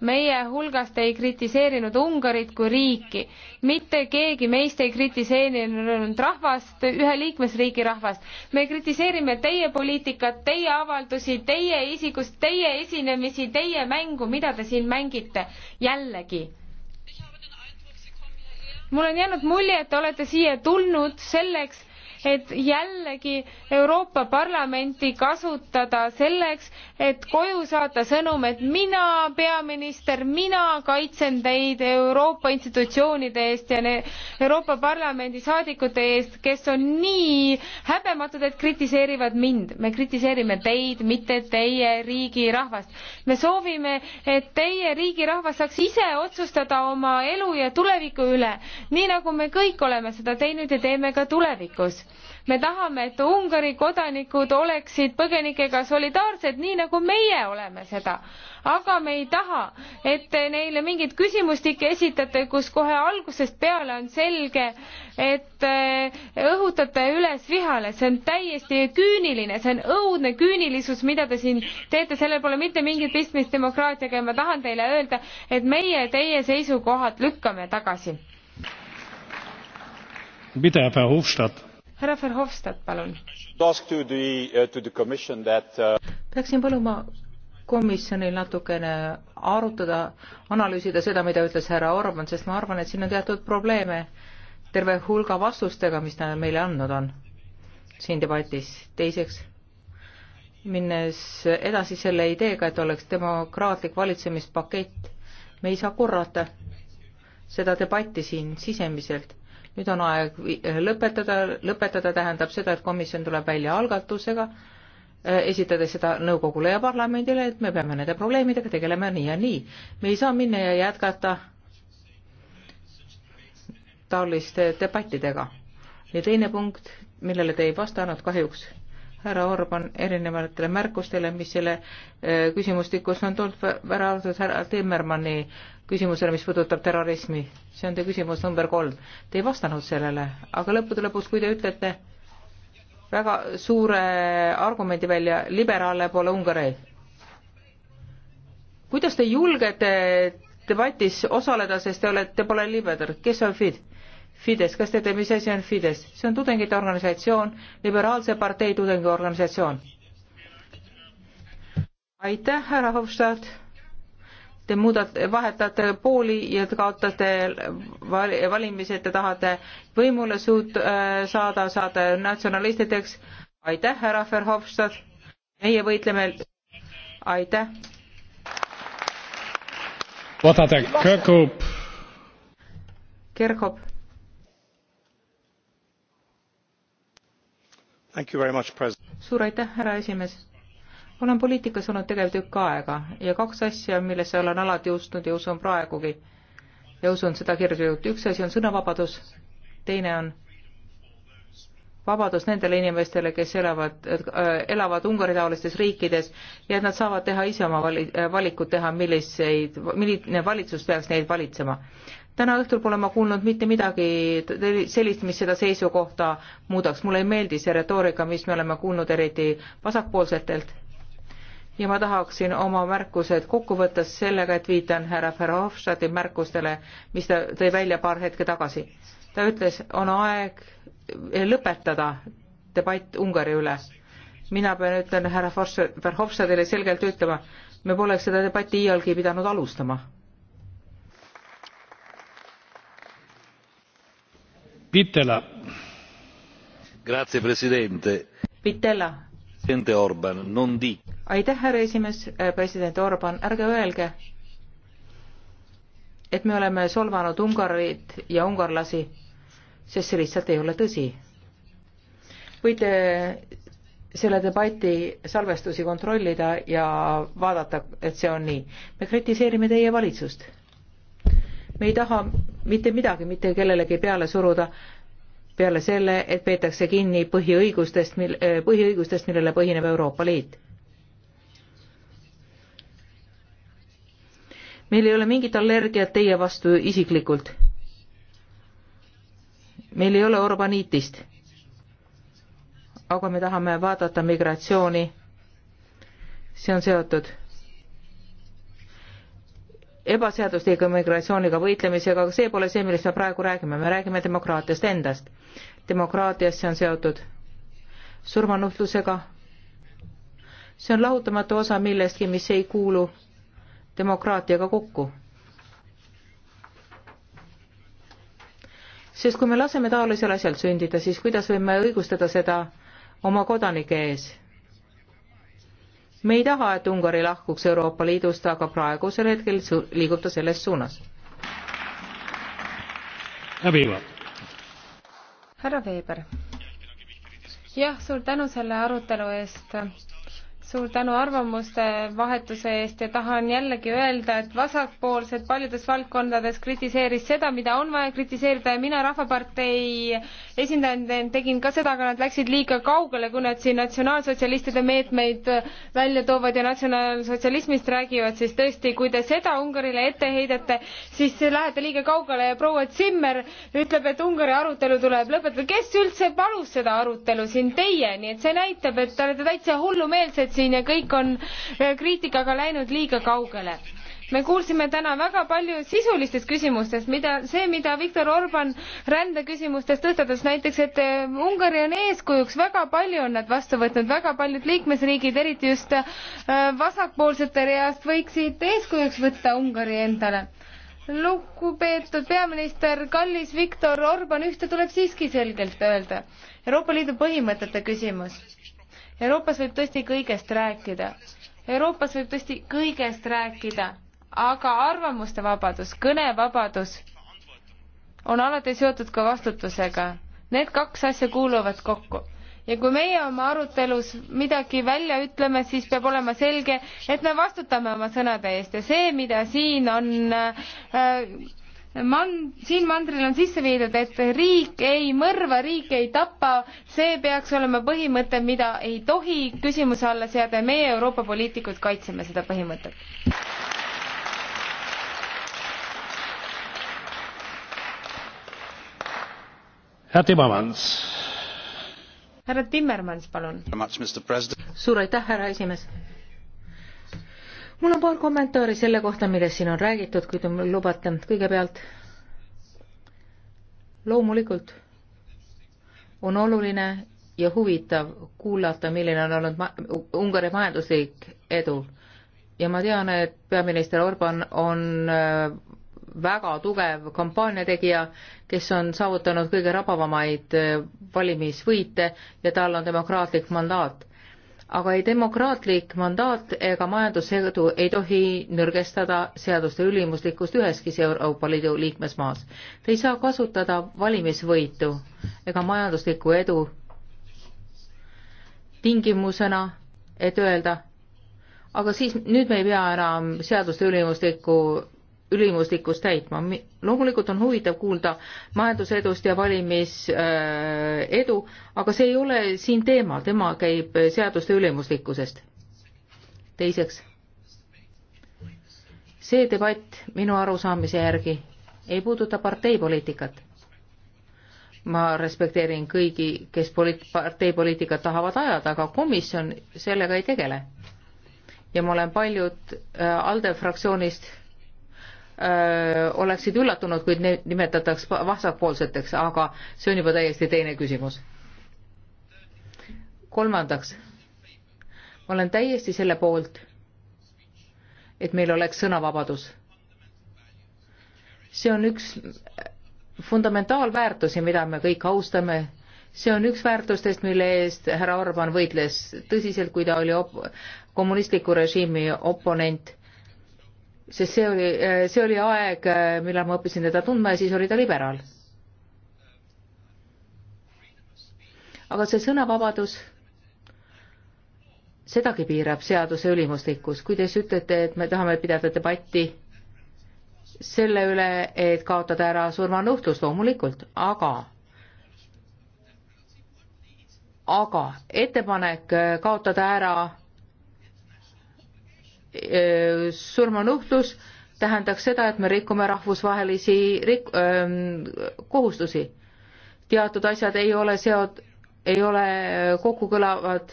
meie hulgast ei kritiseerinud Ungarit kui riiki, mitte keegi meist ei kritiseerinud rahvast, ühe liikmesriigi rahvast. me kritiseerime teie poliitikat, teie avaldusi, teie isikust, teie esinemisi, teie mängu, mida te siin mängite. jällegi. mul on jäänud mulje, et te olete siia tulnud selleks, et jällegi Euroopa Parlamenti kasutada selleks, et koju saata sõnum, et mina, peaminister, mina kaitsen teid Euroopa institutsioonide eest ja Euroopa Parlamendi saadikute eest, kes on nii häbematud, et kritiseerivad mind. me kritiseerime teid, mitte teie riigi rahvast. me soovime, et teie riigi rahvas saaks ise otsustada oma elu ja tuleviku üle, nii nagu me kõik oleme seda teinud ja teeme ka tulevikus me tahame, et Ungari kodanikud oleksid põgenikega solidaarsed, nii nagu meie oleme seda. aga me ei taha, et te neile mingit küsimustikke esitate, kus kohe algusest peale on selge, et eh, õhutate üles vihale, see on täiesti küüniline, see on õudne küünilisus, mida te siin teete, sellel pole mitte mingit pistmist demokraatiaga ja ma tahan teile öelda, et meie teie seisukohad lükkame tagasi. mida, härra Hofstadt? härra Verhofstadt, palun. Uh, uh, peaksin paluma komisjonil natukene arutada, analüüsida seda, mida ütles härra Orban, sest ma arvan, et siin on teatud probleeme terve hulga vastustega, mis ta meile andnud on siin debatis. teiseks, minnes edasi selle ideega, et oleks demokraatlik valitsemispakett, me ei saa korrata seda debatti siin sisemiselt nüüd on aeg lõpetada, lõpetada tähendab seda, et komisjon tuleb välja algatusega, äh, esitades seda nõukogule ja parlamendile, et me peame nende probleemidega tegelema nii ja nii. me ei saa minna ja jätkata taoliste debattidega. ja teine punkt, millele te ei vastanud kahjuks härra Orban erinevatele märkustele, mis selle eh, küsimustikus on tulnud ära arvatud härra Timmermanni küsimusele, mis puudutab terrorismi. see on teie küsimus number kolm. Te ei vastanud sellele, aga lõppude lõpus, kui te ütlete väga suure argumendi välja, liberaale pole Ungareid. kuidas te julgete debatis osaleda, sest te olete, pole libedal, kes on fit? Fides, kas te teate, mis asi on Fides? see on tudengite organisatsioon, liberaalse partei tudengiorganisatsioon. aitäh, härra Hofstad. Te muudate, vahetate pooli ja kaotate valimised, te tahate võimule suut- äh, saada, saada natsionalistideks. aitäh, härra Verhofstad. meie võitleme. aitäh. Kirchhoff. suur aitäh, härra esimees olen poliitikas olnud tegelikult tükk aega ja kaks asja, millesse olen alati uskunud ja usun praegugi ja usun seda kirjalikult. üks asi on sõnavabadus, teine on vabadus nendele inimestele, kes elavad äh,, elavad Ungari-taolistes riikides ja et nad saavad teha ise oma vali, äh, valikud teha, milliseid, milline valitsus peaks neid valitsema täna õhtul pole ma kuulnud mitte midagi sellist, mis seda seisukohta muudaks. mulle ei meeldi see retoorika, mis me oleme kuulnud eriti vasakpoolsetelt. ja ma tahaksin oma märkused kokku võttes sellega, et viitan härra Verhofstadti märkustele, mis ta tõi välja paar hetke tagasi. ta ütles, on aeg lõpetada debatt Ungari üle. mina pean, ütlen härra Verhofstadtile selgelt ütlema, me poleks seda debatti iialgi pidanud alustama signor presidente president orbn non dica. aitäh härra esimees äh, president orbn ärge öelge et me oleme solvanud ungarit ja ungarlasi sest see lihtsalt ei ole tõsi. võite selle debati salvestusi kontrollida ja vaadata, et see on nii. me kritiseerime teie valitsust. me ei taha mitte midagi mitte kellelegi peale suruda, peale selle, et peetakse kinni põhiõigustest, mil-, põhiõigustest, millele põhineb Euroopa Liit. meil ei ole mingit allergiat teie vastu isiklikult. meil ei ole Orbanitist. aga me tahame vaadata migratsiooni. see on seotud ebaseadusliku immigratsiooniga võitlemisega, aga see pole see, millest me praegu räägime, me räägime demokraatiast endast. demokraatiasse on seotud surmanuhtlusega, see on lahutamatu osa millestki, mis ei kuulu demokraatiaga kokku. sest kui me laseme taolisel asjal sündida, siis kuidas võime õigustada seda oma kodanike ees? me ei taha, et Ungari lahkuks Euroopa Liidust, aga praegusel hetkel liigub ta selles suunas. härra Veeber. jah, suur tänu selle arutelu eest suur tänu arvamuste vahetuse eest ja tahan jällegi öelda, et vasakpoolsed paljudes valdkondades kritiseeris seda, mida on vaja kritiseerida ja mina Rahvapartei esindajana tegin ka seda, aga nad läksid liiga kaugele, kui nad siin natsionaalsotsialistide meetmeid välja toovad ja natsionaalsotsialismist räägivad, siis tõesti, kui te seda Ungarile ette heidate, siis lähete liiga kaugele ja proua Zimmer ütleb, et Ungari arutelu tuleb lõpetada. kes üldse palus seda arutelu siin? Teie, nii et see näitab, et te olete täitsa hullumeelsed siin ja kõik on äh, kriitikaga läinud liiga kaugele me kuulsime täna väga palju sisulistest küsimustest, mida, see, mida Viktor Orban rändeküsimustes tõstatas, näiteks et äh, Ungari on eeskujuks, väga palju on nad vastu võtnud, väga paljud liikmesriigid, eriti just äh, vasakpoolsete reast, võiksid eeskujuks võtta Ungari endale. lugupeetud peaminister, kallis Viktor Orban, ühte tuleb siiski selgelt öelda. Euroopa Liidu põhimõtete küsimus Euroopas võib tõesti kõigest rääkida. Euroopas võib tõesti kõigest rääkida, aga arvamuste vabadus, kõnevabadus on alati seotud ka vastutusega. Need kaks asja kuuluvad kokku. ja kui meie oma arutelus midagi välja ütleme, siis peab olema selge, et me vastutame oma sõnade eest ja see, mida siin on äh, man-, siin mandril on sisse viidud, et riik ei mõrva, riik ei tapa, see peaks olema põhimõte, mida ei tohi küsimuse alla seada ja meie Euroopa poliitikud kaitseme seda põhimõtet. härra Timmermans. härra Timmermans, palun. suur aitäh, härra esimees mul on paar kommentaari selle kohta, millest siin on räägitud, kui te mul lubate. kõigepealt loomulikult on oluline ja huvitav kuulata, milline on olnud ma Ungari majanduslik edu. ja ma tean, et peaminister Orban on äh, väga tugev kampaaniategija, kes on saavutanud kõige rabavamaid äh, valimisvõite ja tal on demokraatlik mandaat aga ei demokraatlik mandaat ega majandusedu ei tohi nõrgestada seaduste ülimuslikkust üheski Euroopa Liidu liikmesmaas. Te ei saa kasutada valimisvõitu ega majanduslikku edu tingimusena, et öelda, aga siis nüüd me ei pea enam seaduste ülimuslikku ülimuslikkust täitma. loomulikult on huvitav kuulda majandusedust ja valimisedu, äh, aga see ei ole siin teema, tema käib seaduste ülimuslikkusest. teiseks, see debatt minu arusaamise järgi ei puuduta parteipoliitikat. ma respekteerin kõigi, kes poliit-, parteipoliitikat tahavad ajada, aga komisjon sellega ei tegele. ja ma olen paljud äh, ALDE fraktsioonist öö, äh, oleksid üllatunud, kui neid nimetataks vasakpoolseteks, aga see on juba täiesti teine küsimus. kolmandaks, ma olen täiesti selle poolt, et meil oleks sõnavabadus. see on üks fundamentaalväärtusi, mida me kõik austame, see on üks väärtustest, mille eest härra Orban võitles tõsiselt, kui ta oli op-, kommunistliku režiimi oponent sest see oli, äh, see oli aeg, äh, millal ma õppisin teda tundma ja siis oli ta liberaal. aga see sõnavabadus, sedagi piirab seaduse ülimuslikkus. kui te siis ütlete, et me tahame pidada debatti selle üle, et kaotada ära surmanuhtlus, loomulikult, aga aga ettepanek äh, kaotada ära Äh, surmanuhtlus tähendaks seda, et me rikume rahvusvahelisi rik-, öö, ähm, kohustusi. teatud asjad ei ole seot-, ei ole kokkukõlavad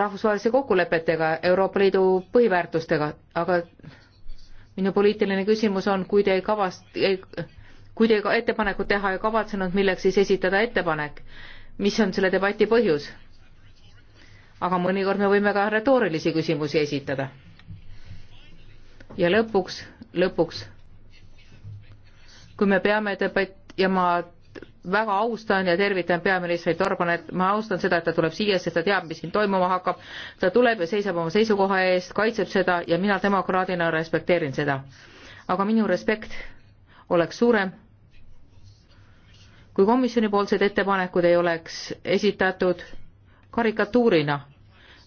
rahvusvaheliste kokkulepetega, Euroopa Liidu põhiväärtustega, aga minu poliitiline küsimus on, kui te ei kavast-, kui te ettepanekut teha ei kavatsenud, milleks siis esitada ettepanek? mis on selle debati põhjus? aga mõnikord me võime ka retoorilisi küsimusi esitada. ja lõpuks, lõpuks, kui me peame debatt ja ma väga austan ja tervitan peaministrit Orbanit, ma austan seda, et ta tuleb siia, sest ta teab, mis siin toimuma hakkab. ta tuleb ja seisab oma seisukoha eest, kaitseb seda ja mina demokraadina respekteerin seda. aga minu respekt oleks suurem, kui komisjonipoolsed ettepanekud ei oleks esitatud karikatuurina,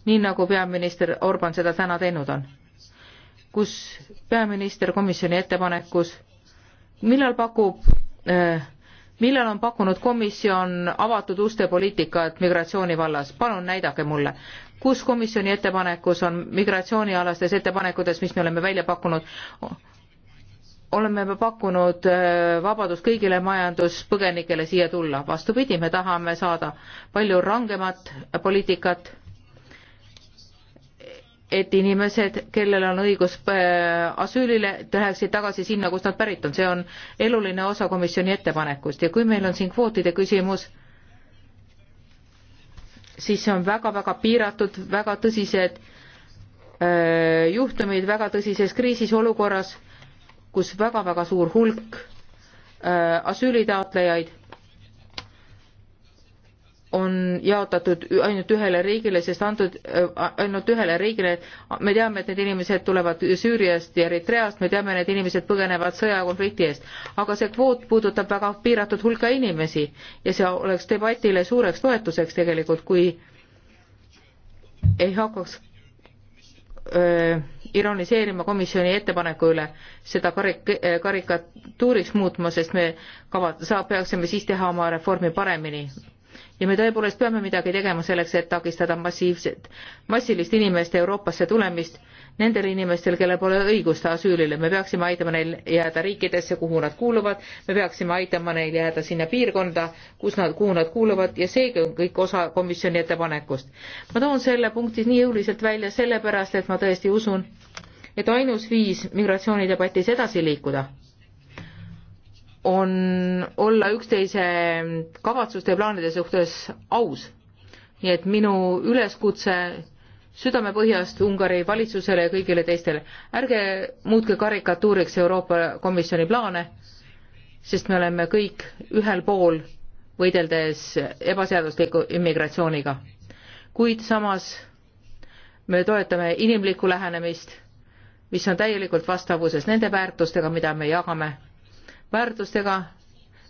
nii nagu peaminister Orban seda täna teinud on, kus peaminister komisjoni ettepanekus, millal pakub eh, millal on pakkunud komisjon avatud uste poliitikat migratsiooni vallas, palun näidake mulle, kus komisjoni ettepanekus on migratsioonialastes ettepanekutes, mis me oleme välja pakkunud, oleme me pakkunud äh, vabadust kõigile majanduspõgenikele siia tulla. vastupidi, me tahame saada palju rangemat poliitikat, et inimesed, kellel on õigus äh, asüülile, läheksid tagasi sinna, kust nad pärit on. see on eluline osa komisjoni ettepanekust ja kui meil on siin kvootide küsimus, siis see on väga-väga piiratud, väga tõsised öö, äh, juhtumid väga tõsises kriisis olukorras kus väga-väga suur hulk äh, asüülitaotlejaid on jaotatud ainult ühele riigile, sest antud äh, ainult ühele riigile, me teame, et need inimesed tulevad Süüriast ja Eritreast, me teame, need inimesed põgenevad sõjakonflikti eest, aga see kvoot puudutab väga piiratud hulka inimesi ja see oleks debatile suureks toetuseks tegelikult, kui ei hakkaks öö, ironiseerima komisjoni ettepaneku üle, seda karik-, äh, karikatuuriks muutma, sest me kava-, saab, peaksime siis teha oma reformi paremini. ja me tõepoolest peame midagi tegema selleks, et takistada massiivset, massilist inimeste Euroopasse tulemist nendel inimestel, kellel pole õigust asüülile, me peaksime aitama neil jääda riikidesse, kuhu nad kuuluvad, me peaksime aitama neil jääda sinna piirkonda, kus nad, kuhu nad kuuluvad ja seegi on kõik osa komisjoni ettepanekust. ma toon selle punkti nii jõuliselt välja sellepärast, et ma tõesti usun, et ainus viis migratsioonidebatis edasi liikuda on olla üksteise kavatsuste ja plaanide suhtes aus. nii et minu üleskutse südamepõhjast Ungari valitsusele ja kõigile teistele. ärge muutke karikatuuriks Euroopa Komisjoni plaane, sest me oleme kõik ühel pool, võideldes ebaseadusliku immigratsiooniga. kuid samas me toetame inimlikku lähenemist, mis on täielikult vastavuses nende väärtustega, mida me jagame, väärtustega,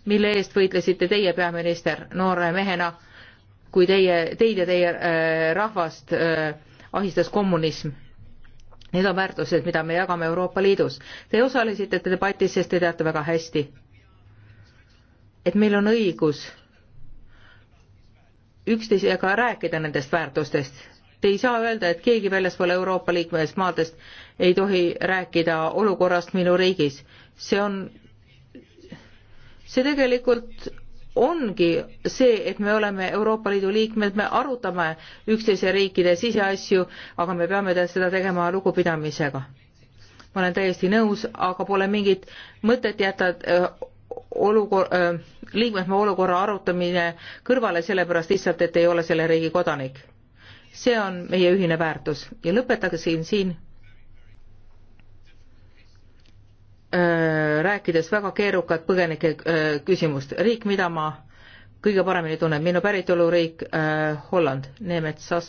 mille eest võitlesite teie, peaminister, noore mehena, kui teie, teid ja teie äh, rahvast äh, ahistas kommunism. Need on väärtused, mida me jagame Euroopa Liidus. Te osalesite debatis, sest te teate väga hästi, et meil on õigus üksteisega rääkida nendest väärtustest. Te ei saa öelda, et keegi väljaspool Euroopa liikmesmaadest ei tohi rääkida olukorrast minu riigis. see on, see tegelikult ongi see, et me oleme Euroopa Liidu liikmed, me arutame üksteise riikide siseasju, aga me peame seda tegema lugupidamisega. ma olen täiesti nõus, aga pole mingit mõtet jätta äh, olukor-, äh, liikmesmaa olukorra arutamine kõrvale, sellepärast lihtsalt, et ei ole selle riigi kodanik. see on meie ühine väärtus ja lõpetaksin siin, siin Äh, rääkides väga keerukat põgenike äh, küsimust. riik, mida ma kõige paremini tunnen, minu päritoluriik äh, Holland, Nemetsas,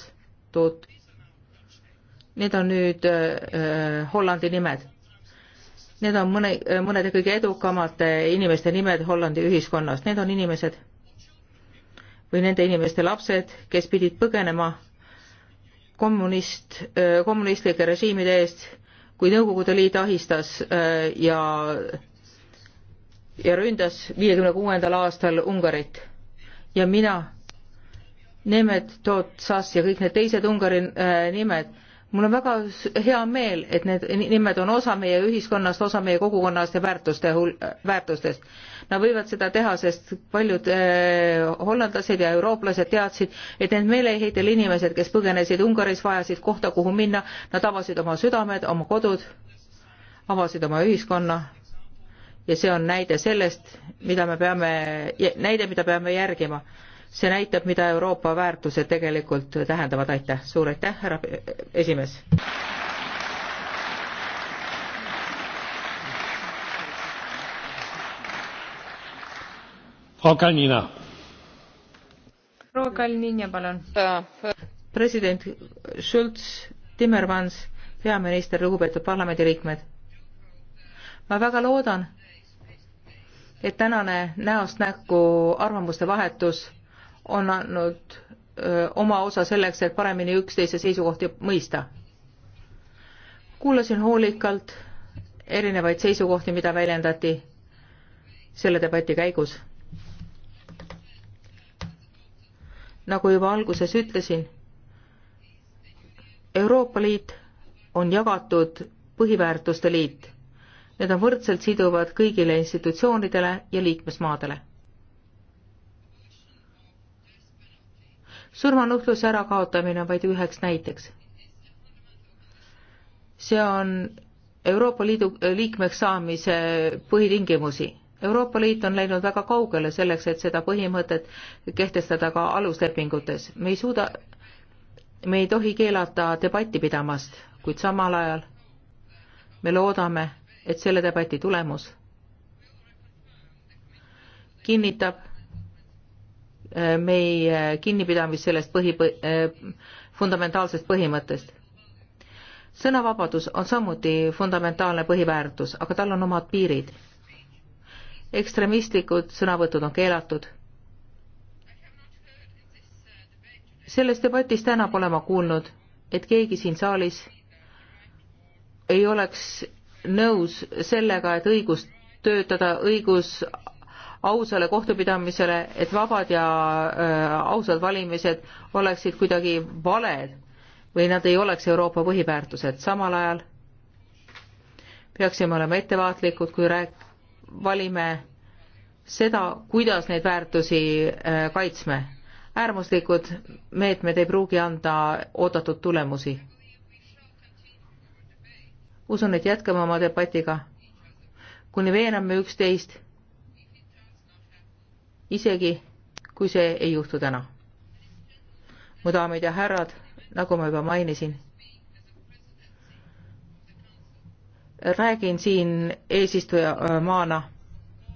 Toot. Need on nüüd Hollandi nimed. Need on mõne, mõnede kõige edukamate inimeste nimed Hollandi ühiskonnas, need on inimesed või nende inimeste lapsed, kes pidid põgenema kommunist, kommunistlike režiimide eest kui Nõukogude Liit ahistas äh, ja, ja ründas viiekümne kuuendal aastal Ungarit ja mina, Nemet, Tootsas ja kõik need teised Ungari äh, nimed mul on väga hea meel, et need nimed on osa meie ühiskonnast, osa meie kogukonnast ja väärtuste hul-, väärtustest. Nad võivad seda teha, sest paljud eh, hollandlased ja eurooplased teadsid, et need meeleheitel inimesed, kes põgenesid Ungaris, vajasid kohta, kuhu minna, nad avasid oma südamed, oma kodud, avasid oma ühiskonna ja see on näide sellest, mida me peame, näide, mida peame järgima see näitab, mida Euroopa väärtused tegelikult tähendavad, aitäh, suur aitäh, härra esimees. proua Kalnina, palun. president Schulz, Timmermans, peaminister, lugupeetud parlamendiliikmed. ma väga loodan, et tänane näost näkku arvamuste vahetus on andnud öö, oma osa selleks, et paremini üksteise seisukohti mõista. kuulasin hoolikalt erinevaid seisukohti, mida väljendati selle debati käigus. nagu juba alguses ütlesin, Euroopa Liit on jagatud põhiväärtuste liit. Need on võrdselt siduvad kõigile institutsioonidele ja liikmesmaadele surmanuhtluse ärakaotamine on vaid üheks näiteks. see on Euroopa Liidu äh, liikmeks saamise põhitingimusi. Euroopa Liit on läinud väga kaugele selleks, et seda põhimõtet kehtestada ka aluslepingutes. me ei suuda, me ei tohi keelata debatti pidamast, kuid samal ajal me loodame, et selle debati tulemus kinnitab Äh, meie kinnipidamist sellest põhi, äh, fundamentaalsest põhimõttest. sõnavabadus on samuti fundamentaalne põhiväärtus, aga tal on omad piirid. ekstremistlikud sõnavõtud on keelatud. selles debatis täna pole ma kuulnud, et keegi siin saalis ei oleks nõus sellega, et õigus töötada, õigus ausale kohtupidamisele, et vabad ja äh, ausad valimised oleksid kuidagi valed või nad ei oleks Euroopa põhiväärtused. samal ajal peaksime olema ettevaatlikud, kui rääk-, valime seda, kuidas neid väärtusi äh, kaitsme. äärmuslikud meetmed ei pruugi anda oodatud tulemusi. usun, et jätkame oma debatiga, kuni veename üksteist isegi kui see ei juhtu täna. mu daamid ja härrad, nagu ma juba mainisin, räägin siin eesistujamaana,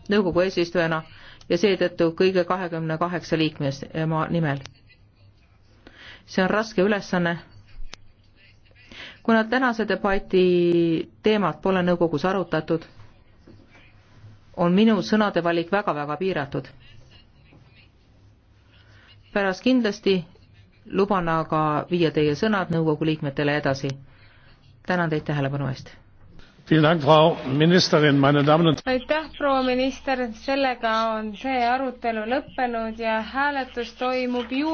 nõukogu eesistujana ja seetõttu kõige kahekümne kaheksa liikmesmaa nimel. see on raske ülesanne, kuna tänase debati teemat pole nõukogus arutatud, on minu sõnade valik väga-väga piiratud pärast kindlasti luban aga viia teie sõnad nõukogu liikmetele edasi. tänan teid tähelepanu eest. aitäh, proua minister, sellega on see arutelu lõppenud ja hääletus toimub ju